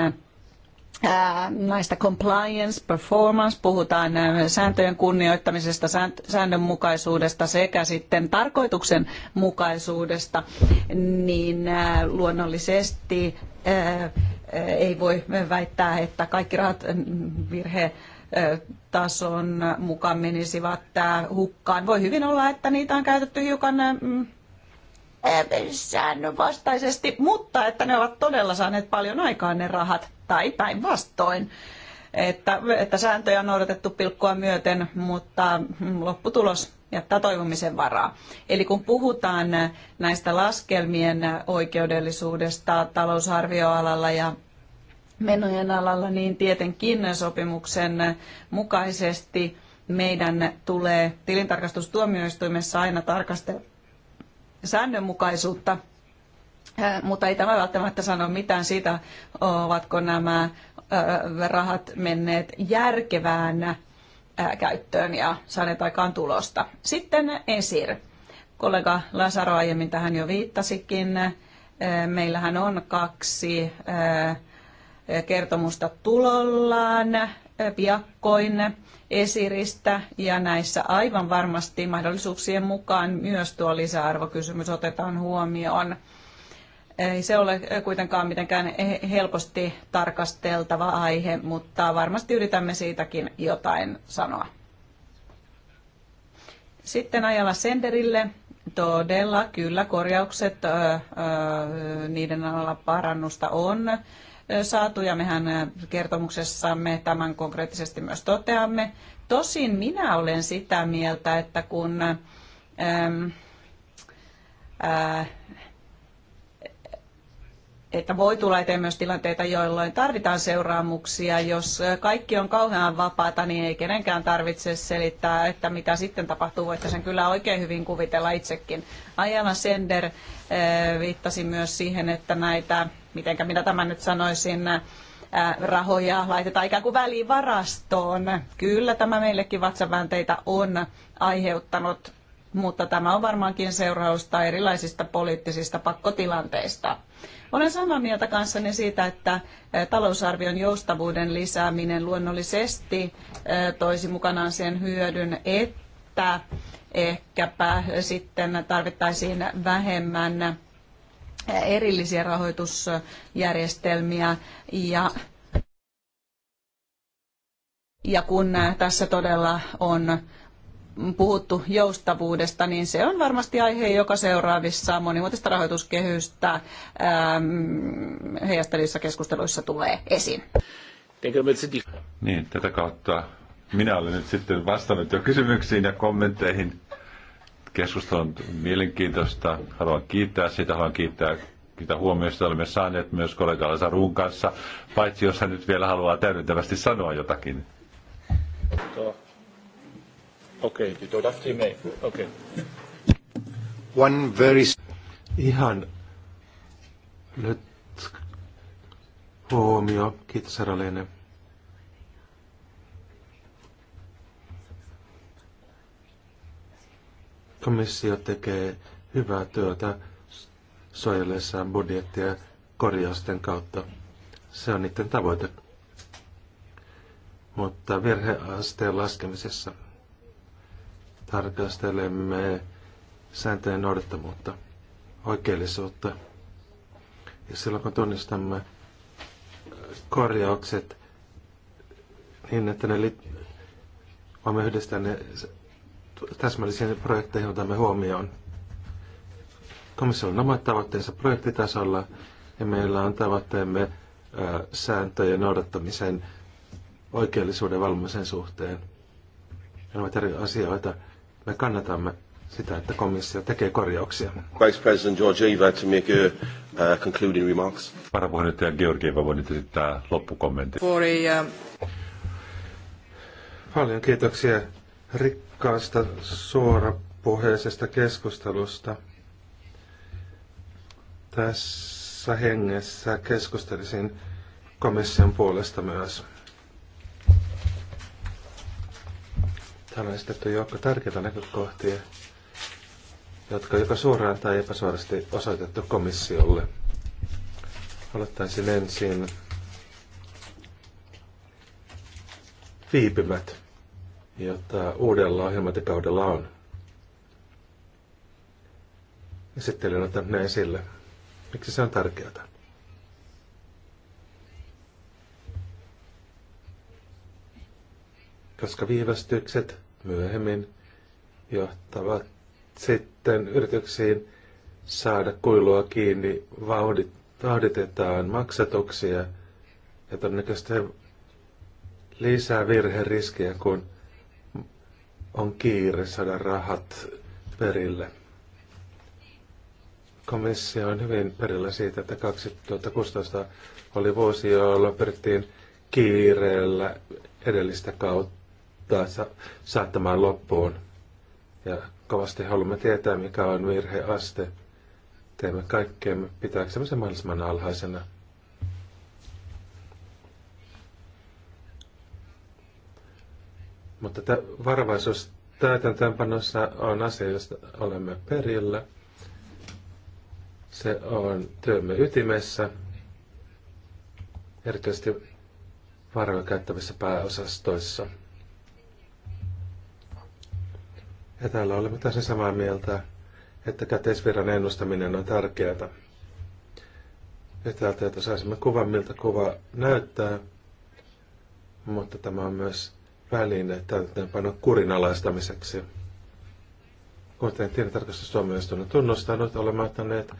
näistä compliance, performance, puhutaan sääntöjen kunnioittamisesta, säännönmukaisuudesta sekä sitten tarkoituksenmukaisuudesta, niin luonnollisesti ei voi väittää, että kaikki rahat virhe tason mukaan menisivät hukkaan. Voi hyvin olla, että niitä on käytetty hiukan mm, säännön vastaisesti, mutta että ne ovat todella saaneet paljon aikaan ne rahat tai päinvastoin. Että, että sääntöjä on noudatettu pilkkoa myöten, mutta lopputulos jättää toivomisen varaa. Eli kun puhutaan näistä laskelmien oikeudellisuudesta talousarvioalalla ja menojen alalla, niin tietenkin sopimuksen mukaisesti meidän tulee tilintarkastustuomioistuimessa aina tarkastella säännönmukaisuutta, mutta ei tämä välttämättä sano mitään siitä, ovatko nämä rahat menneet järkevään käyttöön ja saaneet aikaan tulosta. Sitten ESIR. Kollega Lasaro aiemmin tähän jo viittasikin. Meillähän on kaksi kertomusta tulollaan piakkoin esiristä ja näissä aivan varmasti mahdollisuuksien mukaan myös tuo lisäarvokysymys otetaan huomioon. Ei se ole kuitenkaan mitenkään helposti tarkasteltava aihe, mutta varmasti yritämme siitäkin jotain sanoa. Sitten ajalla senderille. Todella, kyllä, korjaukset, niiden alla parannusta on saatu ja mehän kertomuksessamme tämän konkreettisesti myös toteamme. Tosin minä olen sitä mieltä, että kun ähm, äh, että voi tulla eteen myös tilanteita, jolloin tarvitaan seuraamuksia. Jos kaikki on kauhean vapaata, niin ei kenenkään tarvitse selittää, että mitä sitten tapahtuu. Voitte sen kyllä oikein hyvin kuvitella itsekin. Ajana Sender viittasi myös siihen, että näitä mitenkä minä tämän nyt sanoisin, rahoja laitetaan ikään kuin välivarastoon. Kyllä tämä meillekin vatsaväänteitä on aiheuttanut, mutta tämä on varmaankin seurausta erilaisista poliittisista pakkotilanteista. Olen samaa mieltä kanssani siitä, että talousarvion joustavuuden lisääminen luonnollisesti toisi mukanaan sen hyödyn, että ehkäpä sitten tarvittaisiin vähemmän erillisiä rahoitusjärjestelmiä ja ja kun tässä todella on puhuttu joustavuudesta, niin se on varmasti aihe, joka seuraavissa monivuotista rahoituskehystä ähm, heijastelissa keskusteluissa tulee esiin. Niin, tätä kautta minä olen nyt sitten vastannut jo kysymyksiin ja kommentteihin. Keskustelu on mielenkiintoista. Haluan kiittää sitä. Haluan kiittää mitä huomioista olemme saaneet myös kollega Sarun kanssa, paitsi jos hän nyt vielä haluaa täydentävästi sanoa jotakin. Okei, okay, Okay. One very... Ihan nyt huomio. Kiitos, herra Leene. Komissio tekee hyvää työtä suojellessaan budjettia korjausten kautta. Se on niiden tavoite. Mutta virheasteen laskemisessa tarkastelemme sääntöjen noudattamuutta, oikeellisuutta. Ja silloin kun tunnistamme korjaukset niin, että ne li- voimme yhdistää ne täsmällisiin projekteihin otamme huomioon. Komissio on omat tavoitteensa projektitasolla ja meillä on tavoitteemme sääntöjen noudattamisen oikeellisuuden valmisen suhteen. Ne ovat eri asioita. Me kannatamme sitä, että komissio tekee korjauksia. Vice President Eva to make a, uh, concluding remarks. Varapuheenjohtaja Eva voi nyt esittää loppukommentin. For a, uh, Paljon kiitoksia rikkaasta suorapuheisesta keskustelusta. Tässä hengessä keskustelisin komission puolesta myös. Täällä on esitetty joukko tärkeitä näkökohtia, jotka joka suoraan tai epäsuorasti osoitettu komissiolle. Aloittaisin ensin viipymät jota uudella ohjelmatikaudella on. Esittelen ottanut näin sille, Miksi se on tärkeää? Koska viivästykset myöhemmin johtavat sitten yrityksiin saada kuilua kiinni, vauhditetaan maksatuksia ja todennäköisesti lisää virheriskiä, kun on kiire saada rahat perille. Komissio on hyvin perillä siitä, että 2016 oli vuosi, jolloin perittiin kiireellä edellistä kautta sa- saattamaan loppuun. Ja kovasti haluamme tietää, mikä on virheaste. Teemme kaikkeen pitääksemme sen mahdollisimman alhaisena. Mutta varovaisuus täytäntöönpanossa on asia, josta olemme perillä. Se on työmme ytimessä, erityisesti varoja käyttävissä pääosastoissa. Ja täällä olemme täysin samaa mieltä, että käteisviran ennustaminen on tärkeää. Yhtäältä, että saisimme kuvan, miltä kuva näyttää, mutta tämä on myös väline täytäntöönpanon kurinalaistamiseksi. Kuten on tunnustanut, olemme ottaneet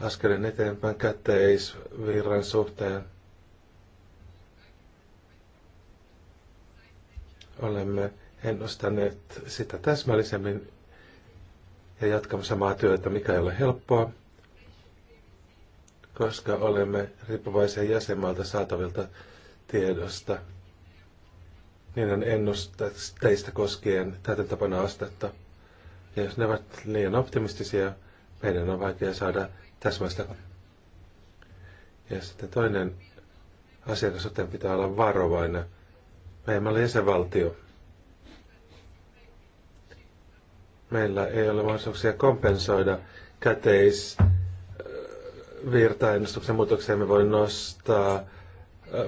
askelen eteenpäin käteisvirran suhteen. Olemme ennustaneet sitä täsmällisemmin ja jatkamme samaa työtä, mikä ei ole helppoa, koska olemme riippuvaisia jäsenmaalta saatavilta tiedosta – niiden ennusteista koskien täytäntöpana astetta. Ja jos ne ovat liian optimistisia, meidän on vaikea saada täsmäistä. Ja sitten toinen asiakas, joten pitää olla varovainen. meillä emme jäsenvaltio. Meillä ei ole mahdollisuuksia kompensoida käteis virtaennustuksen muutoksia. Me voi nostaa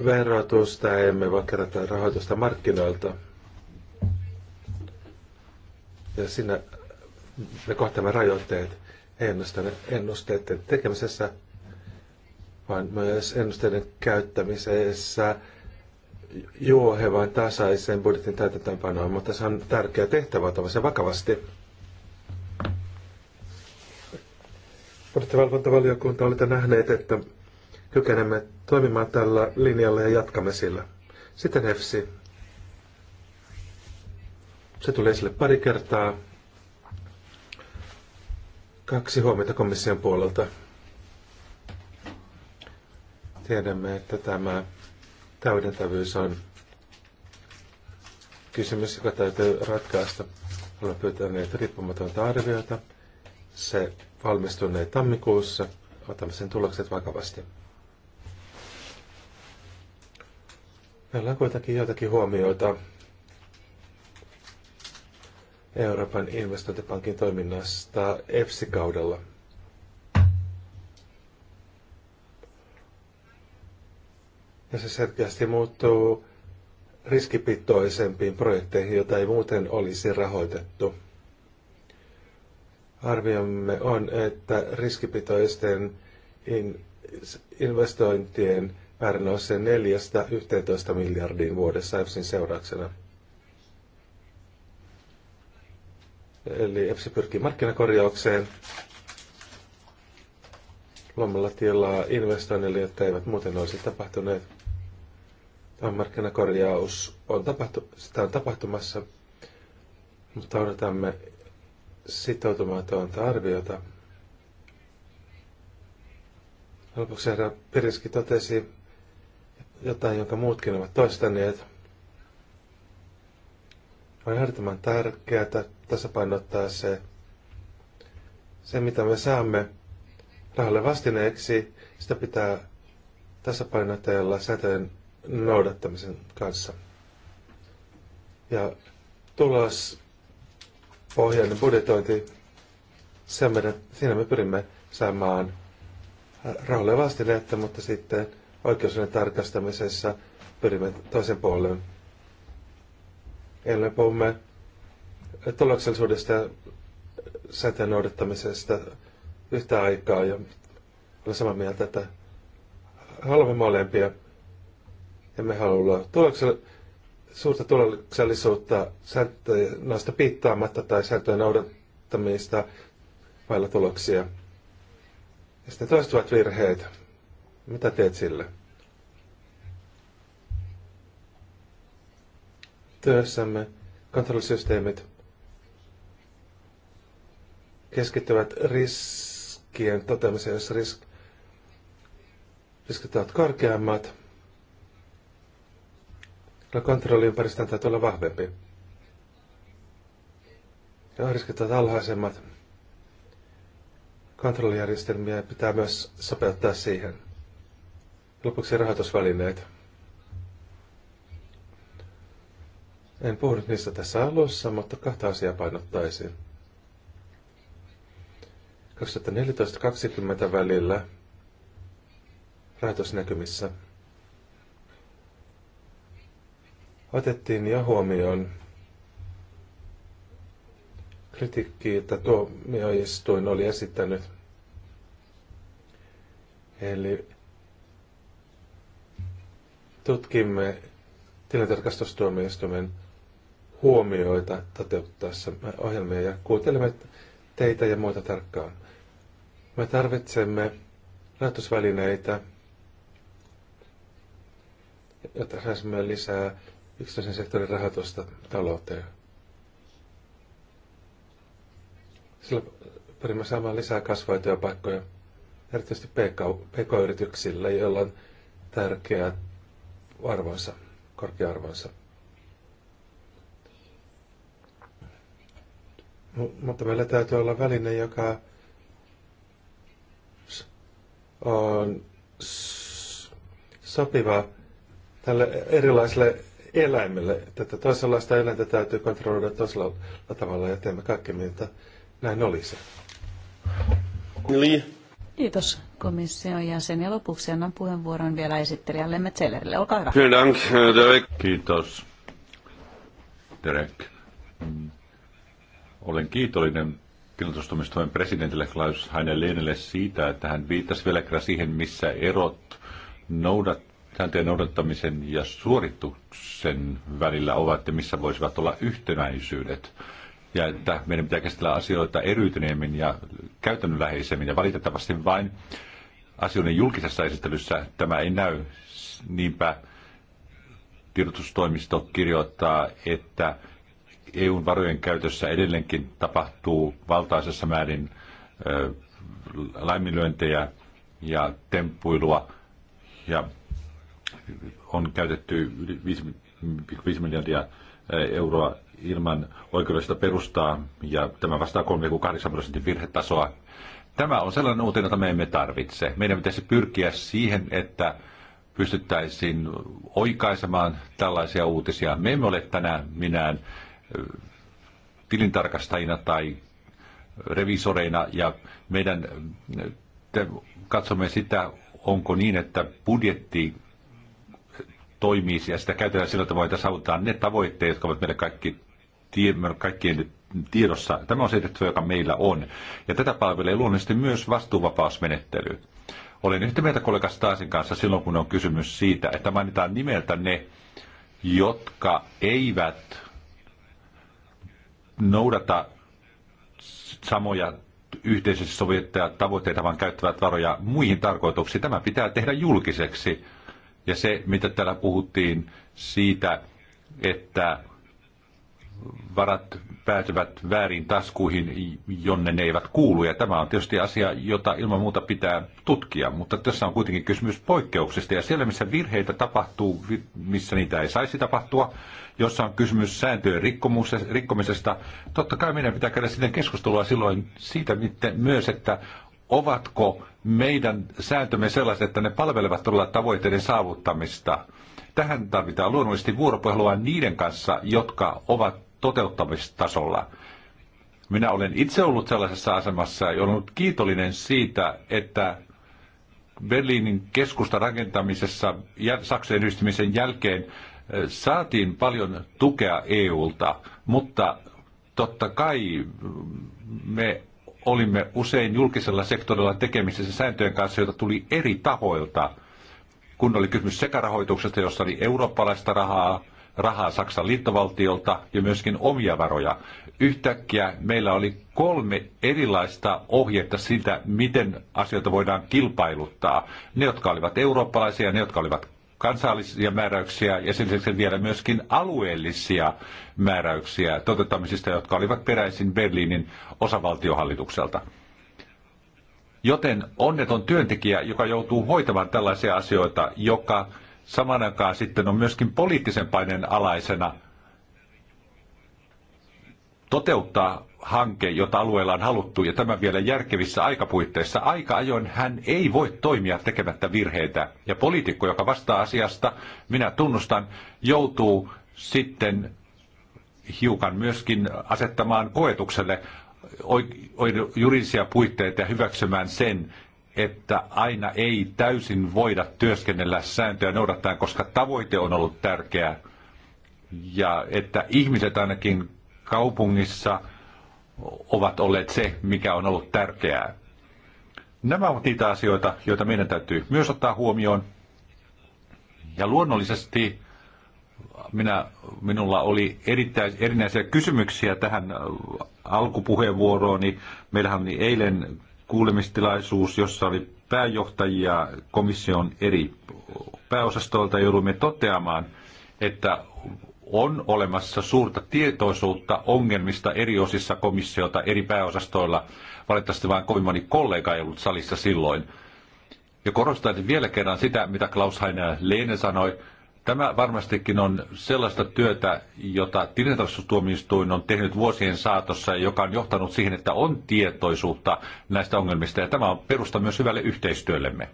verotusta, emme voi kerätä rahoitusta markkinoilta. Ja siinä me kohtaamme rajoitteet ennusteiden, tekemisessä, vaan myös ennusteiden käyttämisessä juohevan tasaisen budjetin täytäntöönpanoon, mutta se on tärkeä tehtävä ottaa se vakavasti. Budjettivalvontavaliokunta olette nähneet, että kykenemme toimimaan tällä linjalla ja jatkamme sillä. Sitten EFSI. Se tulee esille pari kertaa. Kaksi huomiota komission puolelta. Tiedämme, että tämä täydentävyys on kysymys, joka täytyy ratkaista. Olemme pyytäneet riippumatonta arviota. Se valmistunee tammikuussa. Otamme sen tulokset vakavasti. Täällä on kuitenkin joitakin huomioita Euroopan investointipankin toiminnasta EFSI-kaudella. Ja se selkeästi muuttuu riskipitoisempiin projekteihin, joita ei muuten olisi rahoitettu. Arviomme on, että riskipitoisten investointien määrä nousee 4-11 miljardiin vuodessa EPSin seurauksena. Eli EPSI pyrkii markkinakorjaukseen luomalla tilaa investoinneille, jotka eivät muuten olisi tapahtuneet. Tämä markkinakorjaus on, tapahtu, sitä on tapahtumassa, mutta odotamme sitoutumatonta arviota. Lopuksi herra Piriski totesi, jotain, jonka muutkin ovat toistaneet. On ehdottoman tärkeää tasapainottaa se, se mitä me saamme rahalle vastineeksi, sitä pitää tasapainotella säteen noudattamisen kanssa. Ja tulos pohjainen budjetointi, se meidän, siinä me pyrimme saamaan rahalle vastineetta, mutta sitten oikeusasioiden tarkastamisessa pyrimme toisen puolen. Eli puhumme tuloksellisuudesta ja säteen noudattamisesta yhtä aikaa ja olen samaa mieltä, että haluamme molempia. emme halua haluamme suurta tuloksellisuutta sääntöjen noista piittaamatta tai sääntöjen noudattamista vailla tuloksia. Ja sitten toistuvat virheet. Mitä teet sille? Työssämme kontrollisysteemit keskittyvät riskien toteamiseen, jos risk, riskit ovat korkeammat. Kyllä no kontrolliympäristön täytyy olla vahvempi. Ja riskit ovat alhaisemmat. Kontrollijärjestelmiä pitää myös sopeuttaa siihen. Lopuksi rahoitusvälineet. En puhunut niistä tässä alussa, mutta kahta asiaa painottaisin. 2014-2020 välillä rahoitusnäkymissä otettiin jo huomioon kritiikki, että tuomioistuin oli esittänyt. Eli tutkimme tilintarkastustuomioistuimen huomioita toteuttaessa ohjelmia ja kuuntelemme teitä ja muita tarkkaan. Me tarvitsemme rahoitusvälineitä, jotta saisimme lisää yksityisen sektorin rahoitusta talouteen. Sillä pyrimme saamaan lisää kasvua ja työpaikkoja, erityisesti PK-yrityksille, joilla on tärkeät Arvoisa, korkea-arvonsa. Mutta meillä täytyy olla väline, joka on sopiva tälle erilaiselle eläimelle. Tätä toisenlaista eläintä täytyy kontrolloida toisella tavalla ja teemme kaikki, mitä näin olisi. Niin. Kiitos komission jäsen. Ja lopuksi annan puheenvuoron vielä esittelijällemme Zellerille. Olkaa hyvä. Eh, Kiitos, Derek. Olen kiitollinen kirjoitustoimistojen presidentille Klaus Heine siitä, että hän viittasi vielä kerran siihen, missä erot noudat, sääntöjen noudattamisen ja suorituksen välillä ovat ja missä voisivat olla yhtenäisyydet ja että meidän pitää käsitellä asioita eriytyneemmin ja käytännönläheisemmin. Ja valitettavasti vain asioiden julkisessa esittelyssä tämä ei näy. Niinpä tiedotustoimisto kirjoittaa, että EUn varojen käytössä edelleenkin tapahtuu valtaisessa määrin laiminlyöntejä ja temppuilua ja on käytetty 5 miljardia euroa ilman oikeudellista perustaa, ja tämä vastaa 3,8 prosentin virhetasoa. Tämä on sellainen uutinen, jota me emme tarvitse. Meidän pitäisi pyrkiä siihen, että pystyttäisiin oikaisemaan tällaisia uutisia. Me emme ole tänään minään tilintarkastajina tai revisoreina, ja meidän katsomme sitä, onko niin, että budjetti toimii ja sitä käytetään sillä tavoin, että saavutetaan ne tavoitteet, jotka ovat meille kaikki kaikkien tiedossa. Tämä on se tieto, joka meillä on. Ja tätä palvelee luonnollisesti myös vastuuvapausmenettely. Olen yhtä mieltä kollega Staasin kanssa silloin, kun on kysymys siitä, että mainitaan nimeltä ne, jotka eivät noudata samoja yhteisesti sovittuja tavoitteita, vaan käyttävät varoja muihin tarkoituksiin. Tämä pitää tehdä julkiseksi. Ja se, mitä täällä puhuttiin siitä, että varat päätyvät väärin taskuihin, jonne ne eivät kuulu. Ja tämä on tietysti asia, jota ilman muuta pitää tutkia, mutta tässä on kuitenkin kysymys poikkeuksista. Ja siellä, missä virheitä tapahtuu, missä niitä ei saisi tapahtua, jossa on kysymys sääntöjen rikkomisesta, totta kai meidän pitää käydä sitten keskustelua silloin siitä miten myös, että ovatko meidän sääntömme sellaiset, että ne palvelevat todella tavoitteiden saavuttamista. Tähän tarvitaan luonnollisesti vuoropuhelua niiden kanssa, jotka ovat toteuttamistasolla. Minä olen itse ollut sellaisessa asemassa ja olen ollut kiitollinen siitä, että Berliinin keskusta rakentamisessa Saksan yhdistymisen jälkeen eh, saatiin paljon tukea EUlta, mutta totta kai mm, me olimme usein julkisella sektorilla tekemisissä sääntöjen kanssa, joita tuli eri tahoilta, kun oli kysymys sekä rahoituksesta, jossa oli eurooppalaista rahaa, rahaa Saksan liittovaltiolta ja myöskin omia varoja. Yhtäkkiä meillä oli kolme erilaista ohjetta siitä, miten asioita voidaan kilpailuttaa. Ne, jotka olivat eurooppalaisia, ne, jotka olivat kansallisia määräyksiä ja sen lisäksi vielä myöskin alueellisia määräyksiä toteuttamisista, jotka olivat peräisin Berliinin osavaltiohallitukselta. Joten onneton työntekijä, joka joutuu hoitamaan tällaisia asioita, joka aikaan sitten on myöskin poliittisen paineen alaisena toteuttaa hanke, jota alueella on haluttu, ja tämä vielä järkevissä aikapuitteissa. Aika ajoin hän ei voi toimia tekemättä virheitä. Ja poliitikko, joka vastaa asiasta, minä tunnustan, joutuu sitten hiukan myöskin asettamaan koetukselle juridisia puitteita ja hyväksymään sen, että aina ei täysin voida työskennellä sääntöjä noudattaen, koska tavoite on ollut tärkeä. Ja että ihmiset ainakin kaupungissa ovat olleet se, mikä on ollut tärkeää. Nämä ovat niitä asioita, joita meidän täytyy myös ottaa huomioon. Ja luonnollisesti minä, minulla oli erittäin erinäisiä kysymyksiä tähän alkupuheenvuorooni. Meillähän oli eilen kuulemistilaisuus, jossa oli pääjohtajia komission eri pääosastoilta. Joudumme toteamaan, että on olemassa suurta tietoisuutta ongelmista eri osissa komissiota, eri pääosastoilla. Valitettavasti vain kovin moni kollega ei ollut salissa silloin. Ja korostaisin vielä kerran sitä, mitä Klaus Heiner Leene sanoi, Tämä varmastikin on sellaista työtä, jota tilintarkastustuomioistuin on tehnyt vuosien saatossa, joka on johtanut siihen, että on tietoisuutta näistä ongelmista, ja tämä on perusta myös hyvälle yhteistyöllemme.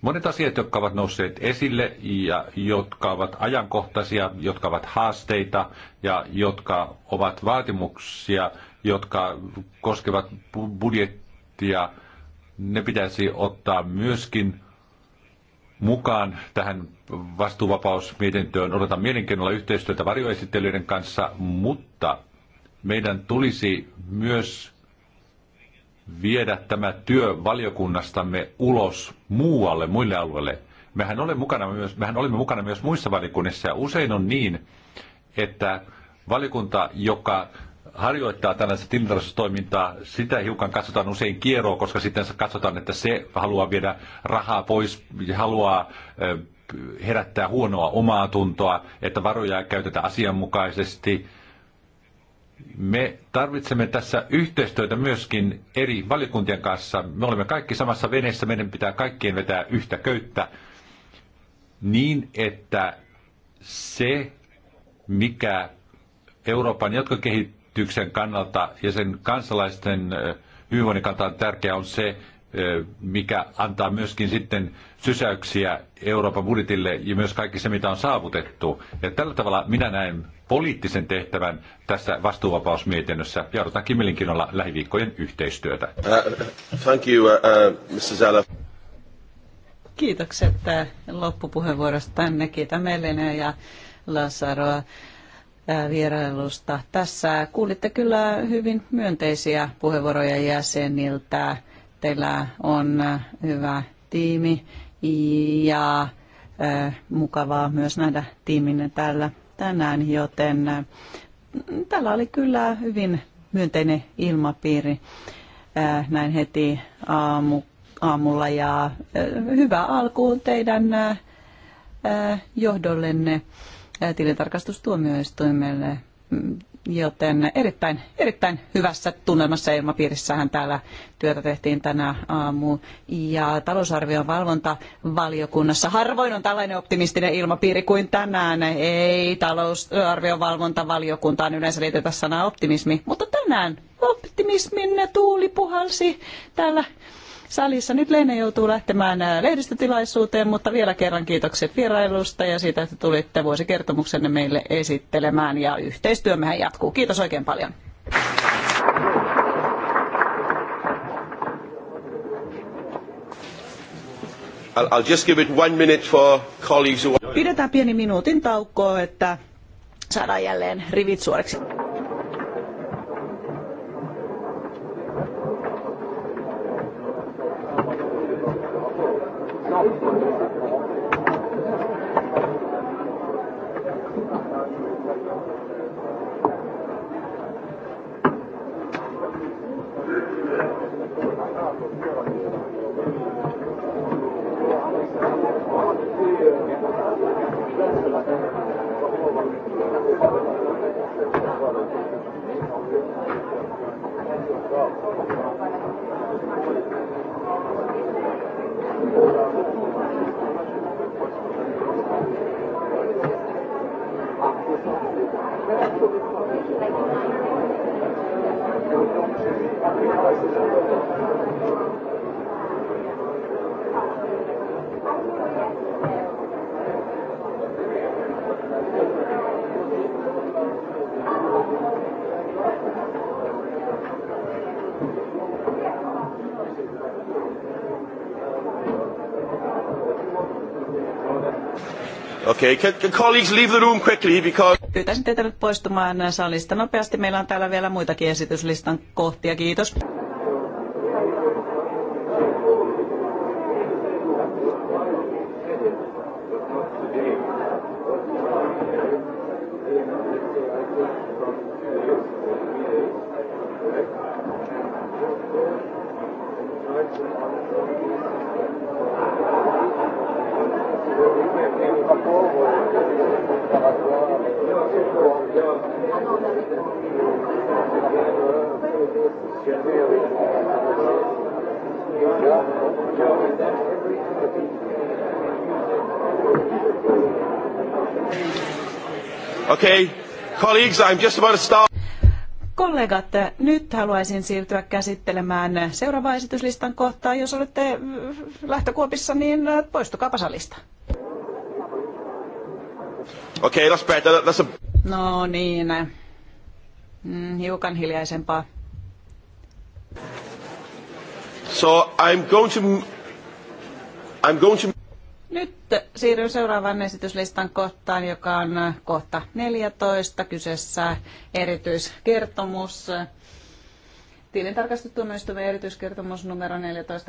Monet asiat, jotka ovat nousseet esille ja jotka ovat ajankohtaisia, jotka ovat haasteita ja jotka ovat vaatimuksia, jotka koskevat budjettia, ne pitäisi ottaa myöskin mukaan tähän vastuuvapausmietintöön. Odotan mielenkiinnolla yhteistyötä varjoesittelyiden kanssa, mutta meidän tulisi myös viedä tämä työ valiokunnastamme ulos muualle, muille alueille. Mehän, ole mukana myös, mehän olemme mukana myös muissa valiokunnissa ja usein on niin, että valiokunta, joka harjoittaa tällaista tilintarkastustoimintaa, sitä hiukan katsotaan usein kieroa, koska sitten katsotaan, että se haluaa viedä rahaa pois ja haluaa herättää huonoa omaa tuntoa, että varoja käytetään asianmukaisesti. Me tarvitsemme tässä yhteistyötä myöskin eri valiokuntien kanssa. Me olemme kaikki samassa veneessä, meidän pitää kaikkien vetää yhtä köyttä niin, että se, mikä Euroopan jatkokehitys kehityksen kannalta ja sen kansalaisten hyvinvoinnin kannalta tärkeää on se, mikä antaa myöskin sitten sysäyksiä Euroopan budjetille ja myös kaikki se, mitä on saavutettu. Ja tällä tavalla minä näen poliittisen tehtävän tässä vastuuvapausmietinnössä ja odotan mielenkiinnolla lähiviikkojen yhteistyötä. Uh, thank you, uh, uh Mrs. Ella. Kiitokset tänne. Kiitämme Elinä ja Lasaroa vierailusta. Tässä kuulitte kyllä hyvin myönteisiä puheenvuoroja jäseniltä. Teillä on hyvä tiimi ja mukavaa myös nähdä tiiminne täällä tänään, joten täällä oli kyllä hyvin myönteinen ilmapiiri näin heti aamu, aamulla ja hyvä alku teidän johdollenne tilintarkastustuomioistuimelle, joten erittäin, erittäin hyvässä tunnelmassa ilmapiirissähän täällä työtä tehtiin tänä aamu. Ja talousarvion valiokunnassa harvoin on tällainen optimistinen ilmapiiri kuin tänään. Ei talousarvion valiokuntaan yleensä liitetä sanaa optimismi, mutta tänään optimismin tuuli puhalsi täällä salissa. Nyt Leena joutuu lähtemään äh, lehdistötilaisuuteen, mutta vielä kerran kiitokset vierailusta ja siitä, että tulitte vuosikertomuksenne meille esittelemään ja yhteistyömmehän jatkuu. Kiitos oikein paljon. I'll just give it one minute for colleagues who... Pidetään pieni minuutin taukoa, että saadaan jälleen rivit suoriksi. Oh. Okay, can, can colleagues leave the room quickly because... Pyytäisin teitä nyt poistumaan salista nopeasti. Meillä on täällä vielä muitakin esityslistan kohtia. Kiitos. Colleagues, I'm just about to start. Kollegat, nyt haluaisin siirtyä käsittelemään seuraavaa esityslistan kohtaa. Jos olette lähtökuopissa, niin poistukaapa salista. Okay, that's better. That's a... No niin, mm, hiukan hiljaisempaa. So I'm going to... I'm going to... Nyt siirryn seuraavaan esityslistan kohtaan, joka on kohta 14. Kyseessä erityiskertomus. Tilintarkastustuomioistuimen erityiskertomus numero 14.2016,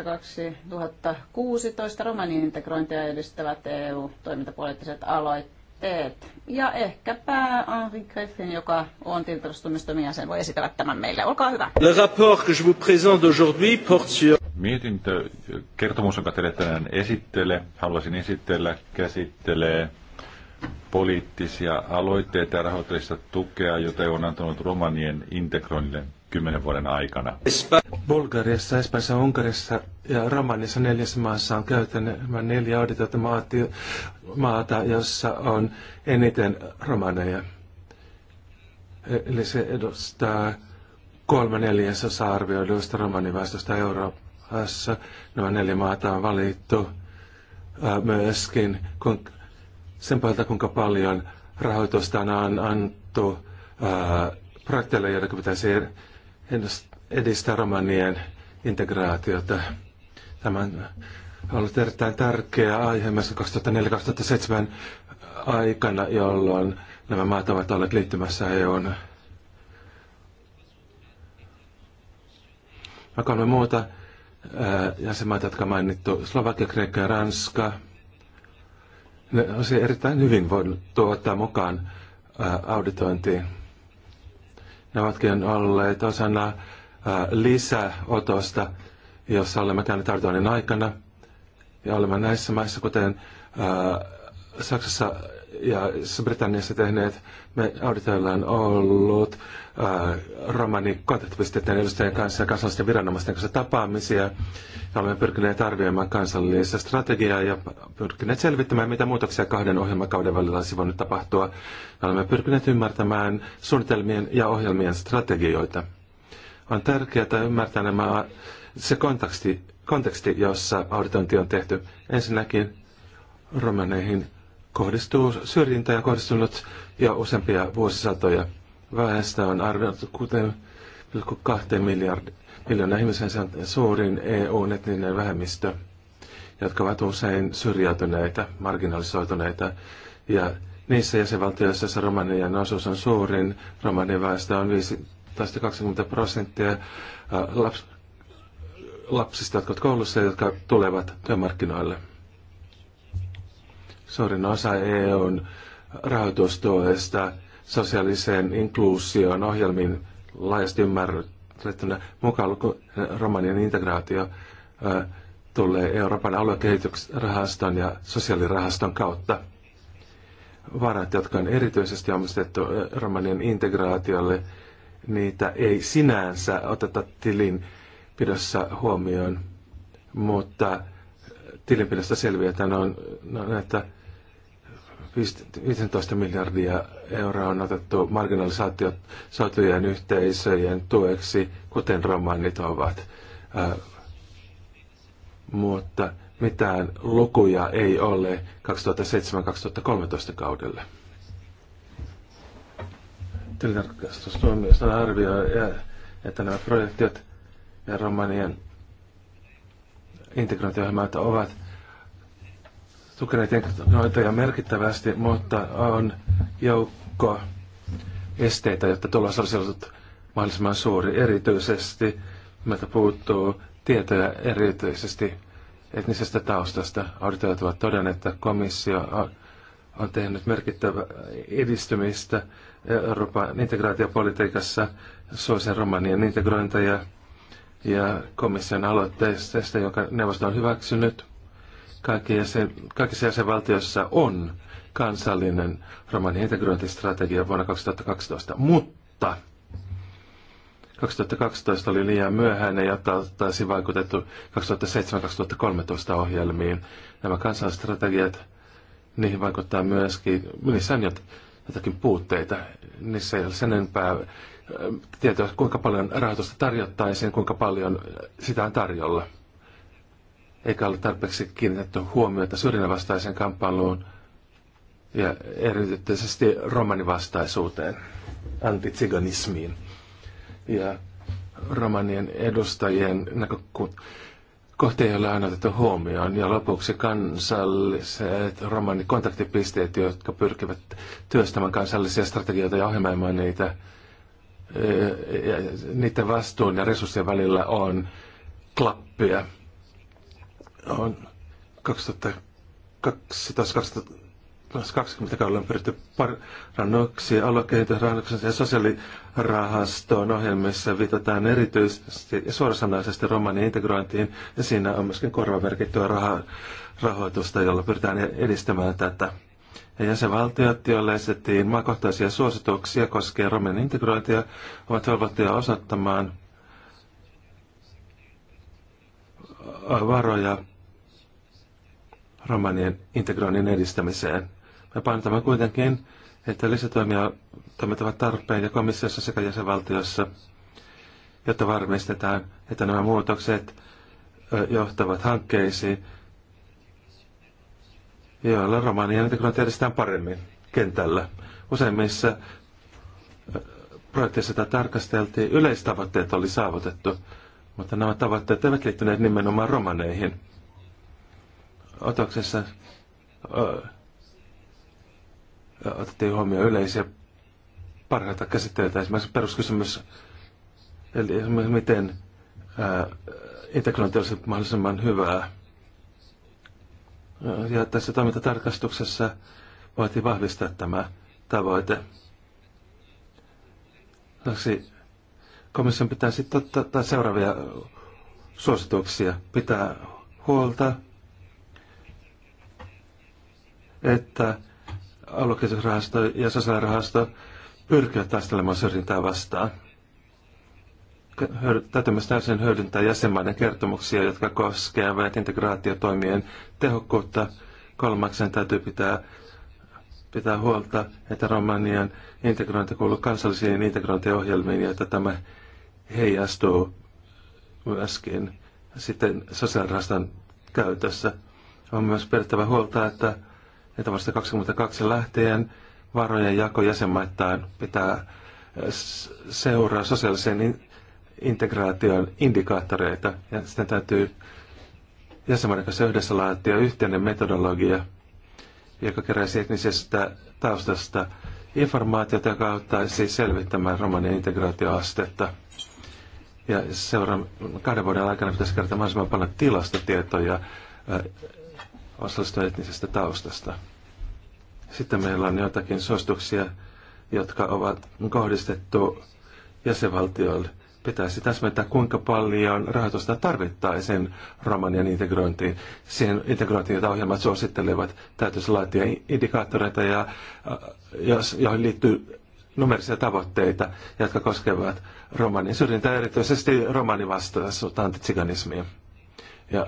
2016. Romanin integrointia edistävät EU-toimintapoliittiset aloitteet. Ja ehkäpä Henri Griffin, joka on tilintarkastustuomioistuimen jäsen, voi esitellä tämän meille. Olkaa hyvä. Le rapport que je vous présente aujourd'hui porte sur... Mietintö, kertomus, jonka teille tänään esittele, haluaisin esitellä, käsittelee poliittisia aloitteita ja rahoitteellista tukea, jota on antanut romanien integroinnille kymmenen vuoden aikana. Bulgariassa, Espanjassa, Unkarissa ja Romanissa neljässä maassa on käytännön neljä auditoita maata, jossa on eniten romaneja. Eli se edustaa kolme neljäsosa arvioiduista romaniväestöstä Euroopassa Aassa. Nämä neljä maata on valittu myöskin kun, sen puolelta, kuinka paljon rahoitusta on annettu projekteille, joiden pitäisi edistää romanien integraatiota. Tämä on ollut erittäin tärkeä aihe myös 2004-2007 aikana, jolloin nämä maat ovat olleet liittymässä EUn. Mä kolme muuta Äh, jäsenmaat, jotka on mainittu, Slovakia, Kreikka ja Ranska, ne olisi erittäin hyvin voinut ottaa mukaan äh, auditointiin. Ne ovatkin olleet osana äh, lisäotosta, jossa olemme käyneet auditoinnin aikana. Ja olemme näissä maissa, kuten Saksassa, ja Britanniassa tehneet. Me auditoilla on ollut äh, romani kontaktipisteiden edustajien kanssa ja kansallisten viranomaisten kanssa tapaamisia. Ja olemme pyrkineet arvioimaan kansallista strategiaa ja pyrkineet selvittämään, mitä muutoksia kahden ohjelmakauden välillä olisi voinut tapahtua. Ja olemme pyrkineet ymmärtämään suunnitelmien ja ohjelmien strategioita. On tärkeää ymmärtää nämä, se konteksti, konteksti, jossa auditointi on tehty. Ensinnäkin romaneihin kohdistuu syrjintä ja kohdistunut jo useampia vuosisatoja. Väestö on arvioitu 2 miljardia. Miljoona ihmisen suurin EU-etninen vähemmistö, jotka ovat usein syrjäytyneitä, marginalisoituneita. Ja niissä jäsenvaltioissa, joissa romanian osuus on suurin, väestö on 15-20 prosenttia äh, lapsista, jotka ovat koulussa ja jotka tulevat työmarkkinoille. Suurin osa EUn rahoitustuesta sosiaaliseen inkluusioon ohjelmiin laajasti ymmärrettynä mukaan luku romanian integraatio tulee Euroopan aluekehitysrahaston ja sosiaalirahaston kautta. Varat, jotka on erityisesti omistettu romanian integraatiolle, niitä ei sinänsä oteta tilinpidossa huomioon, mutta tilinpidosta selviää, no, että ne on on näitä 15 miljardia euroa on otettu marginalisaatiosotujen yhteisöjen tueksi, kuten romanit ovat. Äh, mutta mitään lukuja ei ole 2007-2013 kaudelle. Tilintarkastustuomioistuin arvioi, että nämä projektit ja romanien integrointiohjelmat ovat tukeneet noita merkittävästi, mutta on joukko esteitä, jotta tulos olisi ollut mahdollisimman suuri. Erityisesti meiltä puuttuu tietoja erityisesti etnisestä taustasta. Auditoijat ovat todenneet, että komissio on tehnyt merkittävää edistymistä Euroopan integraatiopolitiikassa suosien romanien integrointia ja komission aloitteesta, jonka neuvosto on hyväksynyt kaikissa jäsenvaltioissa on kansallinen romanien integrointistrategia vuonna 2012, mutta 2012 oli liian myöhäinen, jotta taisi vaikutettu 2007-2013 ohjelmiin. Nämä kansallistrategiat, niihin vaikuttaa myöskin, niissä on jotakin puutteita. Niissä ei ole sen enempää äh, tietoa, kuinka paljon rahoitusta tarjottaisiin, kuinka paljon sitä on tarjolla eikä ole tarpeeksi kiinnitetty huomiota syrjinnänvastaiseen kamppailuun ja erityisesti romanivastaisuuteen, antitsiganismiin. Ja romanien edustajien näkökohtia joilla on otettu huomioon. Ja lopuksi kansalliset romanikontaktipisteet, jotka pyrkivät työstämään kansallisia strategioita ja ohjelmaimaan niitä. E, ja niiden vastuun ja resurssien välillä on klappia on 2020 kaudella on pyritty parannuksia aluekehitysrahannuksen ja sosiaalirahastoon ohjelmissa viitataan erityisesti ja suorasanaisesti romanin integrointiin ja siinä on myöskin korvamerkittyä rahaa, rahoitusta, jolla pyritään edistämään tätä. Ja jäsenvaltiot, joille esitettiin maakohtaisia suosituksia koskien romanin integrointia, ovat velvoittuja osoittamaan varoja romanien integroinnin edistämiseen. Me painotamme kuitenkin, että lisätoimia toimet ovat tarpeen ja komissiossa sekä jäsenvaltiossa, jotta varmistetaan, että nämä muutokset johtavat hankkeisiin, joilla romanien integrointi edistetään paremmin kentällä. Useimmissa projekteissa tätä tarkasteltiin, yleistavoitteet oli saavutettu, mutta nämä tavoitteet eivät liittyneet nimenomaan romaneihin otoksessa otettiin huomioon yleisiä parhaita käsitteitä, esimerkiksi peruskysymys, eli esimerkiksi miten integrointi olisi mahdollisimman hyvää. Ja tässä toimintatarkastuksessa voitiin vahvistaa tämä tavoite. Lisäksi komission pitää sitten ottaa seuraavia suosituksia. Pitää huolta että aluekehitysrahasto ja sosiaalirahasto pyrkivät taistelemaan syrjintää vastaan. Täytyy myös täysin hyödyntää jäsenmaiden kertomuksia, jotka koskevat integraatiotoimien tehokkuutta. Kolmaksen täytyy pitää, pitää huolta, että Romanian integrointi kuuluu kansallisiin integrointiohjelmiin ja että tämä heijastuu myöskin sitten sosiaalirahaston käytössä. On myös pidettävä huolta, että että vasta 22 lähtien varojen jako jäsenmaittain pitää eh, seuraa sosiaalisen integraation indikaattoreita ja sitten täytyy jäsenmaiden kanssa yhdessä laatia yhteinen metodologia, joka keräisi etnisestä taustasta informaatiota, joka auttaisi selvittämään romanien integraatioastetta. Ja seuraavan kahden vuoden aikana pitäisi kertoa mahdollisimman paljon tilastotietoja eh, osallistuneiden etnisestä taustasta. Sitten meillä on jotakin suostuksia, jotka ovat kohdistettu jäsenvaltioille. Pitäisi täsmentää, kuinka paljon rahoitusta tarvittaisiin Romanian integrointiin. Siihen integrointiin, jota ohjelmat suosittelevat, täytyisi laatia indikaattoreita, ja, äh, jos, joihin liittyy numerisia tavoitteita, jotka koskevat romanin syrjintää, erityisesti vastaisuutta antitsiganismia. Ja,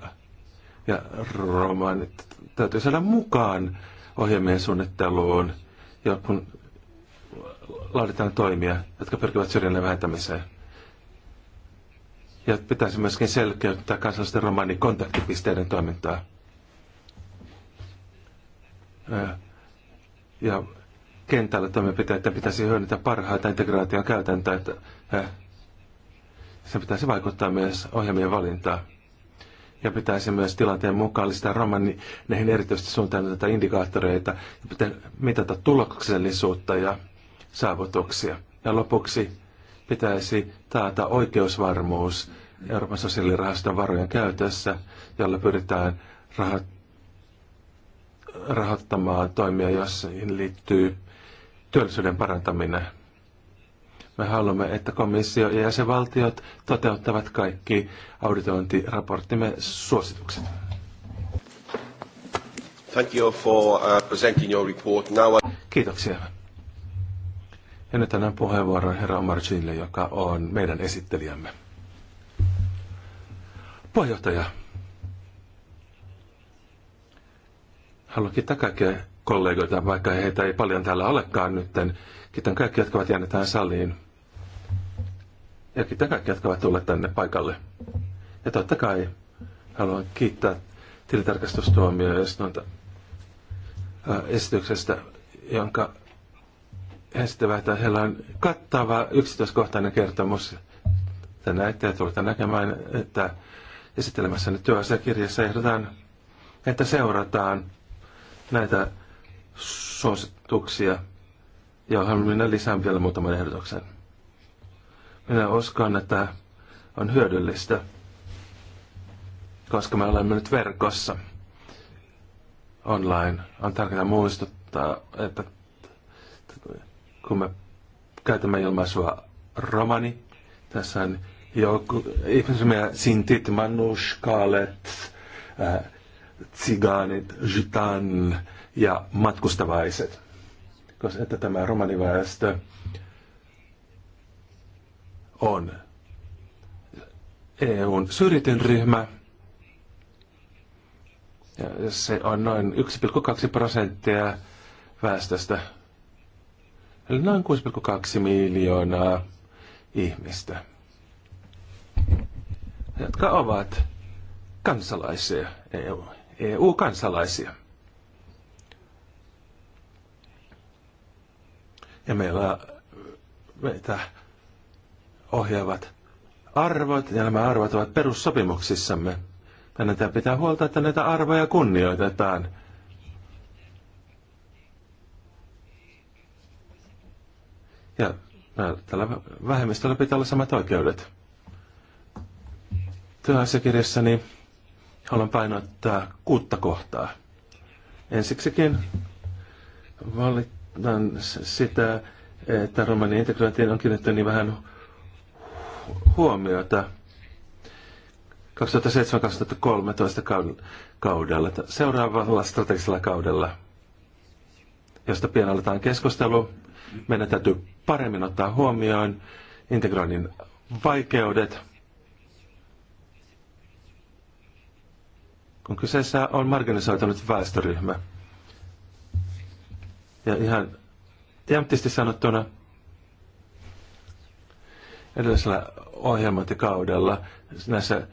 ja romanit täytyy saada mukaan ohjelmien suunnitteluun ja kun laaditaan toimia, jotka pyrkivät syrjinnän vähentämiseen. Ja pitäisi myöskin selkeyttää kansallisten romanin kontaktipisteiden toimintaa. Ja kentällä toimenpiteitä pitäisi hyödyntää parhaita integraation käytäntöä. Se pitäisi vaikuttaa myös ohjelmien valintaan ja pitäisi myös tilanteen mukaan niin näihin erityisesti tätä indikaattoreita ja pitää mitata tuloksellisuutta ja saavutuksia. Ja lopuksi pitäisi taata oikeusvarmuus Euroopan sosiaalirahaston varojen käytössä, jolla pyritään raho- rahoittamaan toimia, joihin liittyy työllisyyden parantaminen. Me haluamme, että komissio ja jäsenvaltiot toteuttavat kaikki auditointiraporttimme suositukset. Thank you for uh, presenting your report. Now I... Kiitoksia. Ja nyt annan puheenvuoron herra Omar Gille, joka on meidän esittelijämme. Puheenjohtaja, haluan kiittää kaikkia kollegoita, vaikka heitä ei paljon täällä olekaan nyt, Kiitän kaikki, jotka ovat jääneet tähän saliin ja kiittää kaikki, jotka ovat tulleet tänne paikalle. Ja totta kai haluan kiittää tilitarkastustuomioistuinta äh, esityksestä, jonka he sitten että heillä on kattava yksityiskohtainen kertomus tänä ettei tulette näkemään, että nyt työasiakirjassa ehdotan, että seurataan näitä suosituksia ja minä lisään vielä muutaman ehdotuksen. Minä uskon, että on hyödyllistä, koska me olemme nyt verkossa online. On tärkeää muistuttaa, että kun me käytämme ilmaisua romani, tässä on joku ihmisryhmiä sintit, manushkalet, äh, tsigaanit, jitan ja matkustavaiset. Koska että tämä romaniväestö on EUn syrjityn ryhmä. Ja se on noin 1,2 prosenttia väestöstä. Eli noin 6,2 miljoonaa ihmistä, jotka ovat kansalaisia, EU, EU-kansalaisia. Ja meillä meitä ohjaavat arvot, ja nämä arvot ovat perussopimuksissamme. Tänne pitää huolta, että näitä arvoja kunnioitetaan. Ja tällä vähemmistöllä pitää olla samat oikeudet. Työasiakirjassani haluan painottaa kuutta kohtaa. Ensiksikin valitan sitä, että romanin integrointiin on kiinnitetty niin vähän huomiota 2007-2013 kaudella, seuraavalla strategisella kaudella, josta pian aletaan keskustelu. Meidän täytyy paremmin ottaa huomioon integroinnin vaikeudet, kun kyseessä on marginalisoitunut väestöryhmä. Ja ihan jämtisti sanottuna, edellisellä ohjelmointikaudella näissä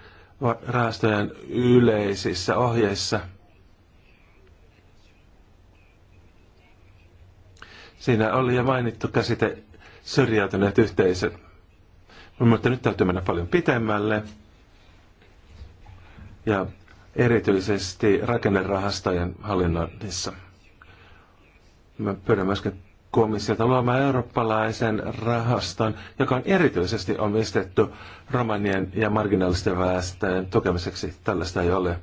rahastojen yleisissä ohjeissa. Siinä oli jo mainittu käsite syrjäytyneet yhteisöt. Mutta nyt täytyy mennä paljon pitemmälle. Ja erityisesti rakennerahastojen hallinnoinnissa. Mä pyydän myöskin komissiolta luomaan eurooppalaisen rahaston, joka on erityisesti omistettu romanien ja marginaalisten väestöjen tukemiseksi. Tällaista ei ole.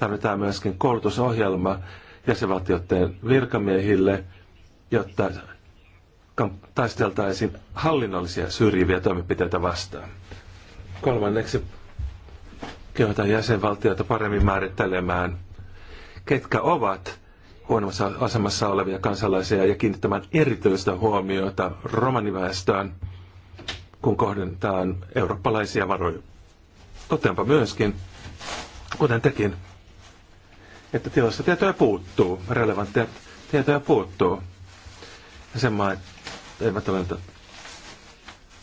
Tarvitaan myöskin koulutusohjelma jäsenvaltioiden virkamiehille, jotta taisteltaisiin hallinnollisia syrjiviä toimenpiteitä vastaan. Kolmanneksi kehotan jäsenvaltioita paremmin määrittelemään, ketkä ovat huonommassa asemassa olevia kansalaisia ja kiinnittämään erityistä huomiota romaniväestöön, kun kohdentaan eurooppalaisia varoja. Toteanpa myöskin, kuten tekin, että tilasta tietoja puuttuu, relevantteja tietoja puuttuu. että eivät ole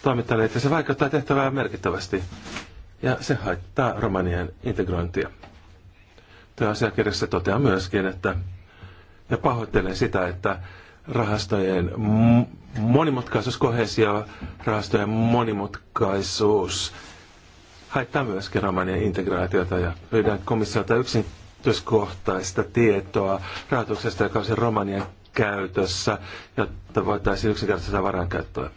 toimittaneet ja se vaikuttaa tehtävää merkittävästi ja se haittaa romanien integrointia. Tämä asiakirjassa toteaa myöskin, että ja pahoittelen sitä, että rahastojen monimutkaisuus, kohesio, rahastojen monimutkaisuus haittaa myöskin romanien integraatiota ja pyydän komissiolta yksityiskohtaista tietoa rahoituksesta, joka olisi romanien käytössä, jotta voitaisiin yksinkertaista varankäyttöä.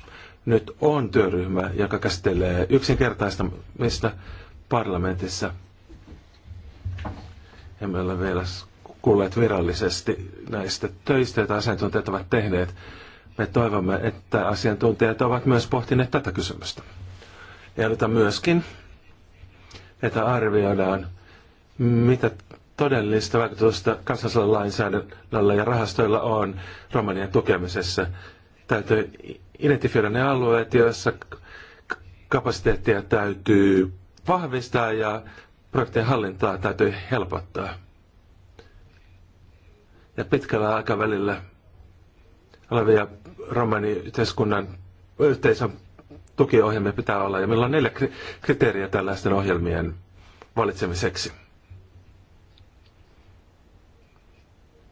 Nyt on työryhmä, joka käsittelee yksinkertaistamista parlamentissa. Emme ole vielä kuulleet virallisesti näistä töistä, joita asiantuntijat ovat tehneet. Me toivomme, että asiantuntijat ovat myös pohtineet tätä kysymystä. Ja myöskin, että arvioidaan, mitä todellista vaikutusta kansallisella lainsäädännöllä ja rahastoilla on Romanian tukemisessa. Täytyy identifioida ne alueet, joissa kapasiteettia täytyy vahvistaa ja projektien hallintaa täytyy helpottaa ja pitkällä aikavälillä olevia romaniyhteiskunnan yhteisön tukiohjelmia pitää olla. Ja meillä on neljä kriteeriä tällaisten ohjelmien valitsemiseksi.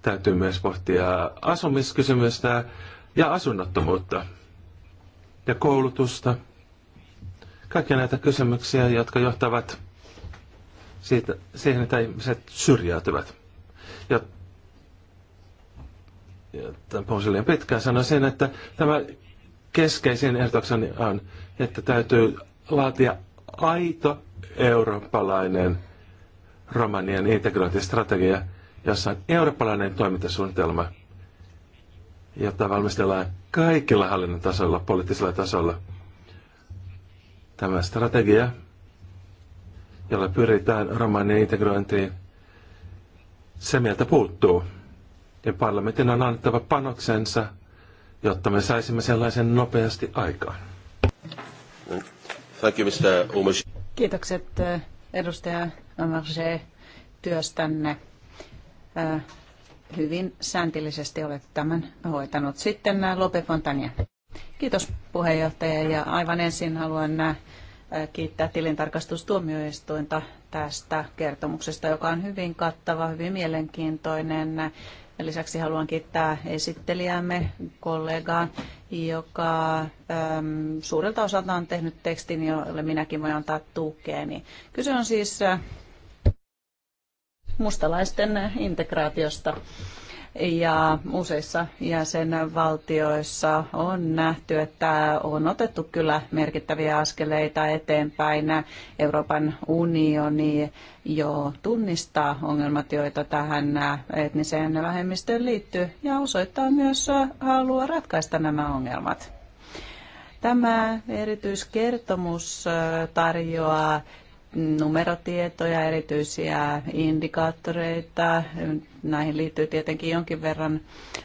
Täytyy myös pohtia asumiskysymystä ja asunnottomuutta ja koulutusta. Kaikkia näitä kysymyksiä, jotka johtavat siitä, siihen, että ihmiset syrjäytyvät. Ja Tämän liian pitkään, sen, että tämä keskeisin ehdotukseni on, että täytyy laatia aito eurooppalainen Romanian integrointistrategia, jossa on eurooppalainen toimintasuunnitelma, jota valmistellaan kaikilla hallinnon tasolla, poliittisella tasolla. Tämä strategia, jolla pyritään Romanian integrointiin, se mieltä puuttuu ja parlamentin on annettava panoksensa, jotta me saisimme sellaisen nopeasti aikaan. Kiitokset eh, edustaja Omarje työstänne. Eh, hyvin sääntillisesti olet tämän hoitanut. Sitten eh, Lope Fontania. Kiitos puheenjohtaja ja aivan ensin haluan kiittää tilintarkastustuomioistuinta tästä kertomuksesta, joka on hyvin kattava, hyvin mielenkiintoinen Lisäksi haluan kiittää esittelijäämme, kollegaa, joka äm, suurelta osalta on tehnyt tekstin, jolle minäkin voin antaa tukeeni. Kyse on siis äh, mustalaisten integraatiosta ja useissa jäsenvaltioissa on nähty, että on otettu kyllä merkittäviä askeleita eteenpäin. Euroopan unioni jo tunnistaa ongelmat, joita tähän etniseen vähemmistöön liittyy ja osoittaa myös halua ratkaista nämä ongelmat. Tämä erityiskertomus tarjoaa numerotietoja, erityisiä indikaattoreita. Näihin liittyy tietenkin jonkin verran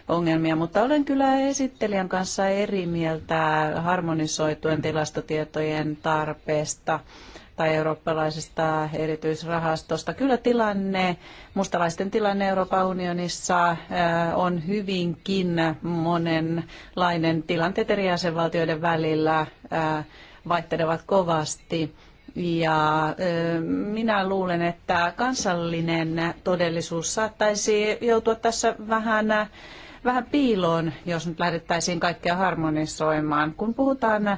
ongelmia, mutta olen kyllä esittelijän kanssa eri mieltä harmonisoituen tilastotietojen tarpeesta tai eurooppalaisesta erityisrahastosta. Kyllä tilanne, mustalaisten tilanne Euroopan unionissa äh, on hyvinkin monenlainen tilanteet eri jäsenvaltioiden välillä äh, vaihtelevat kovasti. Ja minä luulen, että kansallinen todellisuus saattaisi joutua tässä vähän, vähän piiloon, jos nyt lähdettäisiin kaikkea harmonisoimaan. Kun puhutaan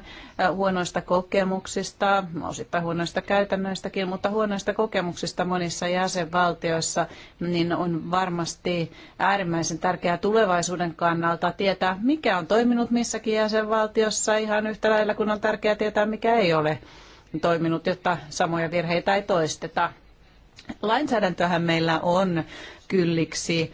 huonoista kokemuksista, osittain huonoista käytännöistäkin, mutta huonoista kokemuksista monissa jäsenvaltioissa, niin on varmasti äärimmäisen tärkeää tulevaisuuden kannalta tietää, mikä on toiminut missäkin jäsenvaltiossa ihan yhtä lailla, kun on tärkeää tietää, mikä ei ole toiminut, jotta samoja virheitä ei toisteta. Lainsäädäntöhän meillä on kylliksi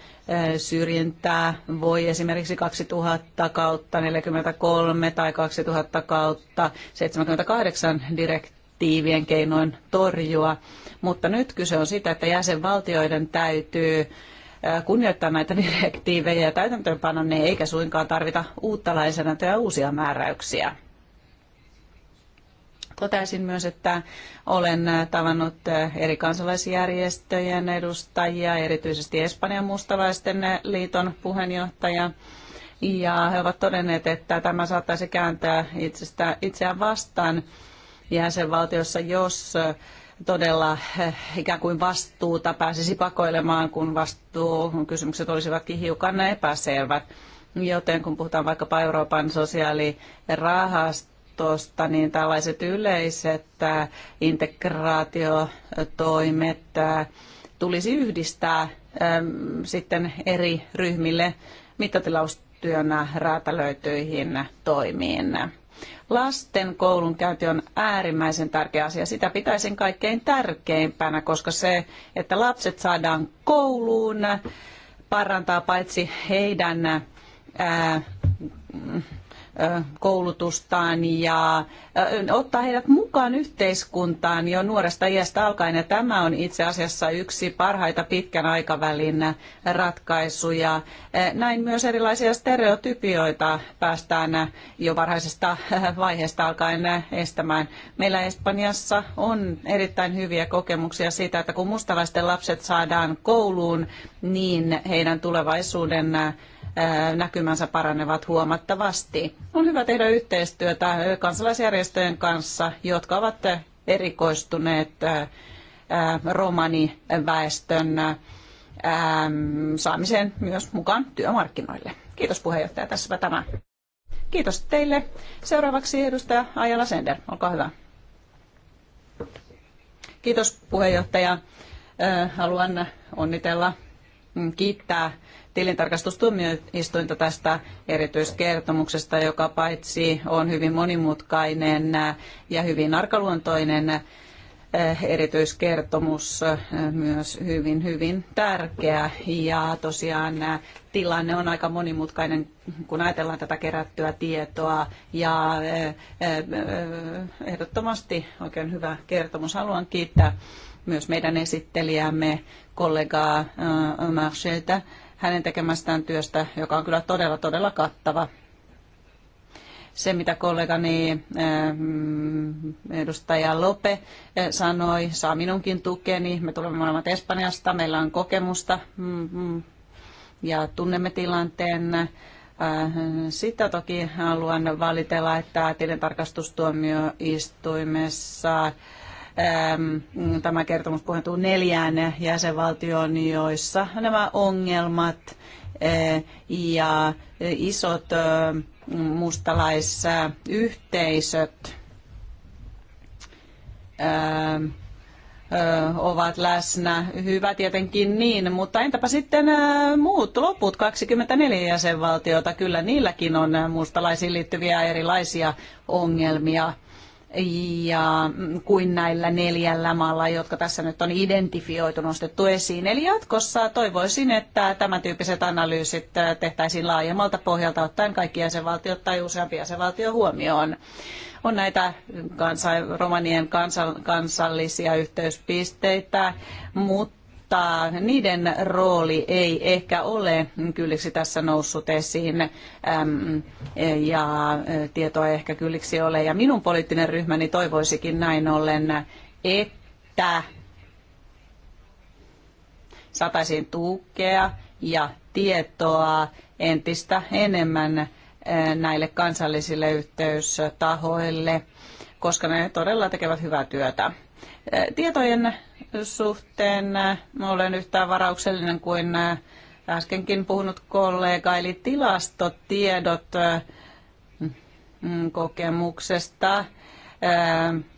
syrjintää. Voi esimerkiksi 2000 kautta 43 tai 2000 kautta 78 direktiivien keinoin torjua. Mutta nyt kyse on sitä, että jäsenvaltioiden täytyy kunnioittaa näitä direktiivejä ja täytäntöönpanon ne, eikä suinkaan tarvita uutta lainsäädäntöä ja uusia määräyksiä. Totesin myös, että olen tavannut eri kansalaisjärjestöjen edustajia, erityisesti Espanjan mustalaisten liiton puheenjohtaja. Ja he ovat todenneet, että tämä saattaisi kääntää itsestä, itseään vastaan jäsenvaltiossa, jos todella ikään kuin vastuuta pääsisi pakoilemaan, kun vastuukysymykset olisivatkin hiukan epäselvät. Joten kun puhutaan vaikkapa Euroopan sosiaalirahasta, tuosta, niin tällaiset yleiset integraatiotoimet tulisi yhdistää sitten eri ryhmille mittatilaustyönä räätälöityihin toimiin. Lasten koulunkäynti on äärimmäisen tärkeä asia. Sitä pitäisin kaikkein tärkeimpänä, koska se, että lapset saadaan kouluun, parantaa paitsi heidän ää, koulutustaan ja ottaa heidät mukaan yhteiskuntaan jo nuoresta iästä alkaen. Ja tämä on itse asiassa yksi parhaita pitkän aikavälin ratkaisuja. Näin myös erilaisia stereotypioita päästään jo varhaisesta vaiheesta alkaen estämään. Meillä Espanjassa on erittäin hyviä kokemuksia siitä, että kun mustalaisten lapset saadaan kouluun, niin heidän tulevaisuuden näkymänsä paranevat huomattavasti. On hyvä tehdä yhteistyötä kansalaisjärjestöjen kanssa, jotka ovat erikoistuneet romaniväestön saamiseen myös mukaan työmarkkinoille. Kiitos puheenjohtaja, tässäpä tämä. Kiitos teille. Seuraavaksi edustaja Ajala Sender, olkaa hyvä. Kiitos puheenjohtaja. Haluan onnitella, mm, kiittää tilintarkastustuomioistuinta tästä erityiskertomuksesta, joka paitsi on hyvin monimutkainen ja hyvin arkaluontoinen eh, erityiskertomus eh, myös hyvin, hyvin tärkeä. Ja tosiaan eh, tilanne on aika monimutkainen, kun ajatellaan tätä kerättyä tietoa. Ja ehdottomasti oikein hyvä kertomus. Haluan kiittää myös meidän esittelijämme, kollegaa Marchelta hänen tekemästään työstä, joka on kyllä todella, todella kattava. Se, mitä kollegani eh, edustaja Lope eh, sanoi, saa minunkin tukeni. Me tulemme molemmat Espanjasta, meillä on kokemusta mm, mm, ja tunnemme tilanteen. Eh, sitä toki haluan valitella, että tilintarkastustuomioistuimessa Ehm, tämä kertomus pohjautuu neljään jäsenvaltioon, joissa nämä ongelmat eh, ja isot eh, mustalaisyhteisöt eh, ovat läsnä. Hyvä tietenkin niin, mutta entäpä sitten muut loput 24 jäsenvaltiota? Kyllä niilläkin on mustalaisiin liittyviä erilaisia ongelmia ja kuin näillä neljällä maalla, jotka tässä nyt on identifioitu, nostettu esiin. Eli jatkossa toivoisin, että tämän tyyppiset analyysit äh, tehtäisiin laajemmalta pohjalta ottaen kaikki jäsenvaltiot tai useampi jäsenvaltio huomioon. On näitä kansa, romanien kansallisia yhteyspisteitä, mutta mutta niiden rooli ei ehkä ole kylliksi tässä noussut esiin ja tietoa ei ehkä kylliksi ole. Ja minun poliittinen ryhmäni toivoisikin näin ollen, että saataisiin tukea ja tietoa entistä enemmän näille kansallisille yhteystahoille, koska ne todella tekevät hyvää työtä. Tietojen suhteen olen yhtään varauksellinen kuin äskenkin puhunut kollega, eli tilastotiedot mm, kokemuksesta.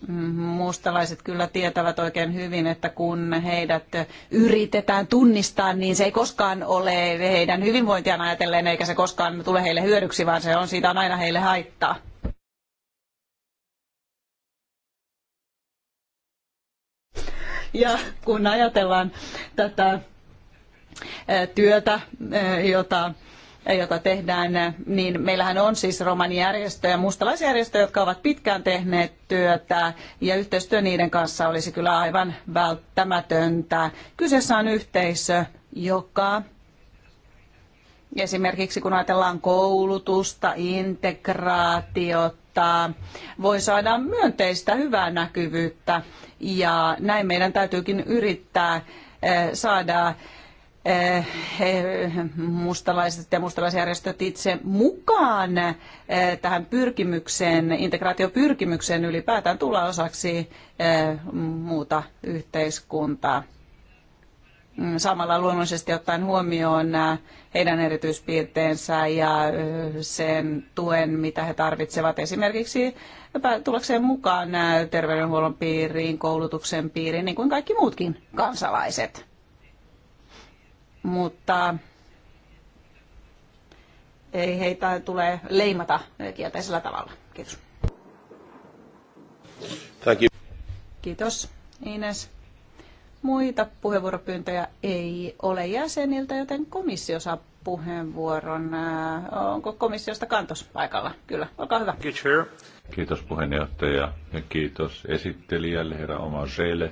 Mm, mustalaiset kyllä tietävät oikein hyvin, että kun heidät yritetään tunnistaa, niin se ei koskaan ole heidän hyvinvointiaan ajatellen, eikä se koskaan tule heille hyödyksi, vaan se on siitä on aina heille haittaa. Ja kun ajatellaan tätä työtä, jota jota tehdään, niin meillähän on siis romanijärjestö ja mustalaisjärjestö, jotka ovat pitkään tehneet työtä ja yhteistyö niiden kanssa olisi kyllä aivan välttämätöntä. Kyseessä on yhteisö, joka esimerkiksi kun ajatellaan koulutusta, integraatiota, voi saada myönteistä hyvää näkyvyyttä ja näin meidän täytyykin yrittää eh, saada eh, eh, mustalaiset ja mustalaisjärjestöt itse mukaan tähän pyrkimykseen, integraatiopyrkimykseen ylipäätään tulla osaksi muuta yhteiskuntaa. Mm, samalla luonnollisesti ottaen huomioon heidän erityispiirteensä ja sen tuen, mitä he tarvitsevat esimerkiksi tulokseen mukaan terveydenhuollon piiriin, koulutuksen piiriin, niin kuin kaikki muutkin kansalaiset. Mutta ei heitä tule leimata kielteisellä tavalla. Kiitos. Thank you. Kiitos Ines. Muita puheenvuoropyyntöjä ei ole jäseniltä, joten komissio saa puheenvuoron. Äh, onko komissiosta kantos paikalla? Kyllä, olkaa hyvä. Kiitos puheenjohtaja ja kiitos esittelijälle, herra Omaseelle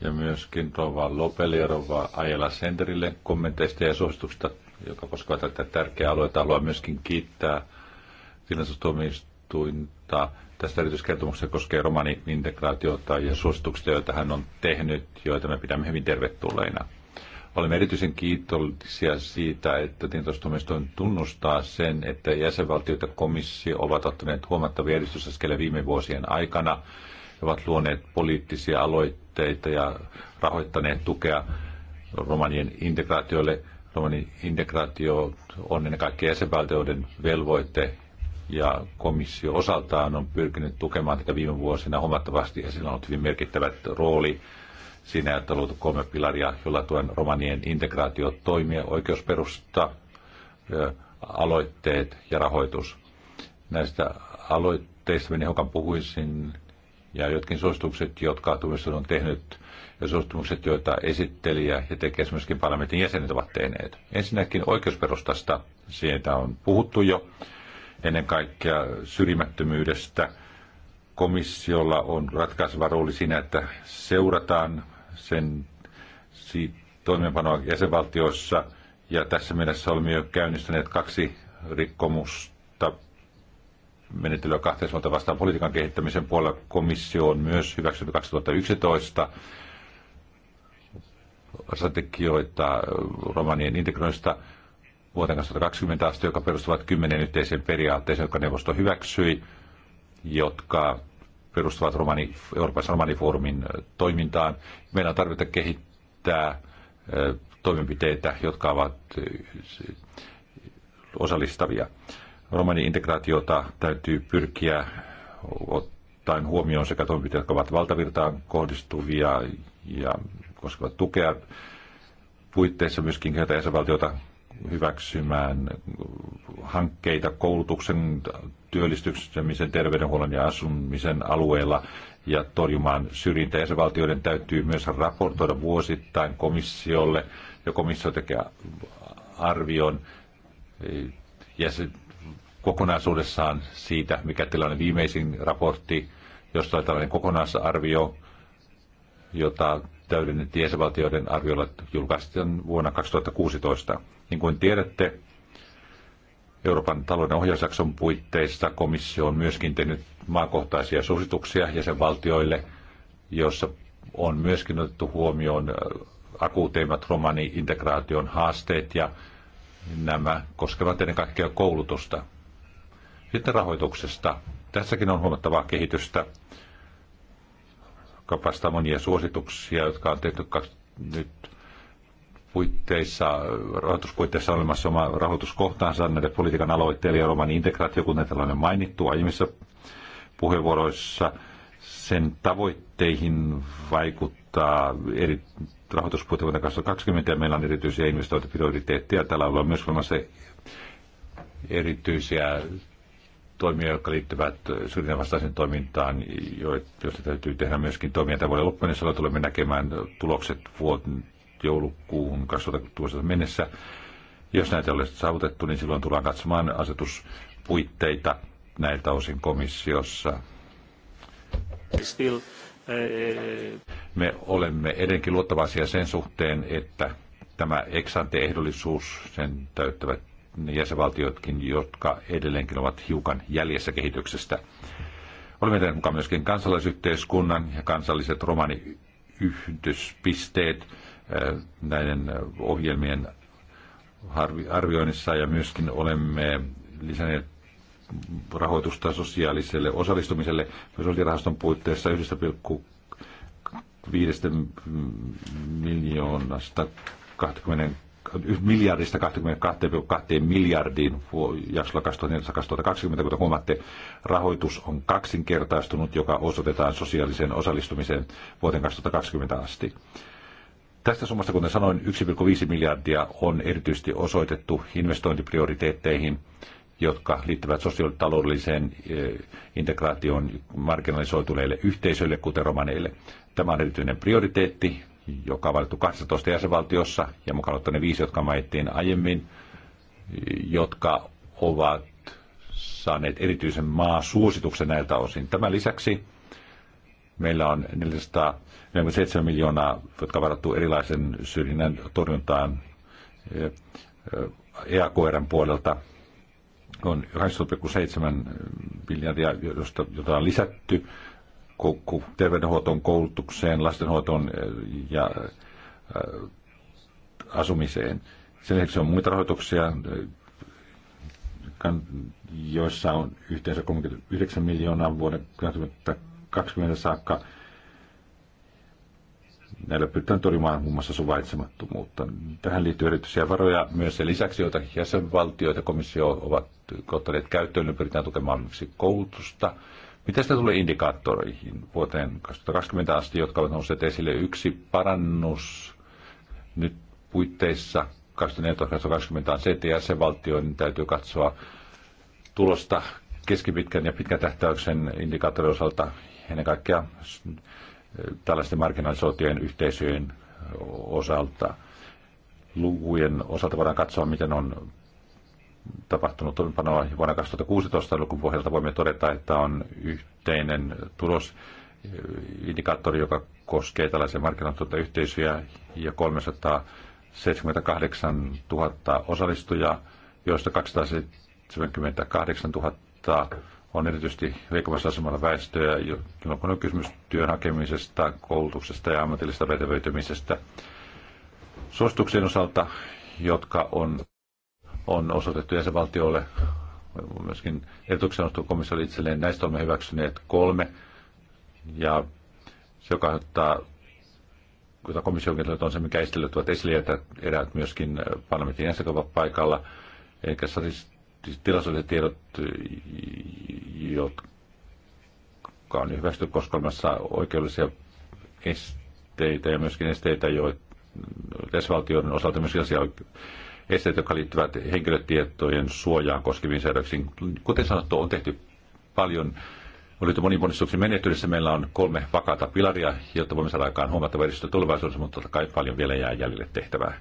ja myöskin Rova Lopelle ja Rova Ajela Senterille kommenteista ja suosituksista, joka koskevat tätä tärkeää aluetta. Haluan myöskin kiittää tilastustuomioistuinta tästä erityiskertomuksesta koskee romani integraatiota ja suosituksia, joita hän on tehnyt, joita me pidämme hyvin tervetulleina. Olemme erityisen kiitollisia siitä, että tietoistumistoin tunnustaa sen, että jäsenvaltiot ja komissio ovat ottaneet huomattavia edistysaskeleja viime vuosien aikana ovat luoneet poliittisia aloitteita ja rahoittaneet tukea romanien integraatiolle. Romanin integraatio on ennen kaikkea jäsenvaltioiden velvoite ja komissio osaltaan on pyrkinyt tukemaan tätä viime vuosina huomattavasti ja sillä on ollut hyvin merkittävät rooli Siinä on luotu kolme pilaria, jolla tuen romanien integraatio toimia, oikeusperusta, aloitteet ja rahoitus. Näistä aloitteista minä hiukan puhuisin ja jotkin suositukset, jotka tuomioistuin on tehnyt ja suositukset, joita esittelijä ja tekee myöskin parlamentin jäsenet ovat tehneet. Ensinnäkin oikeusperustasta, siitä on puhuttu jo, ennen kaikkea syrjimättömyydestä. Komissiolla on ratkaiseva rooli siinä, että seurataan sen toimeenpanoa jäsenvaltioissa. Ja tässä mielessä olemme jo käynnistäneet kaksi rikkomusta menettelyä kahteisvalta vastaan politiikan kehittämisen puolella. Komissio on myös hyväksynyt 2011 strategioita romanien integroista vuoteen 2020 asti, joka perustuvat kymmenen yhteiseen periaatteeseen, jotka neuvosto hyväksyi, jotka perustuvat romani, Euroopan romanifoorumin toimintaan. Meillä on tarvetta kehittää toimenpiteitä, jotka ovat osallistavia. Romani-integraatiota täytyy pyrkiä ottaen huomioon sekä toimenpiteet, jotka ovat valtavirtaan kohdistuvia ja koskevat tukea puitteissa myöskin jäsenvaltiota hyväksymään hankkeita koulutuksen, työllistymisen, terveydenhuollon ja asumisen alueella ja torjumaan syrjintää. Jäsenvaltioiden täytyy myös raportoida vuosittain komissiolle ja komissio tekee arvion eh, se kokonaisuudessaan siitä, mikä tilanne viimeisin raportti, josta on tällainen kokonaisarvio, jota täydellinen jäsenvaltioiden arviolla julkaistiin vuonna 2016. Niin kuin tiedätte, Euroopan talouden ohjausjakson puitteissa komissio on myöskin tehnyt maakohtaisia suosituksia jäsenvaltioille, joissa on myöskin otettu huomioon äh, akuuteimmat romani-integraation haasteet ja nämä koskevat ennen kaikkea koulutusta. Sitten rahoituksesta. Tässäkin on huomattavaa kehitystä vaikkapa monia suosituksia, jotka on tehty nyt puitteissa, rahoituspuitteissa olemassa oma rahoituskohtaansa näille politiikan aloitteille ja Romani integraatio, kuten tällainen mainittu aiemmissa puheenvuoroissa, sen tavoitteihin vaikuttaa eri rahoituspuitteita vuonna 2020 ja meillä on erityisiä investointiprioriteetteja. Täällä on myös olemassa erityisiä toimia, jotka liittyvät äh, syrjinnänvastaisen toimintaan, joista täytyy tehdä myöskin toimia tämän vuoden loppuun, jolla tulemme näkemään tulokset vuoden joulukuuhun 2016 mennessä. Jos näitä olisi saavutettu, niin silloin tullaan katsomaan asetuspuitteita näiltä osin komissiossa. Still, uh... Me olemme edelleenkin luottavaisia sen suhteen, että tämä eksante-ehdollisuus, sen täyttävät ne jäsenvaltiotkin, jotka edelleenkin ovat hiukan jäljessä kehityksestä. Olemme tehneet mukaan myöskin kansalaisyhteiskunnan ja kansalliset romaniyhdyspisteet eh, näiden ohjelmien arvioinnissa ja myöskin olemme lisänneet rahoitusta sosiaaliselle osallistumiselle sosiaalirahaston puitteissa 1,5 miljoonasta 20 miljardista 22,2 miljardiin jaksolla 2020 kuten huomaatte, rahoitus on kaksinkertaistunut, joka osoitetaan sosiaaliseen osallistumiseen vuoteen 2020 asti. Tästä summasta, kuten sanoin, 1,5 miljardia on erityisesti osoitettu investointiprioriteetteihin, jotka liittyvät sosiaalitaloudelliseen eh, integraatioon marginalisoituneille yhteisöille, kuten romaneille. Tämä on erityinen prioriteetti joka on valittu 12 jäsenvaltiossa, ja mukaan ne viisi, jotka mainittiin aiemmin, jotka ovat saaneet erityisen suosituksen näiltä osin. Tämän lisäksi meillä on 447 miljoonaa, jotka varattu erilaisen syrjinnän torjuntaan EAKRn eh, eh, e puolelta. On 8,7 miljardia, josta, jota on lisätty terveydenhuoltoon, koulutukseen, lastenhuoltoon eh, ja eh, asumiseen. Sen lisäksi on muita rahoituksia, eh, joissa on yhteensä 39 miljoonaa vuoden 2020 saakka. Näillä pyritään torjumaan muun muassa suvaitsemattomuutta. Tähän liittyy erityisiä varoja myös sen lisäksi, joita jäsenvaltioita komissio ovat ottaneet käyttöön. Niin pyritään tukemaan koulutusta, mitä sitä tulee indikaattoreihin vuoteen 2020 asti, jotka ovat nousseet esille? Yksi parannus nyt puitteissa 2014-2020 on se, että jäsenvaltioiden täytyy katsoa tulosta keskipitkän ja pitkän tähtäyksen indikaattorin osalta ennen kaikkea tällaisten marginalisoitujen yhteisöjen osalta. Lukujen osalta voidaan katsoa, miten on tapahtunut toimenpanoa vuonna 2016 lukun pohjalta voimme todeta, että on yhteinen tulosindikaattori, eh, joka koskee tällaisia markkinoituja yhteisöjä ja 378 000 osallistujaa, joista 278 000 on erityisesti heikommassa asemalla väestöä, jolloin on kysymys työn hakemisesta, koulutuksesta ja ammatillisesta pätevöitymisestä. Suosituksien osalta, jotka on on osoitettu jäsenvaltioille. Myöskin etuuksia on komissiolle itselleen. Näistä olemme hyväksyneet kolme. Ja se, joka ottaa jota komissio on se, mikä esitellyt tuot esille, että eräät myöskin äh, parlamentin jäsenet ovat paikalla. Eli tilaisuudet tiedot, jotka on hyväksytty koskelmassa oikeudellisia esteitä ja myöskin esteitä, joita jäsenvaltioiden osalta myöskin asia esteet, jotka liittyvät henkilötietojen suojaan koskeviin säädöksiin. Kuten sanottu, on tehty paljon Olitu monipuolisuuksien menettelyssä meillä on kolme vakaata pilaria, jotta voimme saada aikaan huomattava edistystä tulevaisuudessa, mutta totta kai paljon vielä jää jäljelle tehtävää.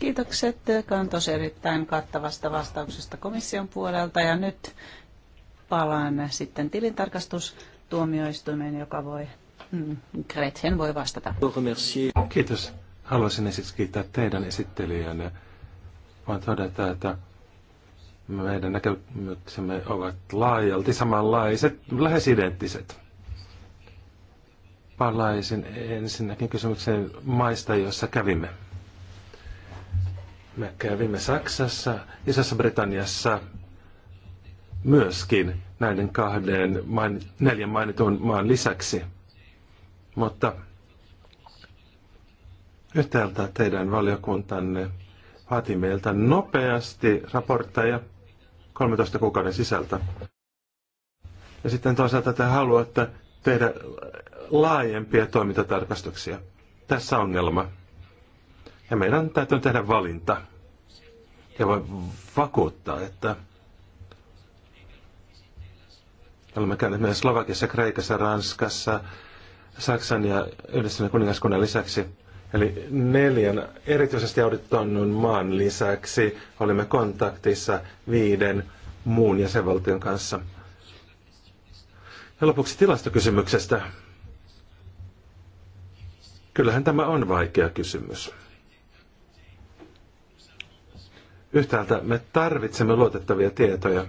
Kiitokset Kantos erittäin kattavasta vastauksesta komission puolelta ja nyt palaan sitten tilintarkastustuomioistuimeen, joka voi, mm, Gretchen voi vastata. Kiitos. Haluaisin ensiksi kiittää teidän esittelijänne. Voin todeta, että meidän näkemyksemme ovat laajalti samanlaiset, lähes identtiset. Palaisin ensinnäkin kysymykseen maista, joissa kävimme. Me kävimme Saksassa, Isossa Britanniassa, myöskin näiden kahden main, neljän mainitun maan lisäksi. Mutta Yhtäältä teidän valiokuntanne vaati meiltä nopeasti raportteja 13 kuukauden sisältä. Ja sitten toisaalta te haluatte tehdä laajempia toimintatarkastuksia. Tässä ongelma. Ja meidän täytyy tehdä valinta. Ja voi vakuuttaa, että olemme käyneet myös Slovakissa, Kreikassa, Ranskassa, Saksan ja yhdessä kuningaskunnan lisäksi Eli neljän erityisesti auditoinnun maan lisäksi olimme kontaktissa viiden muun jäsenvaltion kanssa. Ja lopuksi tilastokysymyksestä. Kyllähän tämä on vaikea kysymys. Yhtäältä me tarvitsemme luotettavia tietoja.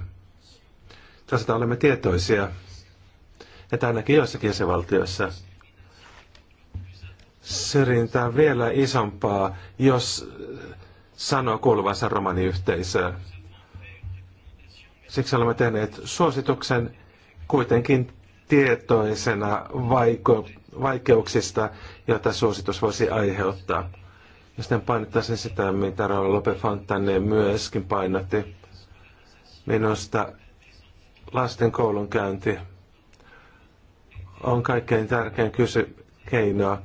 Tästä olemme tietoisia, että ainakin joissakin jäsenvaltioissa – syrjintää vielä isompaa, jos sanoo kuuluvansa romaniyhteisöön. Siksi olemme tehneet suosituksen kuitenkin tietoisena vaiko, vaikeuksista, joita suositus voisi aiheuttaa. Ja sitten painottaisin sitä, mitä Raul Lope Fontanne myöskin painotti. Minusta lasten koulunkäynti on kaikkein tärkein kysy keino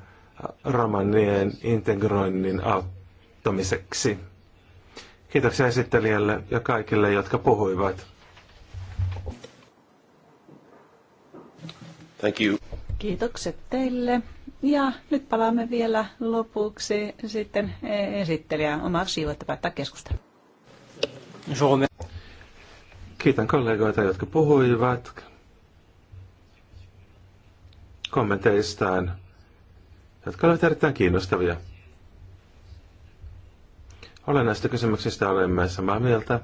romanien integroinnin auttamiseksi. Kiitoksia esittelijälle ja kaikille, jotka puhuivat. Thank you. Kiitokset teille. Ja nyt palaamme vielä lopuksi sitten omaa e, Omar että päättää keskustelua. Kiitän kollegoita, jotka puhuivat kommenteistaan jotka olivat erittäin kiinnostavia. Olen näistä kysymyksistä olemme samaa mieltä.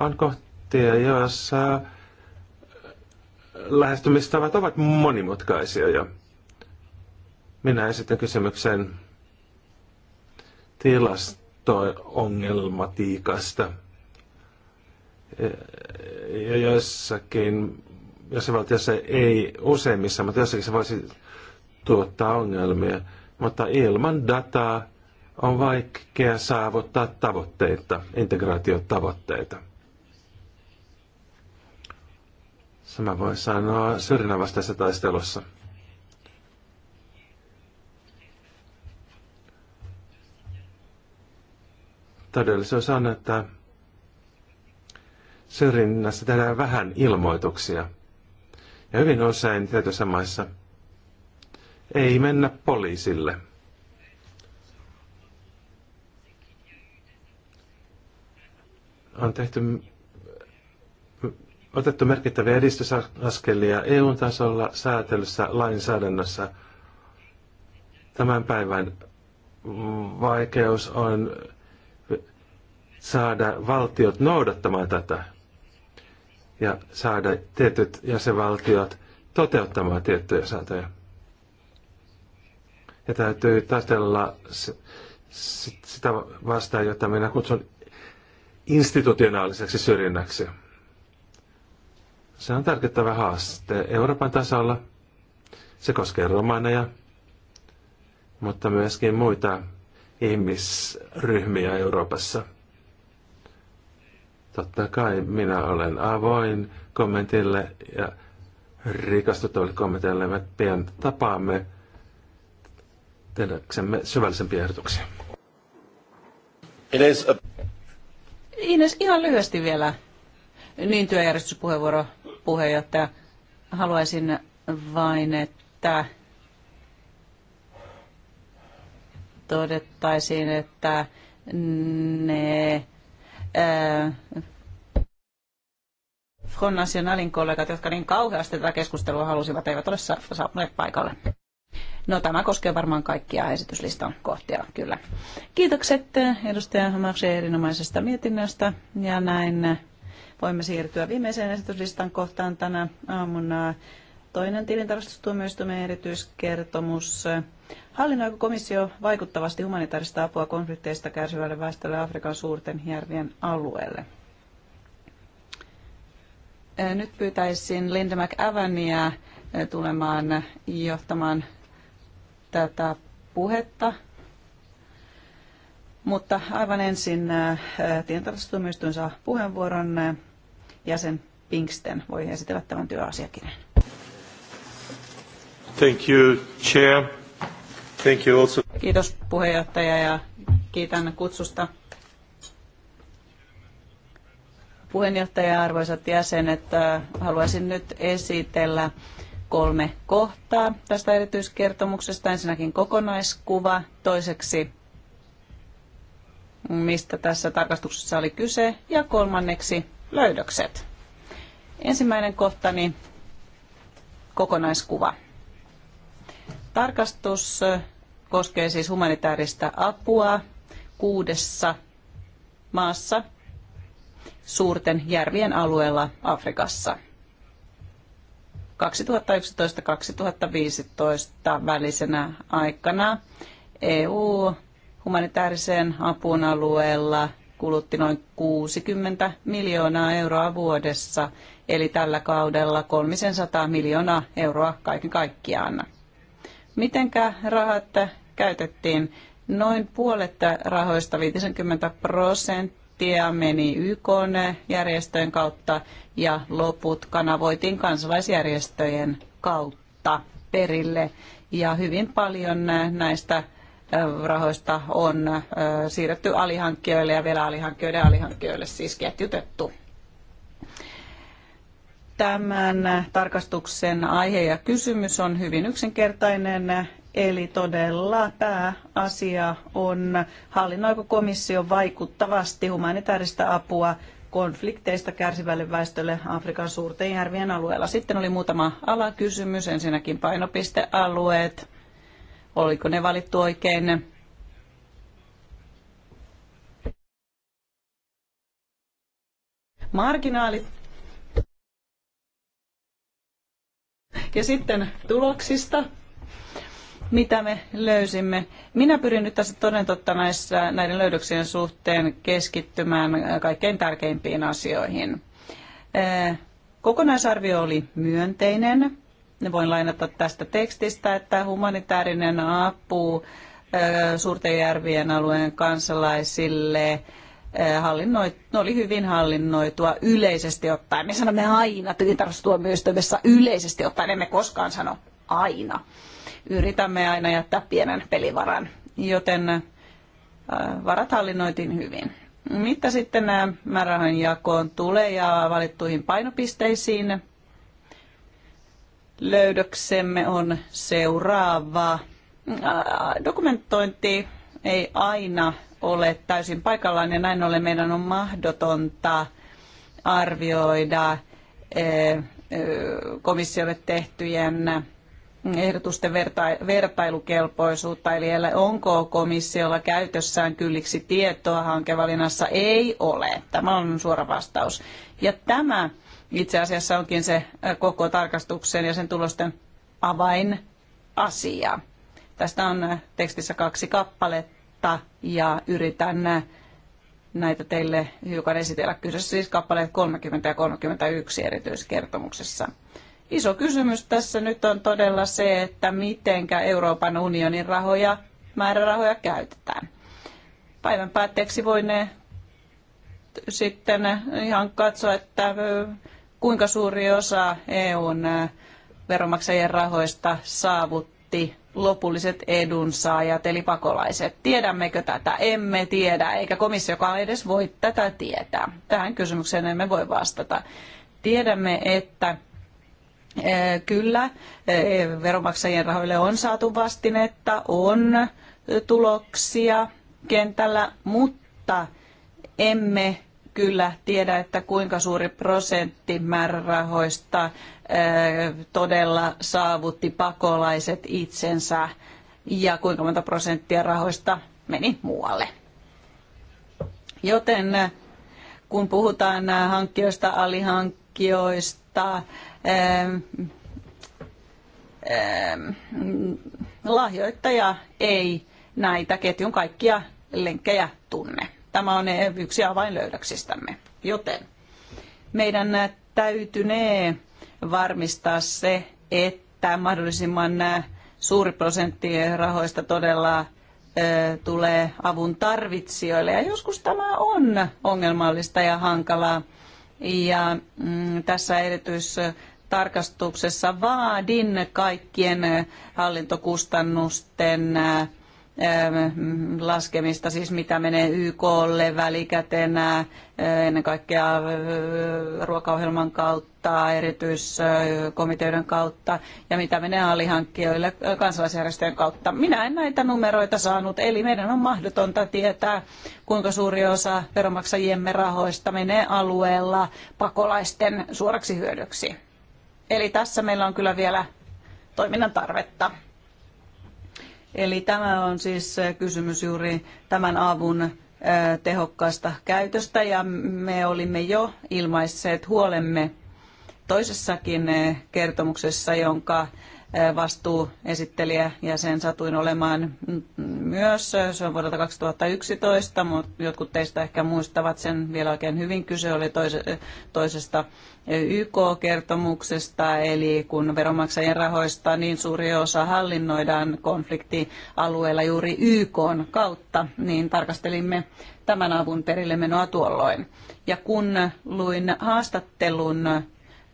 On kohtia, joissa äh, lähestymistavat ovat monimutkaisia ja minä esitän kysymyksen tilasto-ongelmatiikasta. Ja jossakin, jos valtiossa ei useimmissa, mutta jossakin se voisi tuottaa ongelmia, mutta ilman dataa on vaikea saavuttaa tavoitteita, integraatiotavoitteita. Sama voi sanoa syrjinnän vastaisessa taistelussa. Todellisuus on, että syrjinnässä tehdään vähän ilmoituksia. Ja hyvin usein tietyissä maissa – ei mennä poliisille. On tehty, otettu merkittäviä edistysaskelia EU-tasolla, säätelyssä, lainsäädännössä. Tämän päivän vaikeus on saada valtiot noudattamaan tätä ja saada tietyt jäsenvaltiot toteuttamaan tiettyjä sääntöjä ja täytyy taistella sitä vastaan, jota minä kutsun institutionaaliseksi syrjinnäksi. Se on tärkeä haaste Euroopan tasolla. Se koskee romaneja, mutta myöskin muita ihmisryhmiä Euroopassa. Totta kai minä olen avoin kommentille ja rikastuttaville kommenteille. Me pian tapaamme tehdäksemme syvällisempiä ehdotuksia. Ines, a... Ines, ihan lyhyesti vielä. Niin työjärjestyspuheenvuoro puheenjohtaja. Haluaisin vain, että todettaisiin, että ne äh, Front Nationalin kollegat, jotka niin kauheasti tätä keskustelua halusivat, eivät ole saapuneet paikalle. No tämä koskee varmaan kaikkia esityslistan kohtia, kyllä. Kiitokset eh, edustaja Hamaksen erinomaisesta mietinnöstä ja näin eh, voimme siirtyä viimeiseen esityslistan kohtaan tänä aamuna. Toinen tilintarkastustuomioistuimen erityiskertomus. Hallinnoiko komissio vaikuttavasti humanitaarista apua konflikteista kärsivälle väestölle Afrikan suurten järvien alueelle? Eh, nyt pyytäisin Linda McAvania tulemaan johtamaan tätä puhetta. Mutta aivan ensin äh, tientarastumistuin saa puheenvuoron. Äh, jäsen Pinksten voi esitellä tämän työasiakirjan. Thank you, Chair. Thank you also. Kiitos puheenjohtaja ja kiitän kutsusta. Puheenjohtaja ja arvoisat jäsenet, äh, haluaisin nyt esitellä kolme kohtaa tästä erityiskertomuksesta. Ensinnäkin kokonaiskuva, toiseksi mistä tässä tarkastuksessa oli kyse, ja kolmanneksi löydökset. Ensimmäinen kohtani kokonaiskuva. Tarkastus koskee siis humanitaarista apua kuudessa maassa suurten järvien alueella Afrikassa. 2011-2015 välisenä aikana EU humanitaariseen apuun alueella kulutti noin 60 miljoonaa euroa vuodessa, eli tällä kaudella 300 miljoonaa euroa kaiken kaikkiaan. Mitenkä rahat käytettiin? Noin puolet rahoista, 50 prosenttia budjettia meni YK järjestöjen kautta ja loput kanavoitiin kansalaisjärjestöjen kautta perille. Ja hyvin paljon näistä rahoista on siirretty alihankkijoille ja vielä alihankkijoiden alihankkijoille siis ketjutettu. Tämän tarkastuksen aihe ja kysymys on hyvin yksinkertainen. Eli todella pääasia on, hallinnoiko komissio vaikuttavasti humanitaarista apua konflikteista kärsivälle väestölle Afrikan suurten järvien alueella. Sitten oli muutama alakysymys, ensinnäkin painopistealueet, oliko ne valittu oikein, marginaalit. Ja sitten tuloksista mitä me löysimme. Minä pyrin nyt tässä todentotta näissä, näiden löydöksien suhteen keskittymään kaikkein tärkeimpiin asioihin. Kokonaisarvio oli myönteinen. Voin lainata tästä tekstistä, että humanitaarinen apu suurten järvien alueen kansalaisille ne oli hyvin hallinnoitua yleisesti ottaen. Me sanomme aina tilintarkastustuomioistuimessa yleisesti ottaen, emme koskaan sano aina yritämme aina jättää pienen pelivaran, joten äh, varat hallinnoitiin hyvin. Mitä sitten nämä äh, määrärahan jakoon tulee ja valittuihin painopisteisiin? Löydöksemme on seuraava. Äh, dokumentointi ei aina ole täysin paikallaan ja näin ollen meidän on mahdotonta arvioida komissiolle tehtyjen ehdotusten verta- vertailukelpoisuutta, eli onko komissiolla käytössään kylliksi tietoa hankevalinnassa? Ei ole. Tämä on suora vastaus. Ja tämä itse asiassa onkin se koko tarkastuksen ja sen tulosten avainasia. Tästä on tekstissä kaksi kappaletta ja yritän näitä teille hiukan esitellä. Kyseessä siis kappaleet 30 ja 31 erityiskertomuksessa. Iso kysymys tässä nyt on todella se, että mitenkä Euroopan unionin rahoja, määrärahoja käytetään. Päivän päätteeksi voi ne sitten ihan katsoa, että kuinka suuri osa EUn veronmaksajien rahoista saavutti lopulliset edunsaajat eli pakolaiset. Tiedämmekö tätä? Emme tiedä, eikä komissiokaan edes voi tätä tietää. Tähän kysymykseen emme voi vastata. Tiedämme, että Eh, kyllä, eh, veronmaksajien rahoille on saatu vastinetta, on tuloksia kentällä, mutta emme kyllä tiedä, että kuinka suuri prosentti määrärahoista eh, todella saavutti pakolaiset itsensä ja kuinka monta prosenttia rahoista meni muualle. Joten kun puhutaan hankkijoista, alihankkijoista, Ähm, ähm, lahjoittaja ei näitä ketjun kaikkia lenkkejä tunne. Tämä on eh, yksi avainlöydöksistämme. Joten meidän täytynee varmistaa se, että mahdollisimman eh, suuri prosentti rahoista todella eh, tulee avun tarvitsijoille. Ja joskus tämä on ongelmallista ja hankalaa. Ja mm, tässä erityis tarkastuksessa vaadin kaikkien hallintokustannusten ähm, laskemista, siis mitä menee YKlle välikätenä, äh, ennen kaikkea äh, ruokaohjelman kautta, erityiskomiteoiden kautta ja mitä menee alihankkijoille äh, kansalaisjärjestöjen kautta. Minä en näitä numeroita saanut, eli meidän on mahdotonta tietää, kuinka suuri osa veronmaksajiemme rahoista menee alueella pakolaisten suoraksi hyödyksi. Eli tässä meillä on kyllä vielä toiminnan tarvetta. Eli tämä on siis äh, kysymys juuri tämän avun äh, tehokkaasta käytöstä ja me olimme jo ilmaisseet huolemme toisessakin äh, kertomuksessa, jonka vastuuesittelijä ja sen satuin olemaan myös. Se on vuodelta 2011, mutta jotkut teistä ehkä muistavat sen vielä oikein hyvin. Kyse oli toisesta YK-kertomuksesta, eli kun veronmaksajien rahoista niin suuri osa hallinnoidaan konfliktialueella juuri YK kautta, niin tarkastelimme tämän avun perille menoa tuolloin. Ja kun luin haastattelun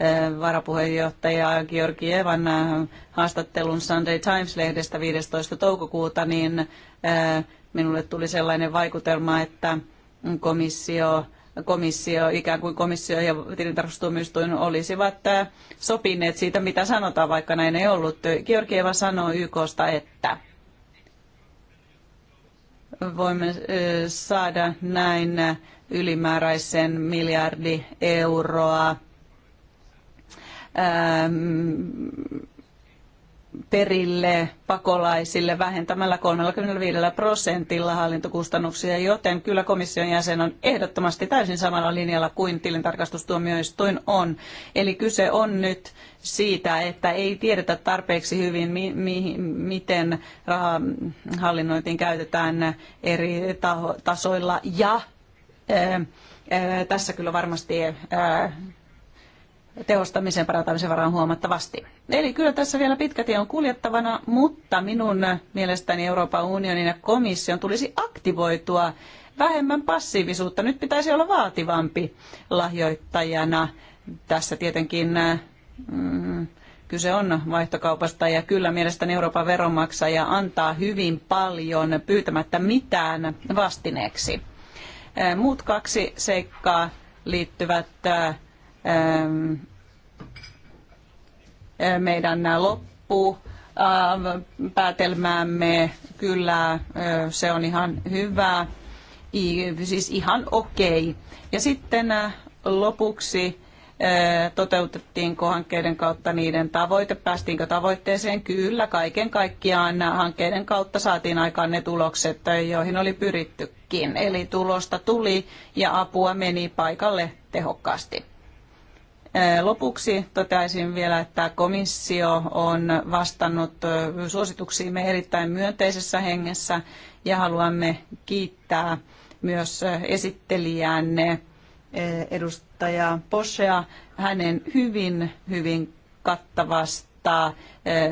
Eh, varapuheenjohtaja Georgievan eh, haastattelun Sunday Times-lehdestä 15. toukokuuta, niin eh, minulle tuli sellainen vaikutelma, että komissio komissio, ikään kuin komissio ja tilintarkastustuomioistuin olisivat sopineet siitä, mitä sanotaan, vaikka näin ei ollut. Georgieva sanoi YKsta, että voimme saada näin ylimääräisen miljardi euroa Ähm, perille pakolaisille vähentämällä 35 prosentilla hallintokustannuksia, joten kyllä komission jäsen on ehdottomasti täysin samalla linjalla kuin tilintarkastustuomioistuin on. Eli kyse on nyt siitä, että ei tiedetä tarpeeksi hyvin, mi- mi- miten rahahallinnointiin mm, käytetään eri taho- tasoilla ja ää, ähm, ää, äh, tässä kyllä varmasti ää, äh, tehostamisen parantamisen varaan huomattavasti. Eli kyllä tässä vielä pitkä tie on kuljettavana, mutta minun mielestäni Euroopan unionin ja komission tulisi aktivoitua vähemmän passiivisuutta. Nyt pitäisi olla vaativampi lahjoittajana. Tässä tietenkin mm, kyse on vaihtokaupasta ja kyllä mielestäni Euroopan veronmaksaja antaa hyvin paljon pyytämättä mitään vastineeksi. Eh, muut kaksi seikkaa liittyvät eh, Ähm, meidän loppu päätelmäämme. Kyllä se on ihan hyvä, siis ihan okei. Ja sitten lopuksi toteutettiinko hankkeiden kautta niiden tavoite, päästiinkö tavoitteeseen? Kyllä, kaiken kaikkiaan hankkeiden kautta saatiin aikaan ne tulokset, joihin oli pyrittykin. Eli tulosta tuli ja apua meni paikalle tehokkaasti. Lopuksi toteaisin vielä, että komissio on vastannut suosituksiimme erittäin myönteisessä hengessä ja haluamme kiittää myös esittelijäänne edustaja Poshea hänen hyvin, hyvin kattavasta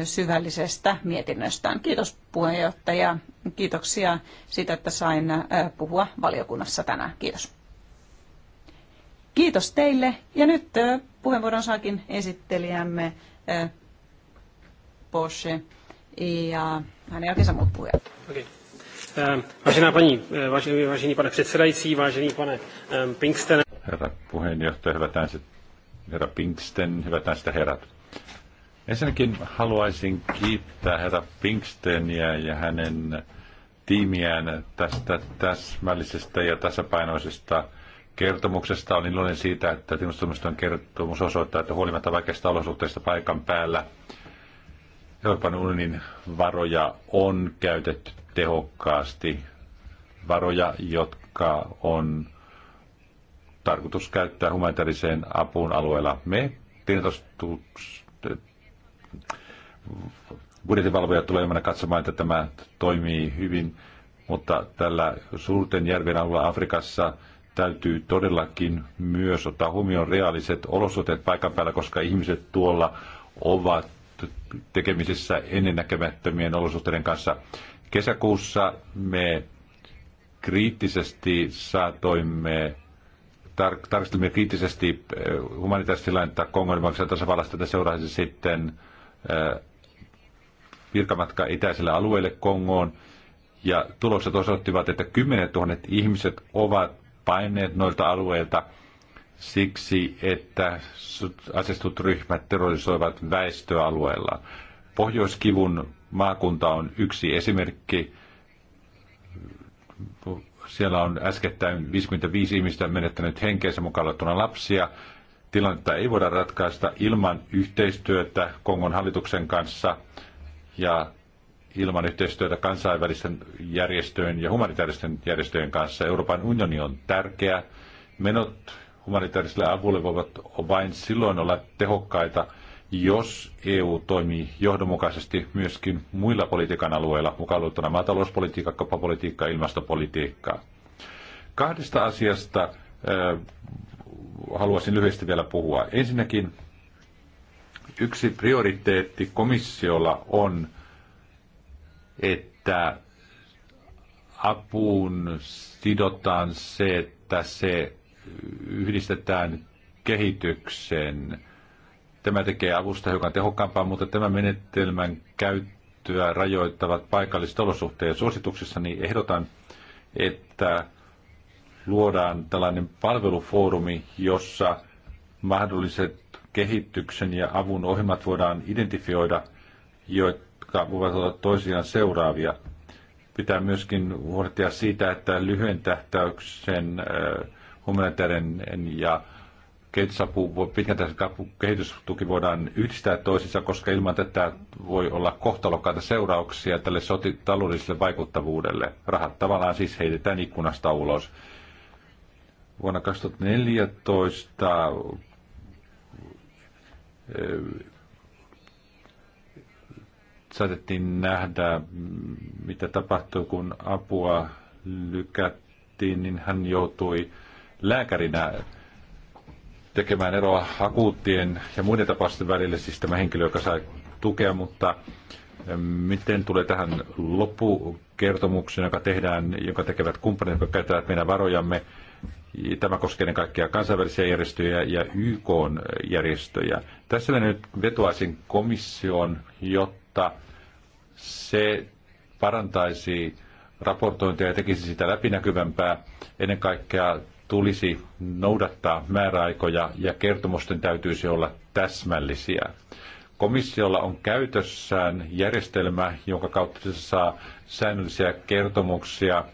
syvällisestä mietinnöstään. Kiitos puheenjohtaja. Kiitoksia siitä, että sain puhua valiokunnassa tänään. Kiitos. Kiitos teille. Ja nyt puheenvuoron saakin esittelijämme Porsche ja hänen jälkeensä muut puhujat. Okay. Ähm, vážená paní, äh, vážený, vážený pane předsedající, vážený pane ähm, Pinkstene. Herra puheenjohtaja, hyvät naiset, herra Pinksten, hyvät naiset herrat. Ensinnäkin haluaisin kiittää herra Pinksteniä ja hänen tiimiään tästä täsmällisestä ja tasapainoisesta kertomuksesta. on iloinen siitä, että tilastotoimiston kertomus osoittaa, että huolimatta vaikeista olosuhteista paikan päällä Euroopan unionin varoja on käytetty tehokkaasti. Varoja, jotka on tarkoitus käyttää humanitaariseen apuun alueella. Me budjetinvalvoja tulee mennä katsomaan, että tämä toimii hyvin, mutta tällä suurten järven alueella Afrikassa – täytyy todellakin myös ottaa huomioon reaaliset olosuhteet paikan päällä, koska ihmiset tuolla ovat tekemisissä ennennäkemättömien olosuhteiden kanssa. Kesäkuussa me kriittisesti saatoimme tar- tarkastelimme kriittisesti eh, humanitaarista tilannetta Kongon tasavallasta, että seuraisi sitten eh, virkamatka itäiselle alueelle Kongoon. Ja tulokset osoittivat, että 10 000 ihmiset ovat paineet noilta alueilta siksi, että asestut ryhmät terrorisoivat väestöalueella. Pohjoiskivun maakunta on yksi esimerkki. Siellä on äskettäin 55 ihmistä menettänyt henkeensä mukaan lapsia. Tilannetta ei voida ratkaista ilman yhteistyötä Kongon hallituksen kanssa ja ilman yhteistyötä kansainvälisten järjestöjen ja humanitaaristen järjestöjen kanssa. Euroopan unioni on tärkeä. Menot humanitaariselle avulle voivat vain silloin olla tehokkaita, jos EU toimii johdonmukaisesti myöskin muilla politiikan alueilla, mukaan luettuna maatalouspolitiikka, kauppapolitiikka ilmastopolitiikka. Kahdesta asiasta äh, haluaisin lyhyesti vielä puhua. Ensinnäkin yksi prioriteetti komissiolla on että apuun sidotaan se, että se yhdistetään kehitykseen. Tämä tekee avusta hiukan tehokkaampaa, mutta tämän menetelmän käyttöä rajoittavat paikalliset olosuhteet. Niin ehdotan, että luodaan tällainen palvelufoorumi, jossa mahdolliset kehityksen ja avun ohjelmat voidaan identifioida, joita jotka voivat olla toisiaan seuraavia. Pitää myöskin huolehtia siitä, että lyhyen tähtäyksen äh, humanitaarinen ja kehitysapu, pitkän kehitystuki voidaan yhdistää toisiinsa, koska ilman tätä voi olla kohtalokkaita seurauksia tälle sotitaloudelliselle vaikuttavuudelle. Rahat tavallaan siis heitetään ikkunasta ulos. Vuonna 2014 saatettiin nähdä, mitä tapahtui, kun apua lykättiin, niin hän joutui lääkärinä tekemään eroa akuuttien ja muiden tapausten välillä, siis tämä henkilö, joka sai tukea, mutta eh, miten tulee tähän loppukertomukseen, joka tehdään, joka tekevät kumppanit, jotka käyttävät meidän varojamme, Tämä koskee ennen kaikkea kansainvälisiä järjestöjä ja YK-järjestöjä. Tässä nyt vetoaisin komission, jotta mutta se parantaisi raportointia ja tekisi sitä läpinäkyvämpää. Ennen kaikkea tulisi noudattaa määräaikoja ja kertomusten täytyisi olla täsmällisiä. Komissiolla on käytössään järjestelmä, jonka kautta se saa säännöllisiä kertomuksia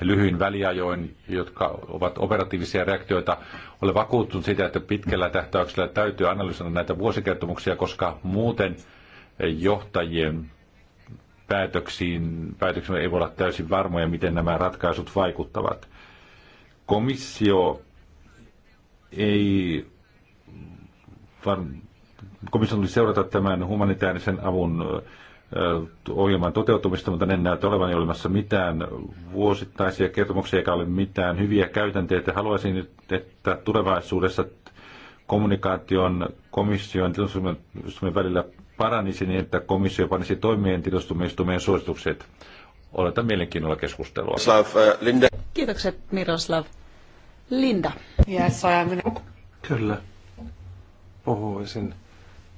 lyhyin väliajoin, jotka ovat operatiivisia reaktioita. Olen vakuuttunut siitä, että pitkällä tähtäyksellä täytyy analysoida näitä vuosikertomuksia, koska muuten – johtajien päätöksiin, päätöksiin ei voi olla täysin varmoja, miten nämä ratkaisut vaikuttavat. Komissio ei var, komission tulisi seurata tämän humanitaarisen avun ohjelman toteutumista, mutta en näytä olevan olemassa mitään vuosittaisia kertomuksia eikä ole mitään hyviä käytänteitä. Haluaisin nyt, että tulevaisuudessa kommunikaation komission välillä paranisi niin, että komissio panisi toimien tilastumistumien suositukset. Oletan mielenkiinnolla keskustelua. Äh, Linda. Kiitokset Miroslav. Linda. Yes, minä. Kyllä. Puhuisin.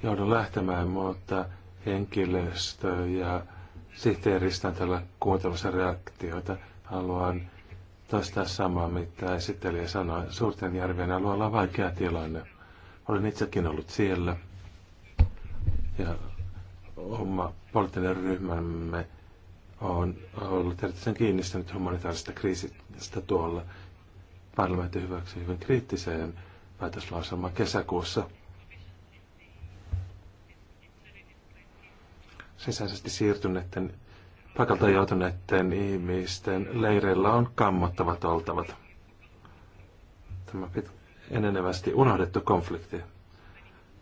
Joudun lähtemään, mutta henkilöstö ja sihteeristän tällä kuuntelussa reaktioita. Haluan toistaa samaa, mitä esittelijä sanoi. Suurten järven alueella on vaikea tilanne. Olen itsekin ollut siellä ja oma poliittinen ryhmämme on ollut erityisen kiinnistynyt humanitaarisesta kriisistä tuolla. parlamentin hyväksi hyvin kriittiseen päätöslauselmaan kesäkuussa. Sisäisesti siirtyneiden paikalta joutuneiden ihmisten leireillä on kammottavat oltavat. Tämä pit- enenevästi unohdettu konflikti.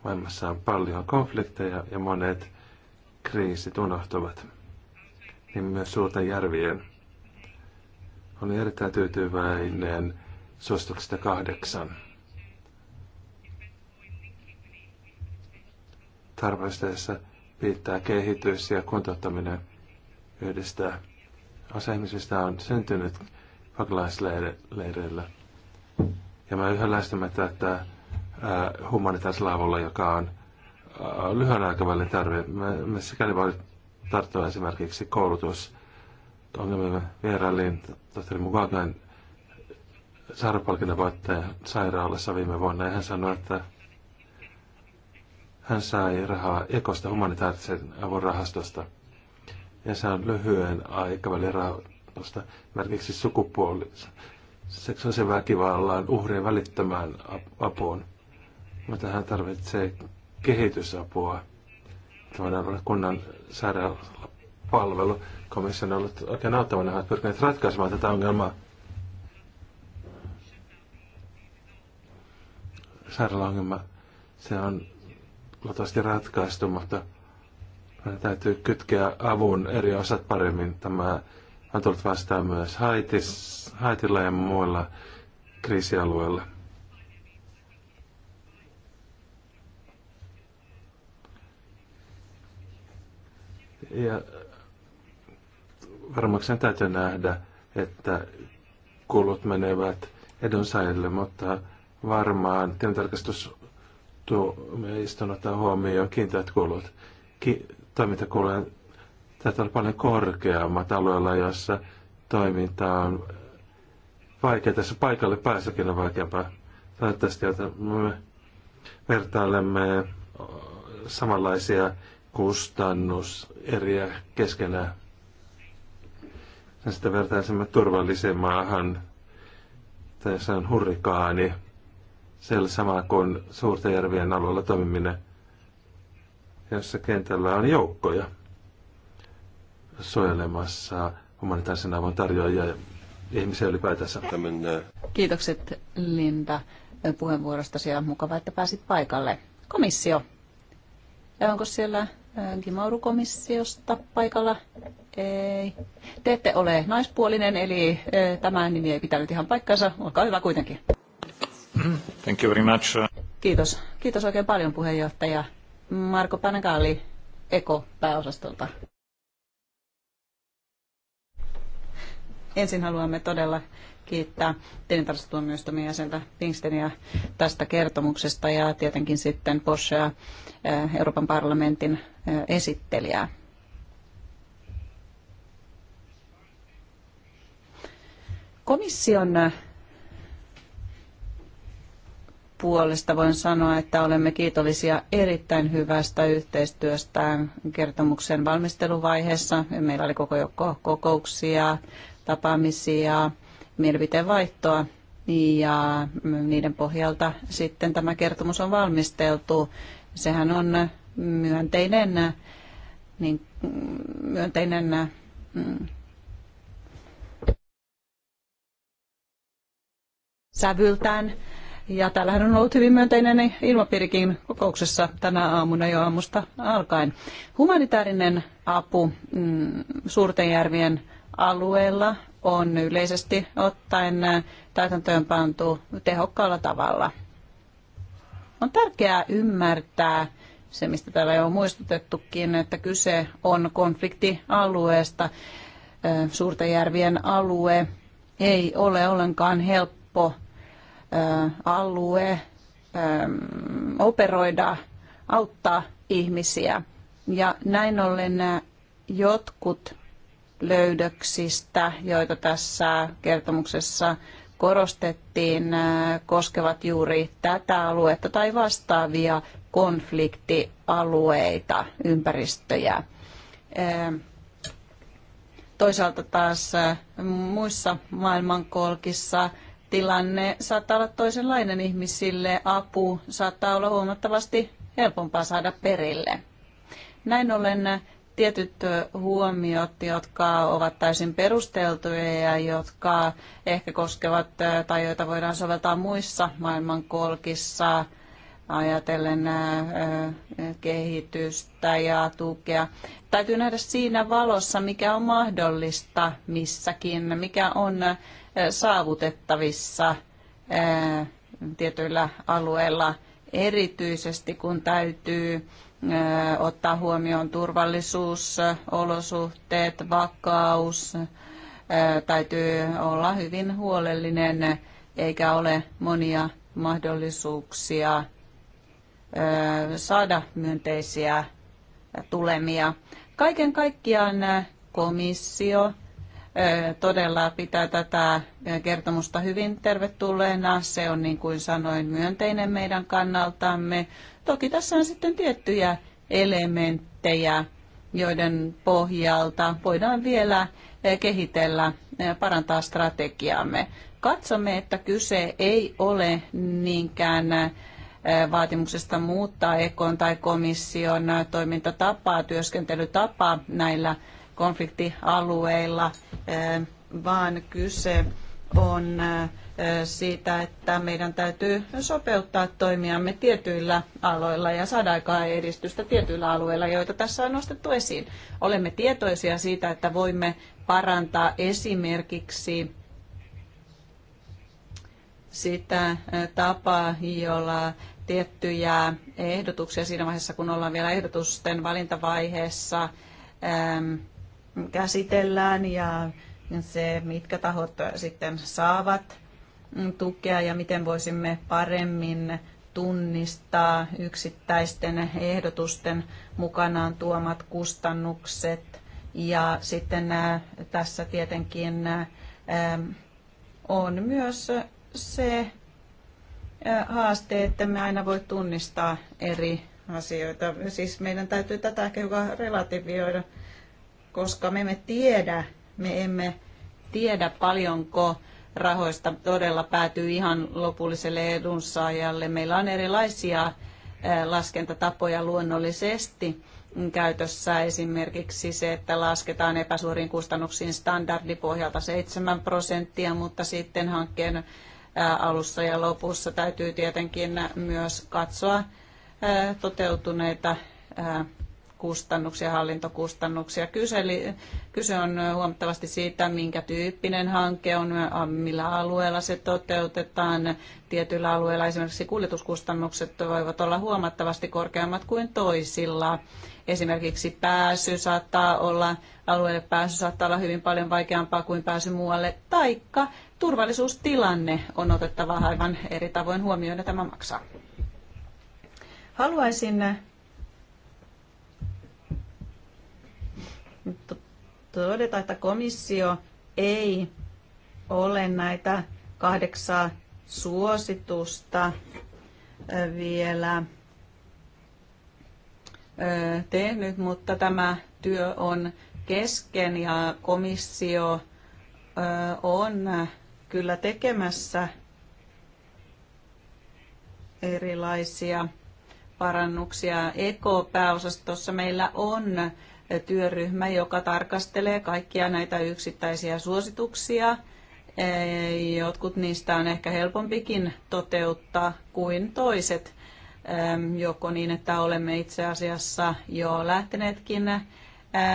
Maailmassa on paljon konflikteja ja monet kriisit unohtuvat. Niin myös suurten järvien. Olen erittäin tyytyväinen suosituksesta kahdeksan. Tarpeessa pitää kehitys ja kuntouttaminen yhdistää. Osa ihmisistä on syntynyt pakolaisleireillä. Ja mä yhä lähestymättä, että Äh, humanitaislaavolla, joka on äh, lyhyen aikavälin tarve. Me, me sikäli voi tarttua esimerkiksi koulutus. Ongelmia vierailin tohtori Mugagan sairaalapalkinnon voittajan sairaalassa viime vuonna ja hän sanoi, että hän sai rahaa ekosta humanitaarisen avun rahastosta. Ja se on lyhyen aikavälin rahoitusta, esimerkiksi sukupuoli, seksuaalisen väkivallan uhrien välittömään apuun mutta hän tarvitsee kehitysapua. Tämä kunnan sairaalapalvelu. Komissio on ollut oikein auttavana, että pyrkineet ratkaisemaan tätä ongelmaa. Sairaalaongelma, se on luultavasti ratkaistu, mutta meidän täytyy kytkeä avun eri osat paremmin. Tämä on tullut vastaan myös Haitis, Haitilla ja muilla kriisialueilla. Ja varmaksi täytyy nähdä, että kulut menevät edunsaajille, mutta varmaan tilintarkastus meistä ottaa huomioon kiinteät kulut. Ki- toimintakulujen täytyy olla paljon korkeammat alueella, jossa toiminta on vaikea. Tässä paikalle pääsykin on vaikeampaa. Toivottavasti, että me vertailemme samanlaisia Kustannus eriä keskenään. Ja sitä vertaisemme turvalliseen maahan. Tässä on hurrikaani. Siellä sama kuin suurten järvien alueella toimiminen, jossa kentällä on joukkoja suojelemassa humanitaarisen avun tarjoajia ja ihmisiä ylipäätänsä. Kiitokset Linda puheenvuorostasi ja mukava, että pääsit paikalle. Komissio, onko siellä Äh, Gimaurukomissiosta paikalla? Ei. Te ette ole naispuolinen, eli äh, tämä nimi ei pitänyt ihan paikkansa. Olkaa hyvä kuitenkin. Mm, thank you very much. Kiitos. Kiitos oikein paljon puheenjohtaja Marko Panagalli Eko-pääosastolta. Ensin haluamme todella kiittää tilintarkastustuomioistuimen jäsentä Pinksteniä tästä kertomuksesta ja tietenkin sitten Poschea eh, Euroopan parlamentin eh, esittelijää. Komission eh, puolesta voin sanoa, että olemme kiitollisia erittäin hyvästä yhteistyöstä kertomuksen valmisteluvaiheessa. Meillä oli koko joukko kokouksia, tapaamisia, mielipiteen vaihtoa ja niiden pohjalta sitten tämä kertomus on valmisteltu. Sehän on myönteinen, niin, myönteinen mm, sävyltään. Ja täällähän on ollut hyvin myönteinen ilmapiirikin kokouksessa tänä aamuna jo aamusta alkaen. Humanitaarinen apu mm, järvien alueella on yleisesti ottaen pantu tehokkaalla tavalla. On tärkeää ymmärtää se, mistä täällä jo on muistutettukin, että kyse on konfliktialueesta. Suurten järvien alue ei ole ollenkaan helppo alue operoida, auttaa ihmisiä. Ja näin ollen jotkut löydöksistä, joita tässä kertomuksessa korostettiin, äh, koskevat juuri tätä aluetta tai vastaavia konfliktialueita, ympäristöjä. Ähm, toisaalta taas äh, muissa maailmankolkissa tilanne saattaa olla toisenlainen ihmisille, apu saattaa olla huomattavasti helpompaa saada perille. Näin ollen tietyt huomiot, jotka ovat täysin perusteltuja ja jotka ehkä koskevat tai joita voidaan soveltaa muissa maailmankolkissa ajatellen kehitystä ja tukea. Täytyy nähdä siinä valossa, mikä on mahdollista missäkin, mikä on saavutettavissa tietyillä alueilla erityisesti, kun täytyy ottaa huomioon turvallisuus, olosuhteet, vakaus. Täytyy olla hyvin huolellinen, eikä ole monia mahdollisuuksia saada myönteisiä tulemia. Kaiken kaikkiaan komissio todella pitää tätä kertomusta hyvin tervetulleena. Se on niin kuin sanoin myönteinen meidän kannaltamme. Toki tässä on sitten tiettyjä elementtejä, joiden pohjalta voidaan vielä kehitellä, parantaa strategiaamme. Katsomme, että kyse ei ole niinkään vaatimuksesta muuttaa EKon tai komission toimintatapaa, työskentelytapaa näillä konfliktialueilla, vaan kyse on siitä, että meidän täytyy sopeuttaa toimiamme tietyillä aloilla ja saada aikaa edistystä tietyillä alueilla, joita tässä on nostettu esiin. Olemme tietoisia siitä, että voimme parantaa esimerkiksi sitä tapaa, jolla tiettyjä ehdotuksia siinä vaiheessa, kun ollaan vielä ehdotusten valintavaiheessa, käsitellään ja se, mitkä tahot sitten saavat tukea ja miten voisimme paremmin tunnistaa yksittäisten ehdotusten mukanaan tuomat kustannukset. Ja sitten tässä tietenkin on myös se haaste, että me aina voi tunnistaa eri asioita. Siis meidän täytyy tätä ehkä relativioida koska me emme tiedä, me emme tiedä paljonko rahoista todella päätyy ihan lopulliselle edunsaajalle. Meillä on erilaisia laskentatapoja luonnollisesti käytössä esimerkiksi se, että lasketaan epäsuoriin kustannuksiin standardipohjalta 7 prosenttia, mutta sitten hankkeen alussa ja lopussa täytyy tietenkin myös katsoa toteutuneita kustannuksia, hallintokustannuksia. Kyseli, kyse on huomattavasti siitä, minkä tyyppinen hanke on, millä alueella se toteutetaan. Tietyillä alueilla esimerkiksi kuljetuskustannukset voivat olla huomattavasti korkeammat kuin toisilla. Esimerkiksi pääsy saattaa olla, alueelle pääsy saattaa olla hyvin paljon vaikeampaa kuin pääsy muualle, taikka turvallisuustilanne on otettava aivan eri tavoin huomioon ja tämä maksaa. Haluaisin todeta, että komissio ei ole näitä kahdeksaa suositusta vielä tehnyt, mutta tämä työ on kesken ja komissio on kyllä tekemässä erilaisia parannuksia. Ekopääosastossa meillä on työryhmä, joka tarkastelee kaikkia näitä yksittäisiä suosituksia. E, jotkut niistä on ehkä helpompikin toteuttaa kuin toiset, e, joko niin, että olemme itse asiassa jo lähteneetkin e,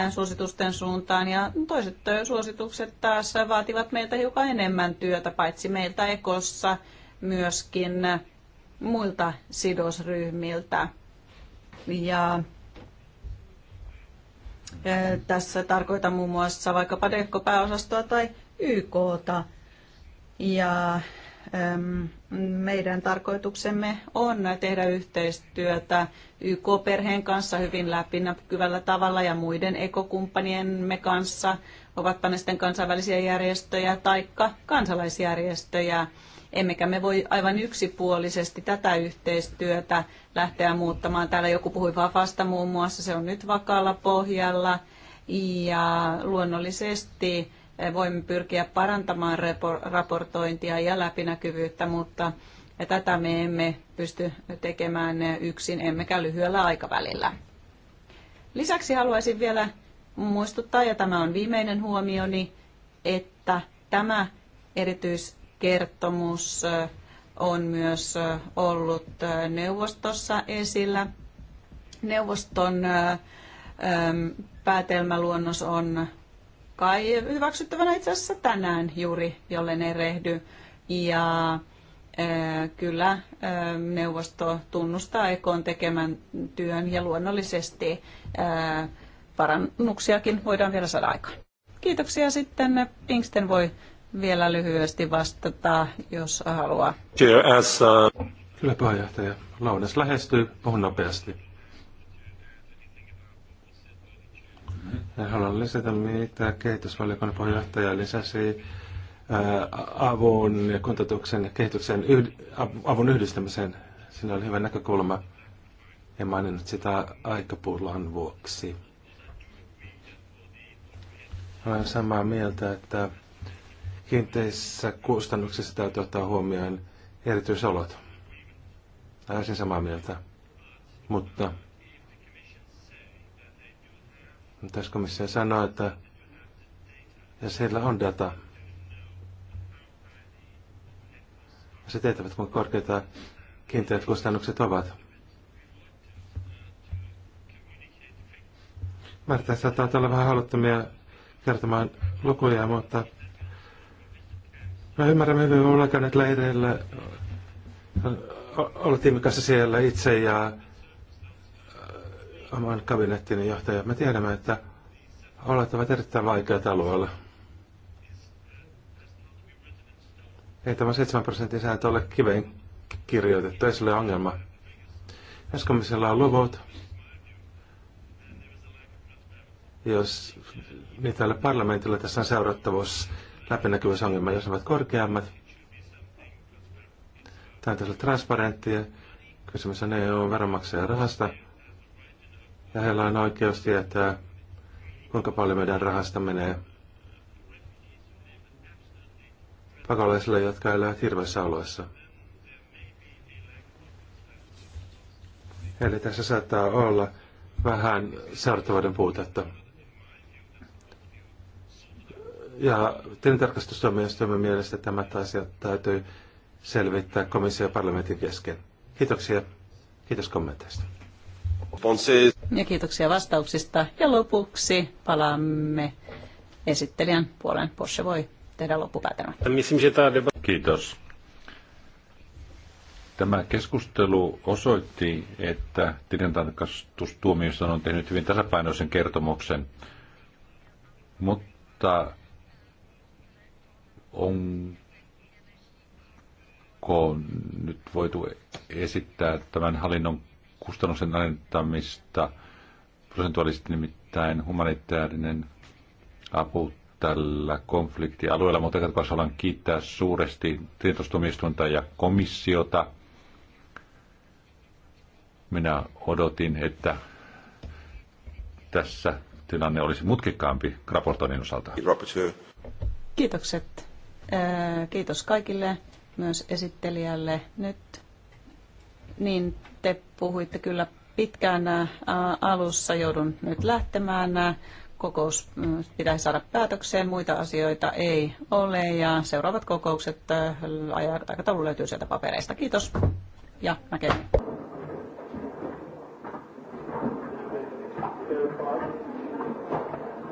suositusten suuntaan ja toiset suositukset taas vaativat meiltä hiukan enemmän työtä, paitsi meiltä ekossa myöskin muilta sidosryhmiltä. Ja tässä tarkoitan muun muassa vaikkapa DECO-pääosastoa tai YKta. Ja meidän tarkoituksemme on tehdä yhteistyötä YK-perheen kanssa hyvin läpinäkyvällä tavalla ja muiden ekokumppaniemme kanssa, ovatpa ne sitten kansainvälisiä järjestöjä tai kansalaisjärjestöjä. Emmekä me voi aivan yksipuolisesti tätä yhteistyötä lähteä muuttamaan. Täällä joku puhui Vafasta muun muassa, se on nyt vakaalla pohjalla. Ja luonnollisesti eh, voimme pyrkiä parantamaan raportointia ja läpinäkyvyyttä, mutta tätä me emme pysty tekemään yksin, emmekä lyhyellä aikavälillä. Lisäksi haluaisin vielä muistuttaa, ja tämä on viimeinen huomioni, että tämä erityis kertomus on myös ollut neuvostossa esillä. Neuvoston päätelmäluonnos on kai hyväksyttävänä itse asiassa tänään juuri, jolle ne rehdy. Ja kyllä neuvosto tunnustaa Ekon tekemän työn ja luonnollisesti parannuksiakin voidaan vielä saada aikaan. Kiitoksia sitten. Pinksten voi vielä lyhyesti vastata, jos haluaa. Uh, Kyllä puheenjohtaja. Lounas lähestyy. Puhun nopeasti. haluan lisätä, mitä kehitysvaliokunnan puheenjohtaja lisäsi avun ja kuntoutuksen ja kehityksen yhd- avun yhdistämiseen. Siinä oli hyvä näkökulma. En maininnut sitä aikapuulan vuoksi. Olen samaa mieltä, että kiinteissä kustannuksissa täytyy ottaa huomioon erityisolot. Täysin samaa mieltä. Mutta tässä komissio sanoo, että ja siellä on data. Ja se tehtävät, kuinka korkeita kiinteät kustannukset ovat. Mä tässä saattaa olla vähän haluttomia kertomaan lukuja, mutta Mä ymmärrän emme ole käyneet leireillä, oltiin kanssa siellä itse ja äh, oman kabinettini johtaja. Me tiedämme, että olet ovat erittäin vaikeat alueella. Ei tämä 7 prosentin sääntö ole kiveen kirjoitettu, ei sille ongelma. Eskomisella on luvut. Jos niitä parlamentilla tässä on seurattavuus läpinäkyvyysongelma, jos ovat korkeammat. on tässä transparenttia. Kysymys on EU-veronmaksajan rahasta. Ja heillä on oikeus tietää, kuinka paljon meidän rahasta menee pakolaisille, jotka elävät hirveissä oloissa. Eli tässä saattaa olla vähän seurattavuuden puutetta. Ja tilintarkastustuomioistuimen mielestä tämä asia täytyy selvittää komission ja parlamentin kesken. Kiitoksia. Kiitos kommenteista. Ja kiitoksia vastauksista. Ja lopuksi palaamme esittelijän puolen. Porsche voi tehdä loppupäätelmän. Kiitos. Tämä keskustelu osoitti, että tilintarkastustuomioistuin on tehnyt hyvin tasapainoisen kertomuksen, mutta onko nyt voitu esittää tämän hallinnon kustannusten alentamista prosentuaalisesti nimittäin humanitaarinen apu tällä konfliktialueella, mutta joka haluan kiittää suuresti tietostumistunta ja komissiota. Minä odotin, että tässä tilanne olisi mutkikkaampi raportoinnin osalta. Kiitokset Äh, kiitos kaikille, myös esittelijälle. Nyt niin te puhuitte kyllä pitkään äh, alussa, joudun nyt lähtemään. Kokous äh, pitäisi saada päätökseen, muita asioita ei ole ja seuraavat kokoukset aikataulu löytyy sieltä papereista. Kiitos ja näkemiin.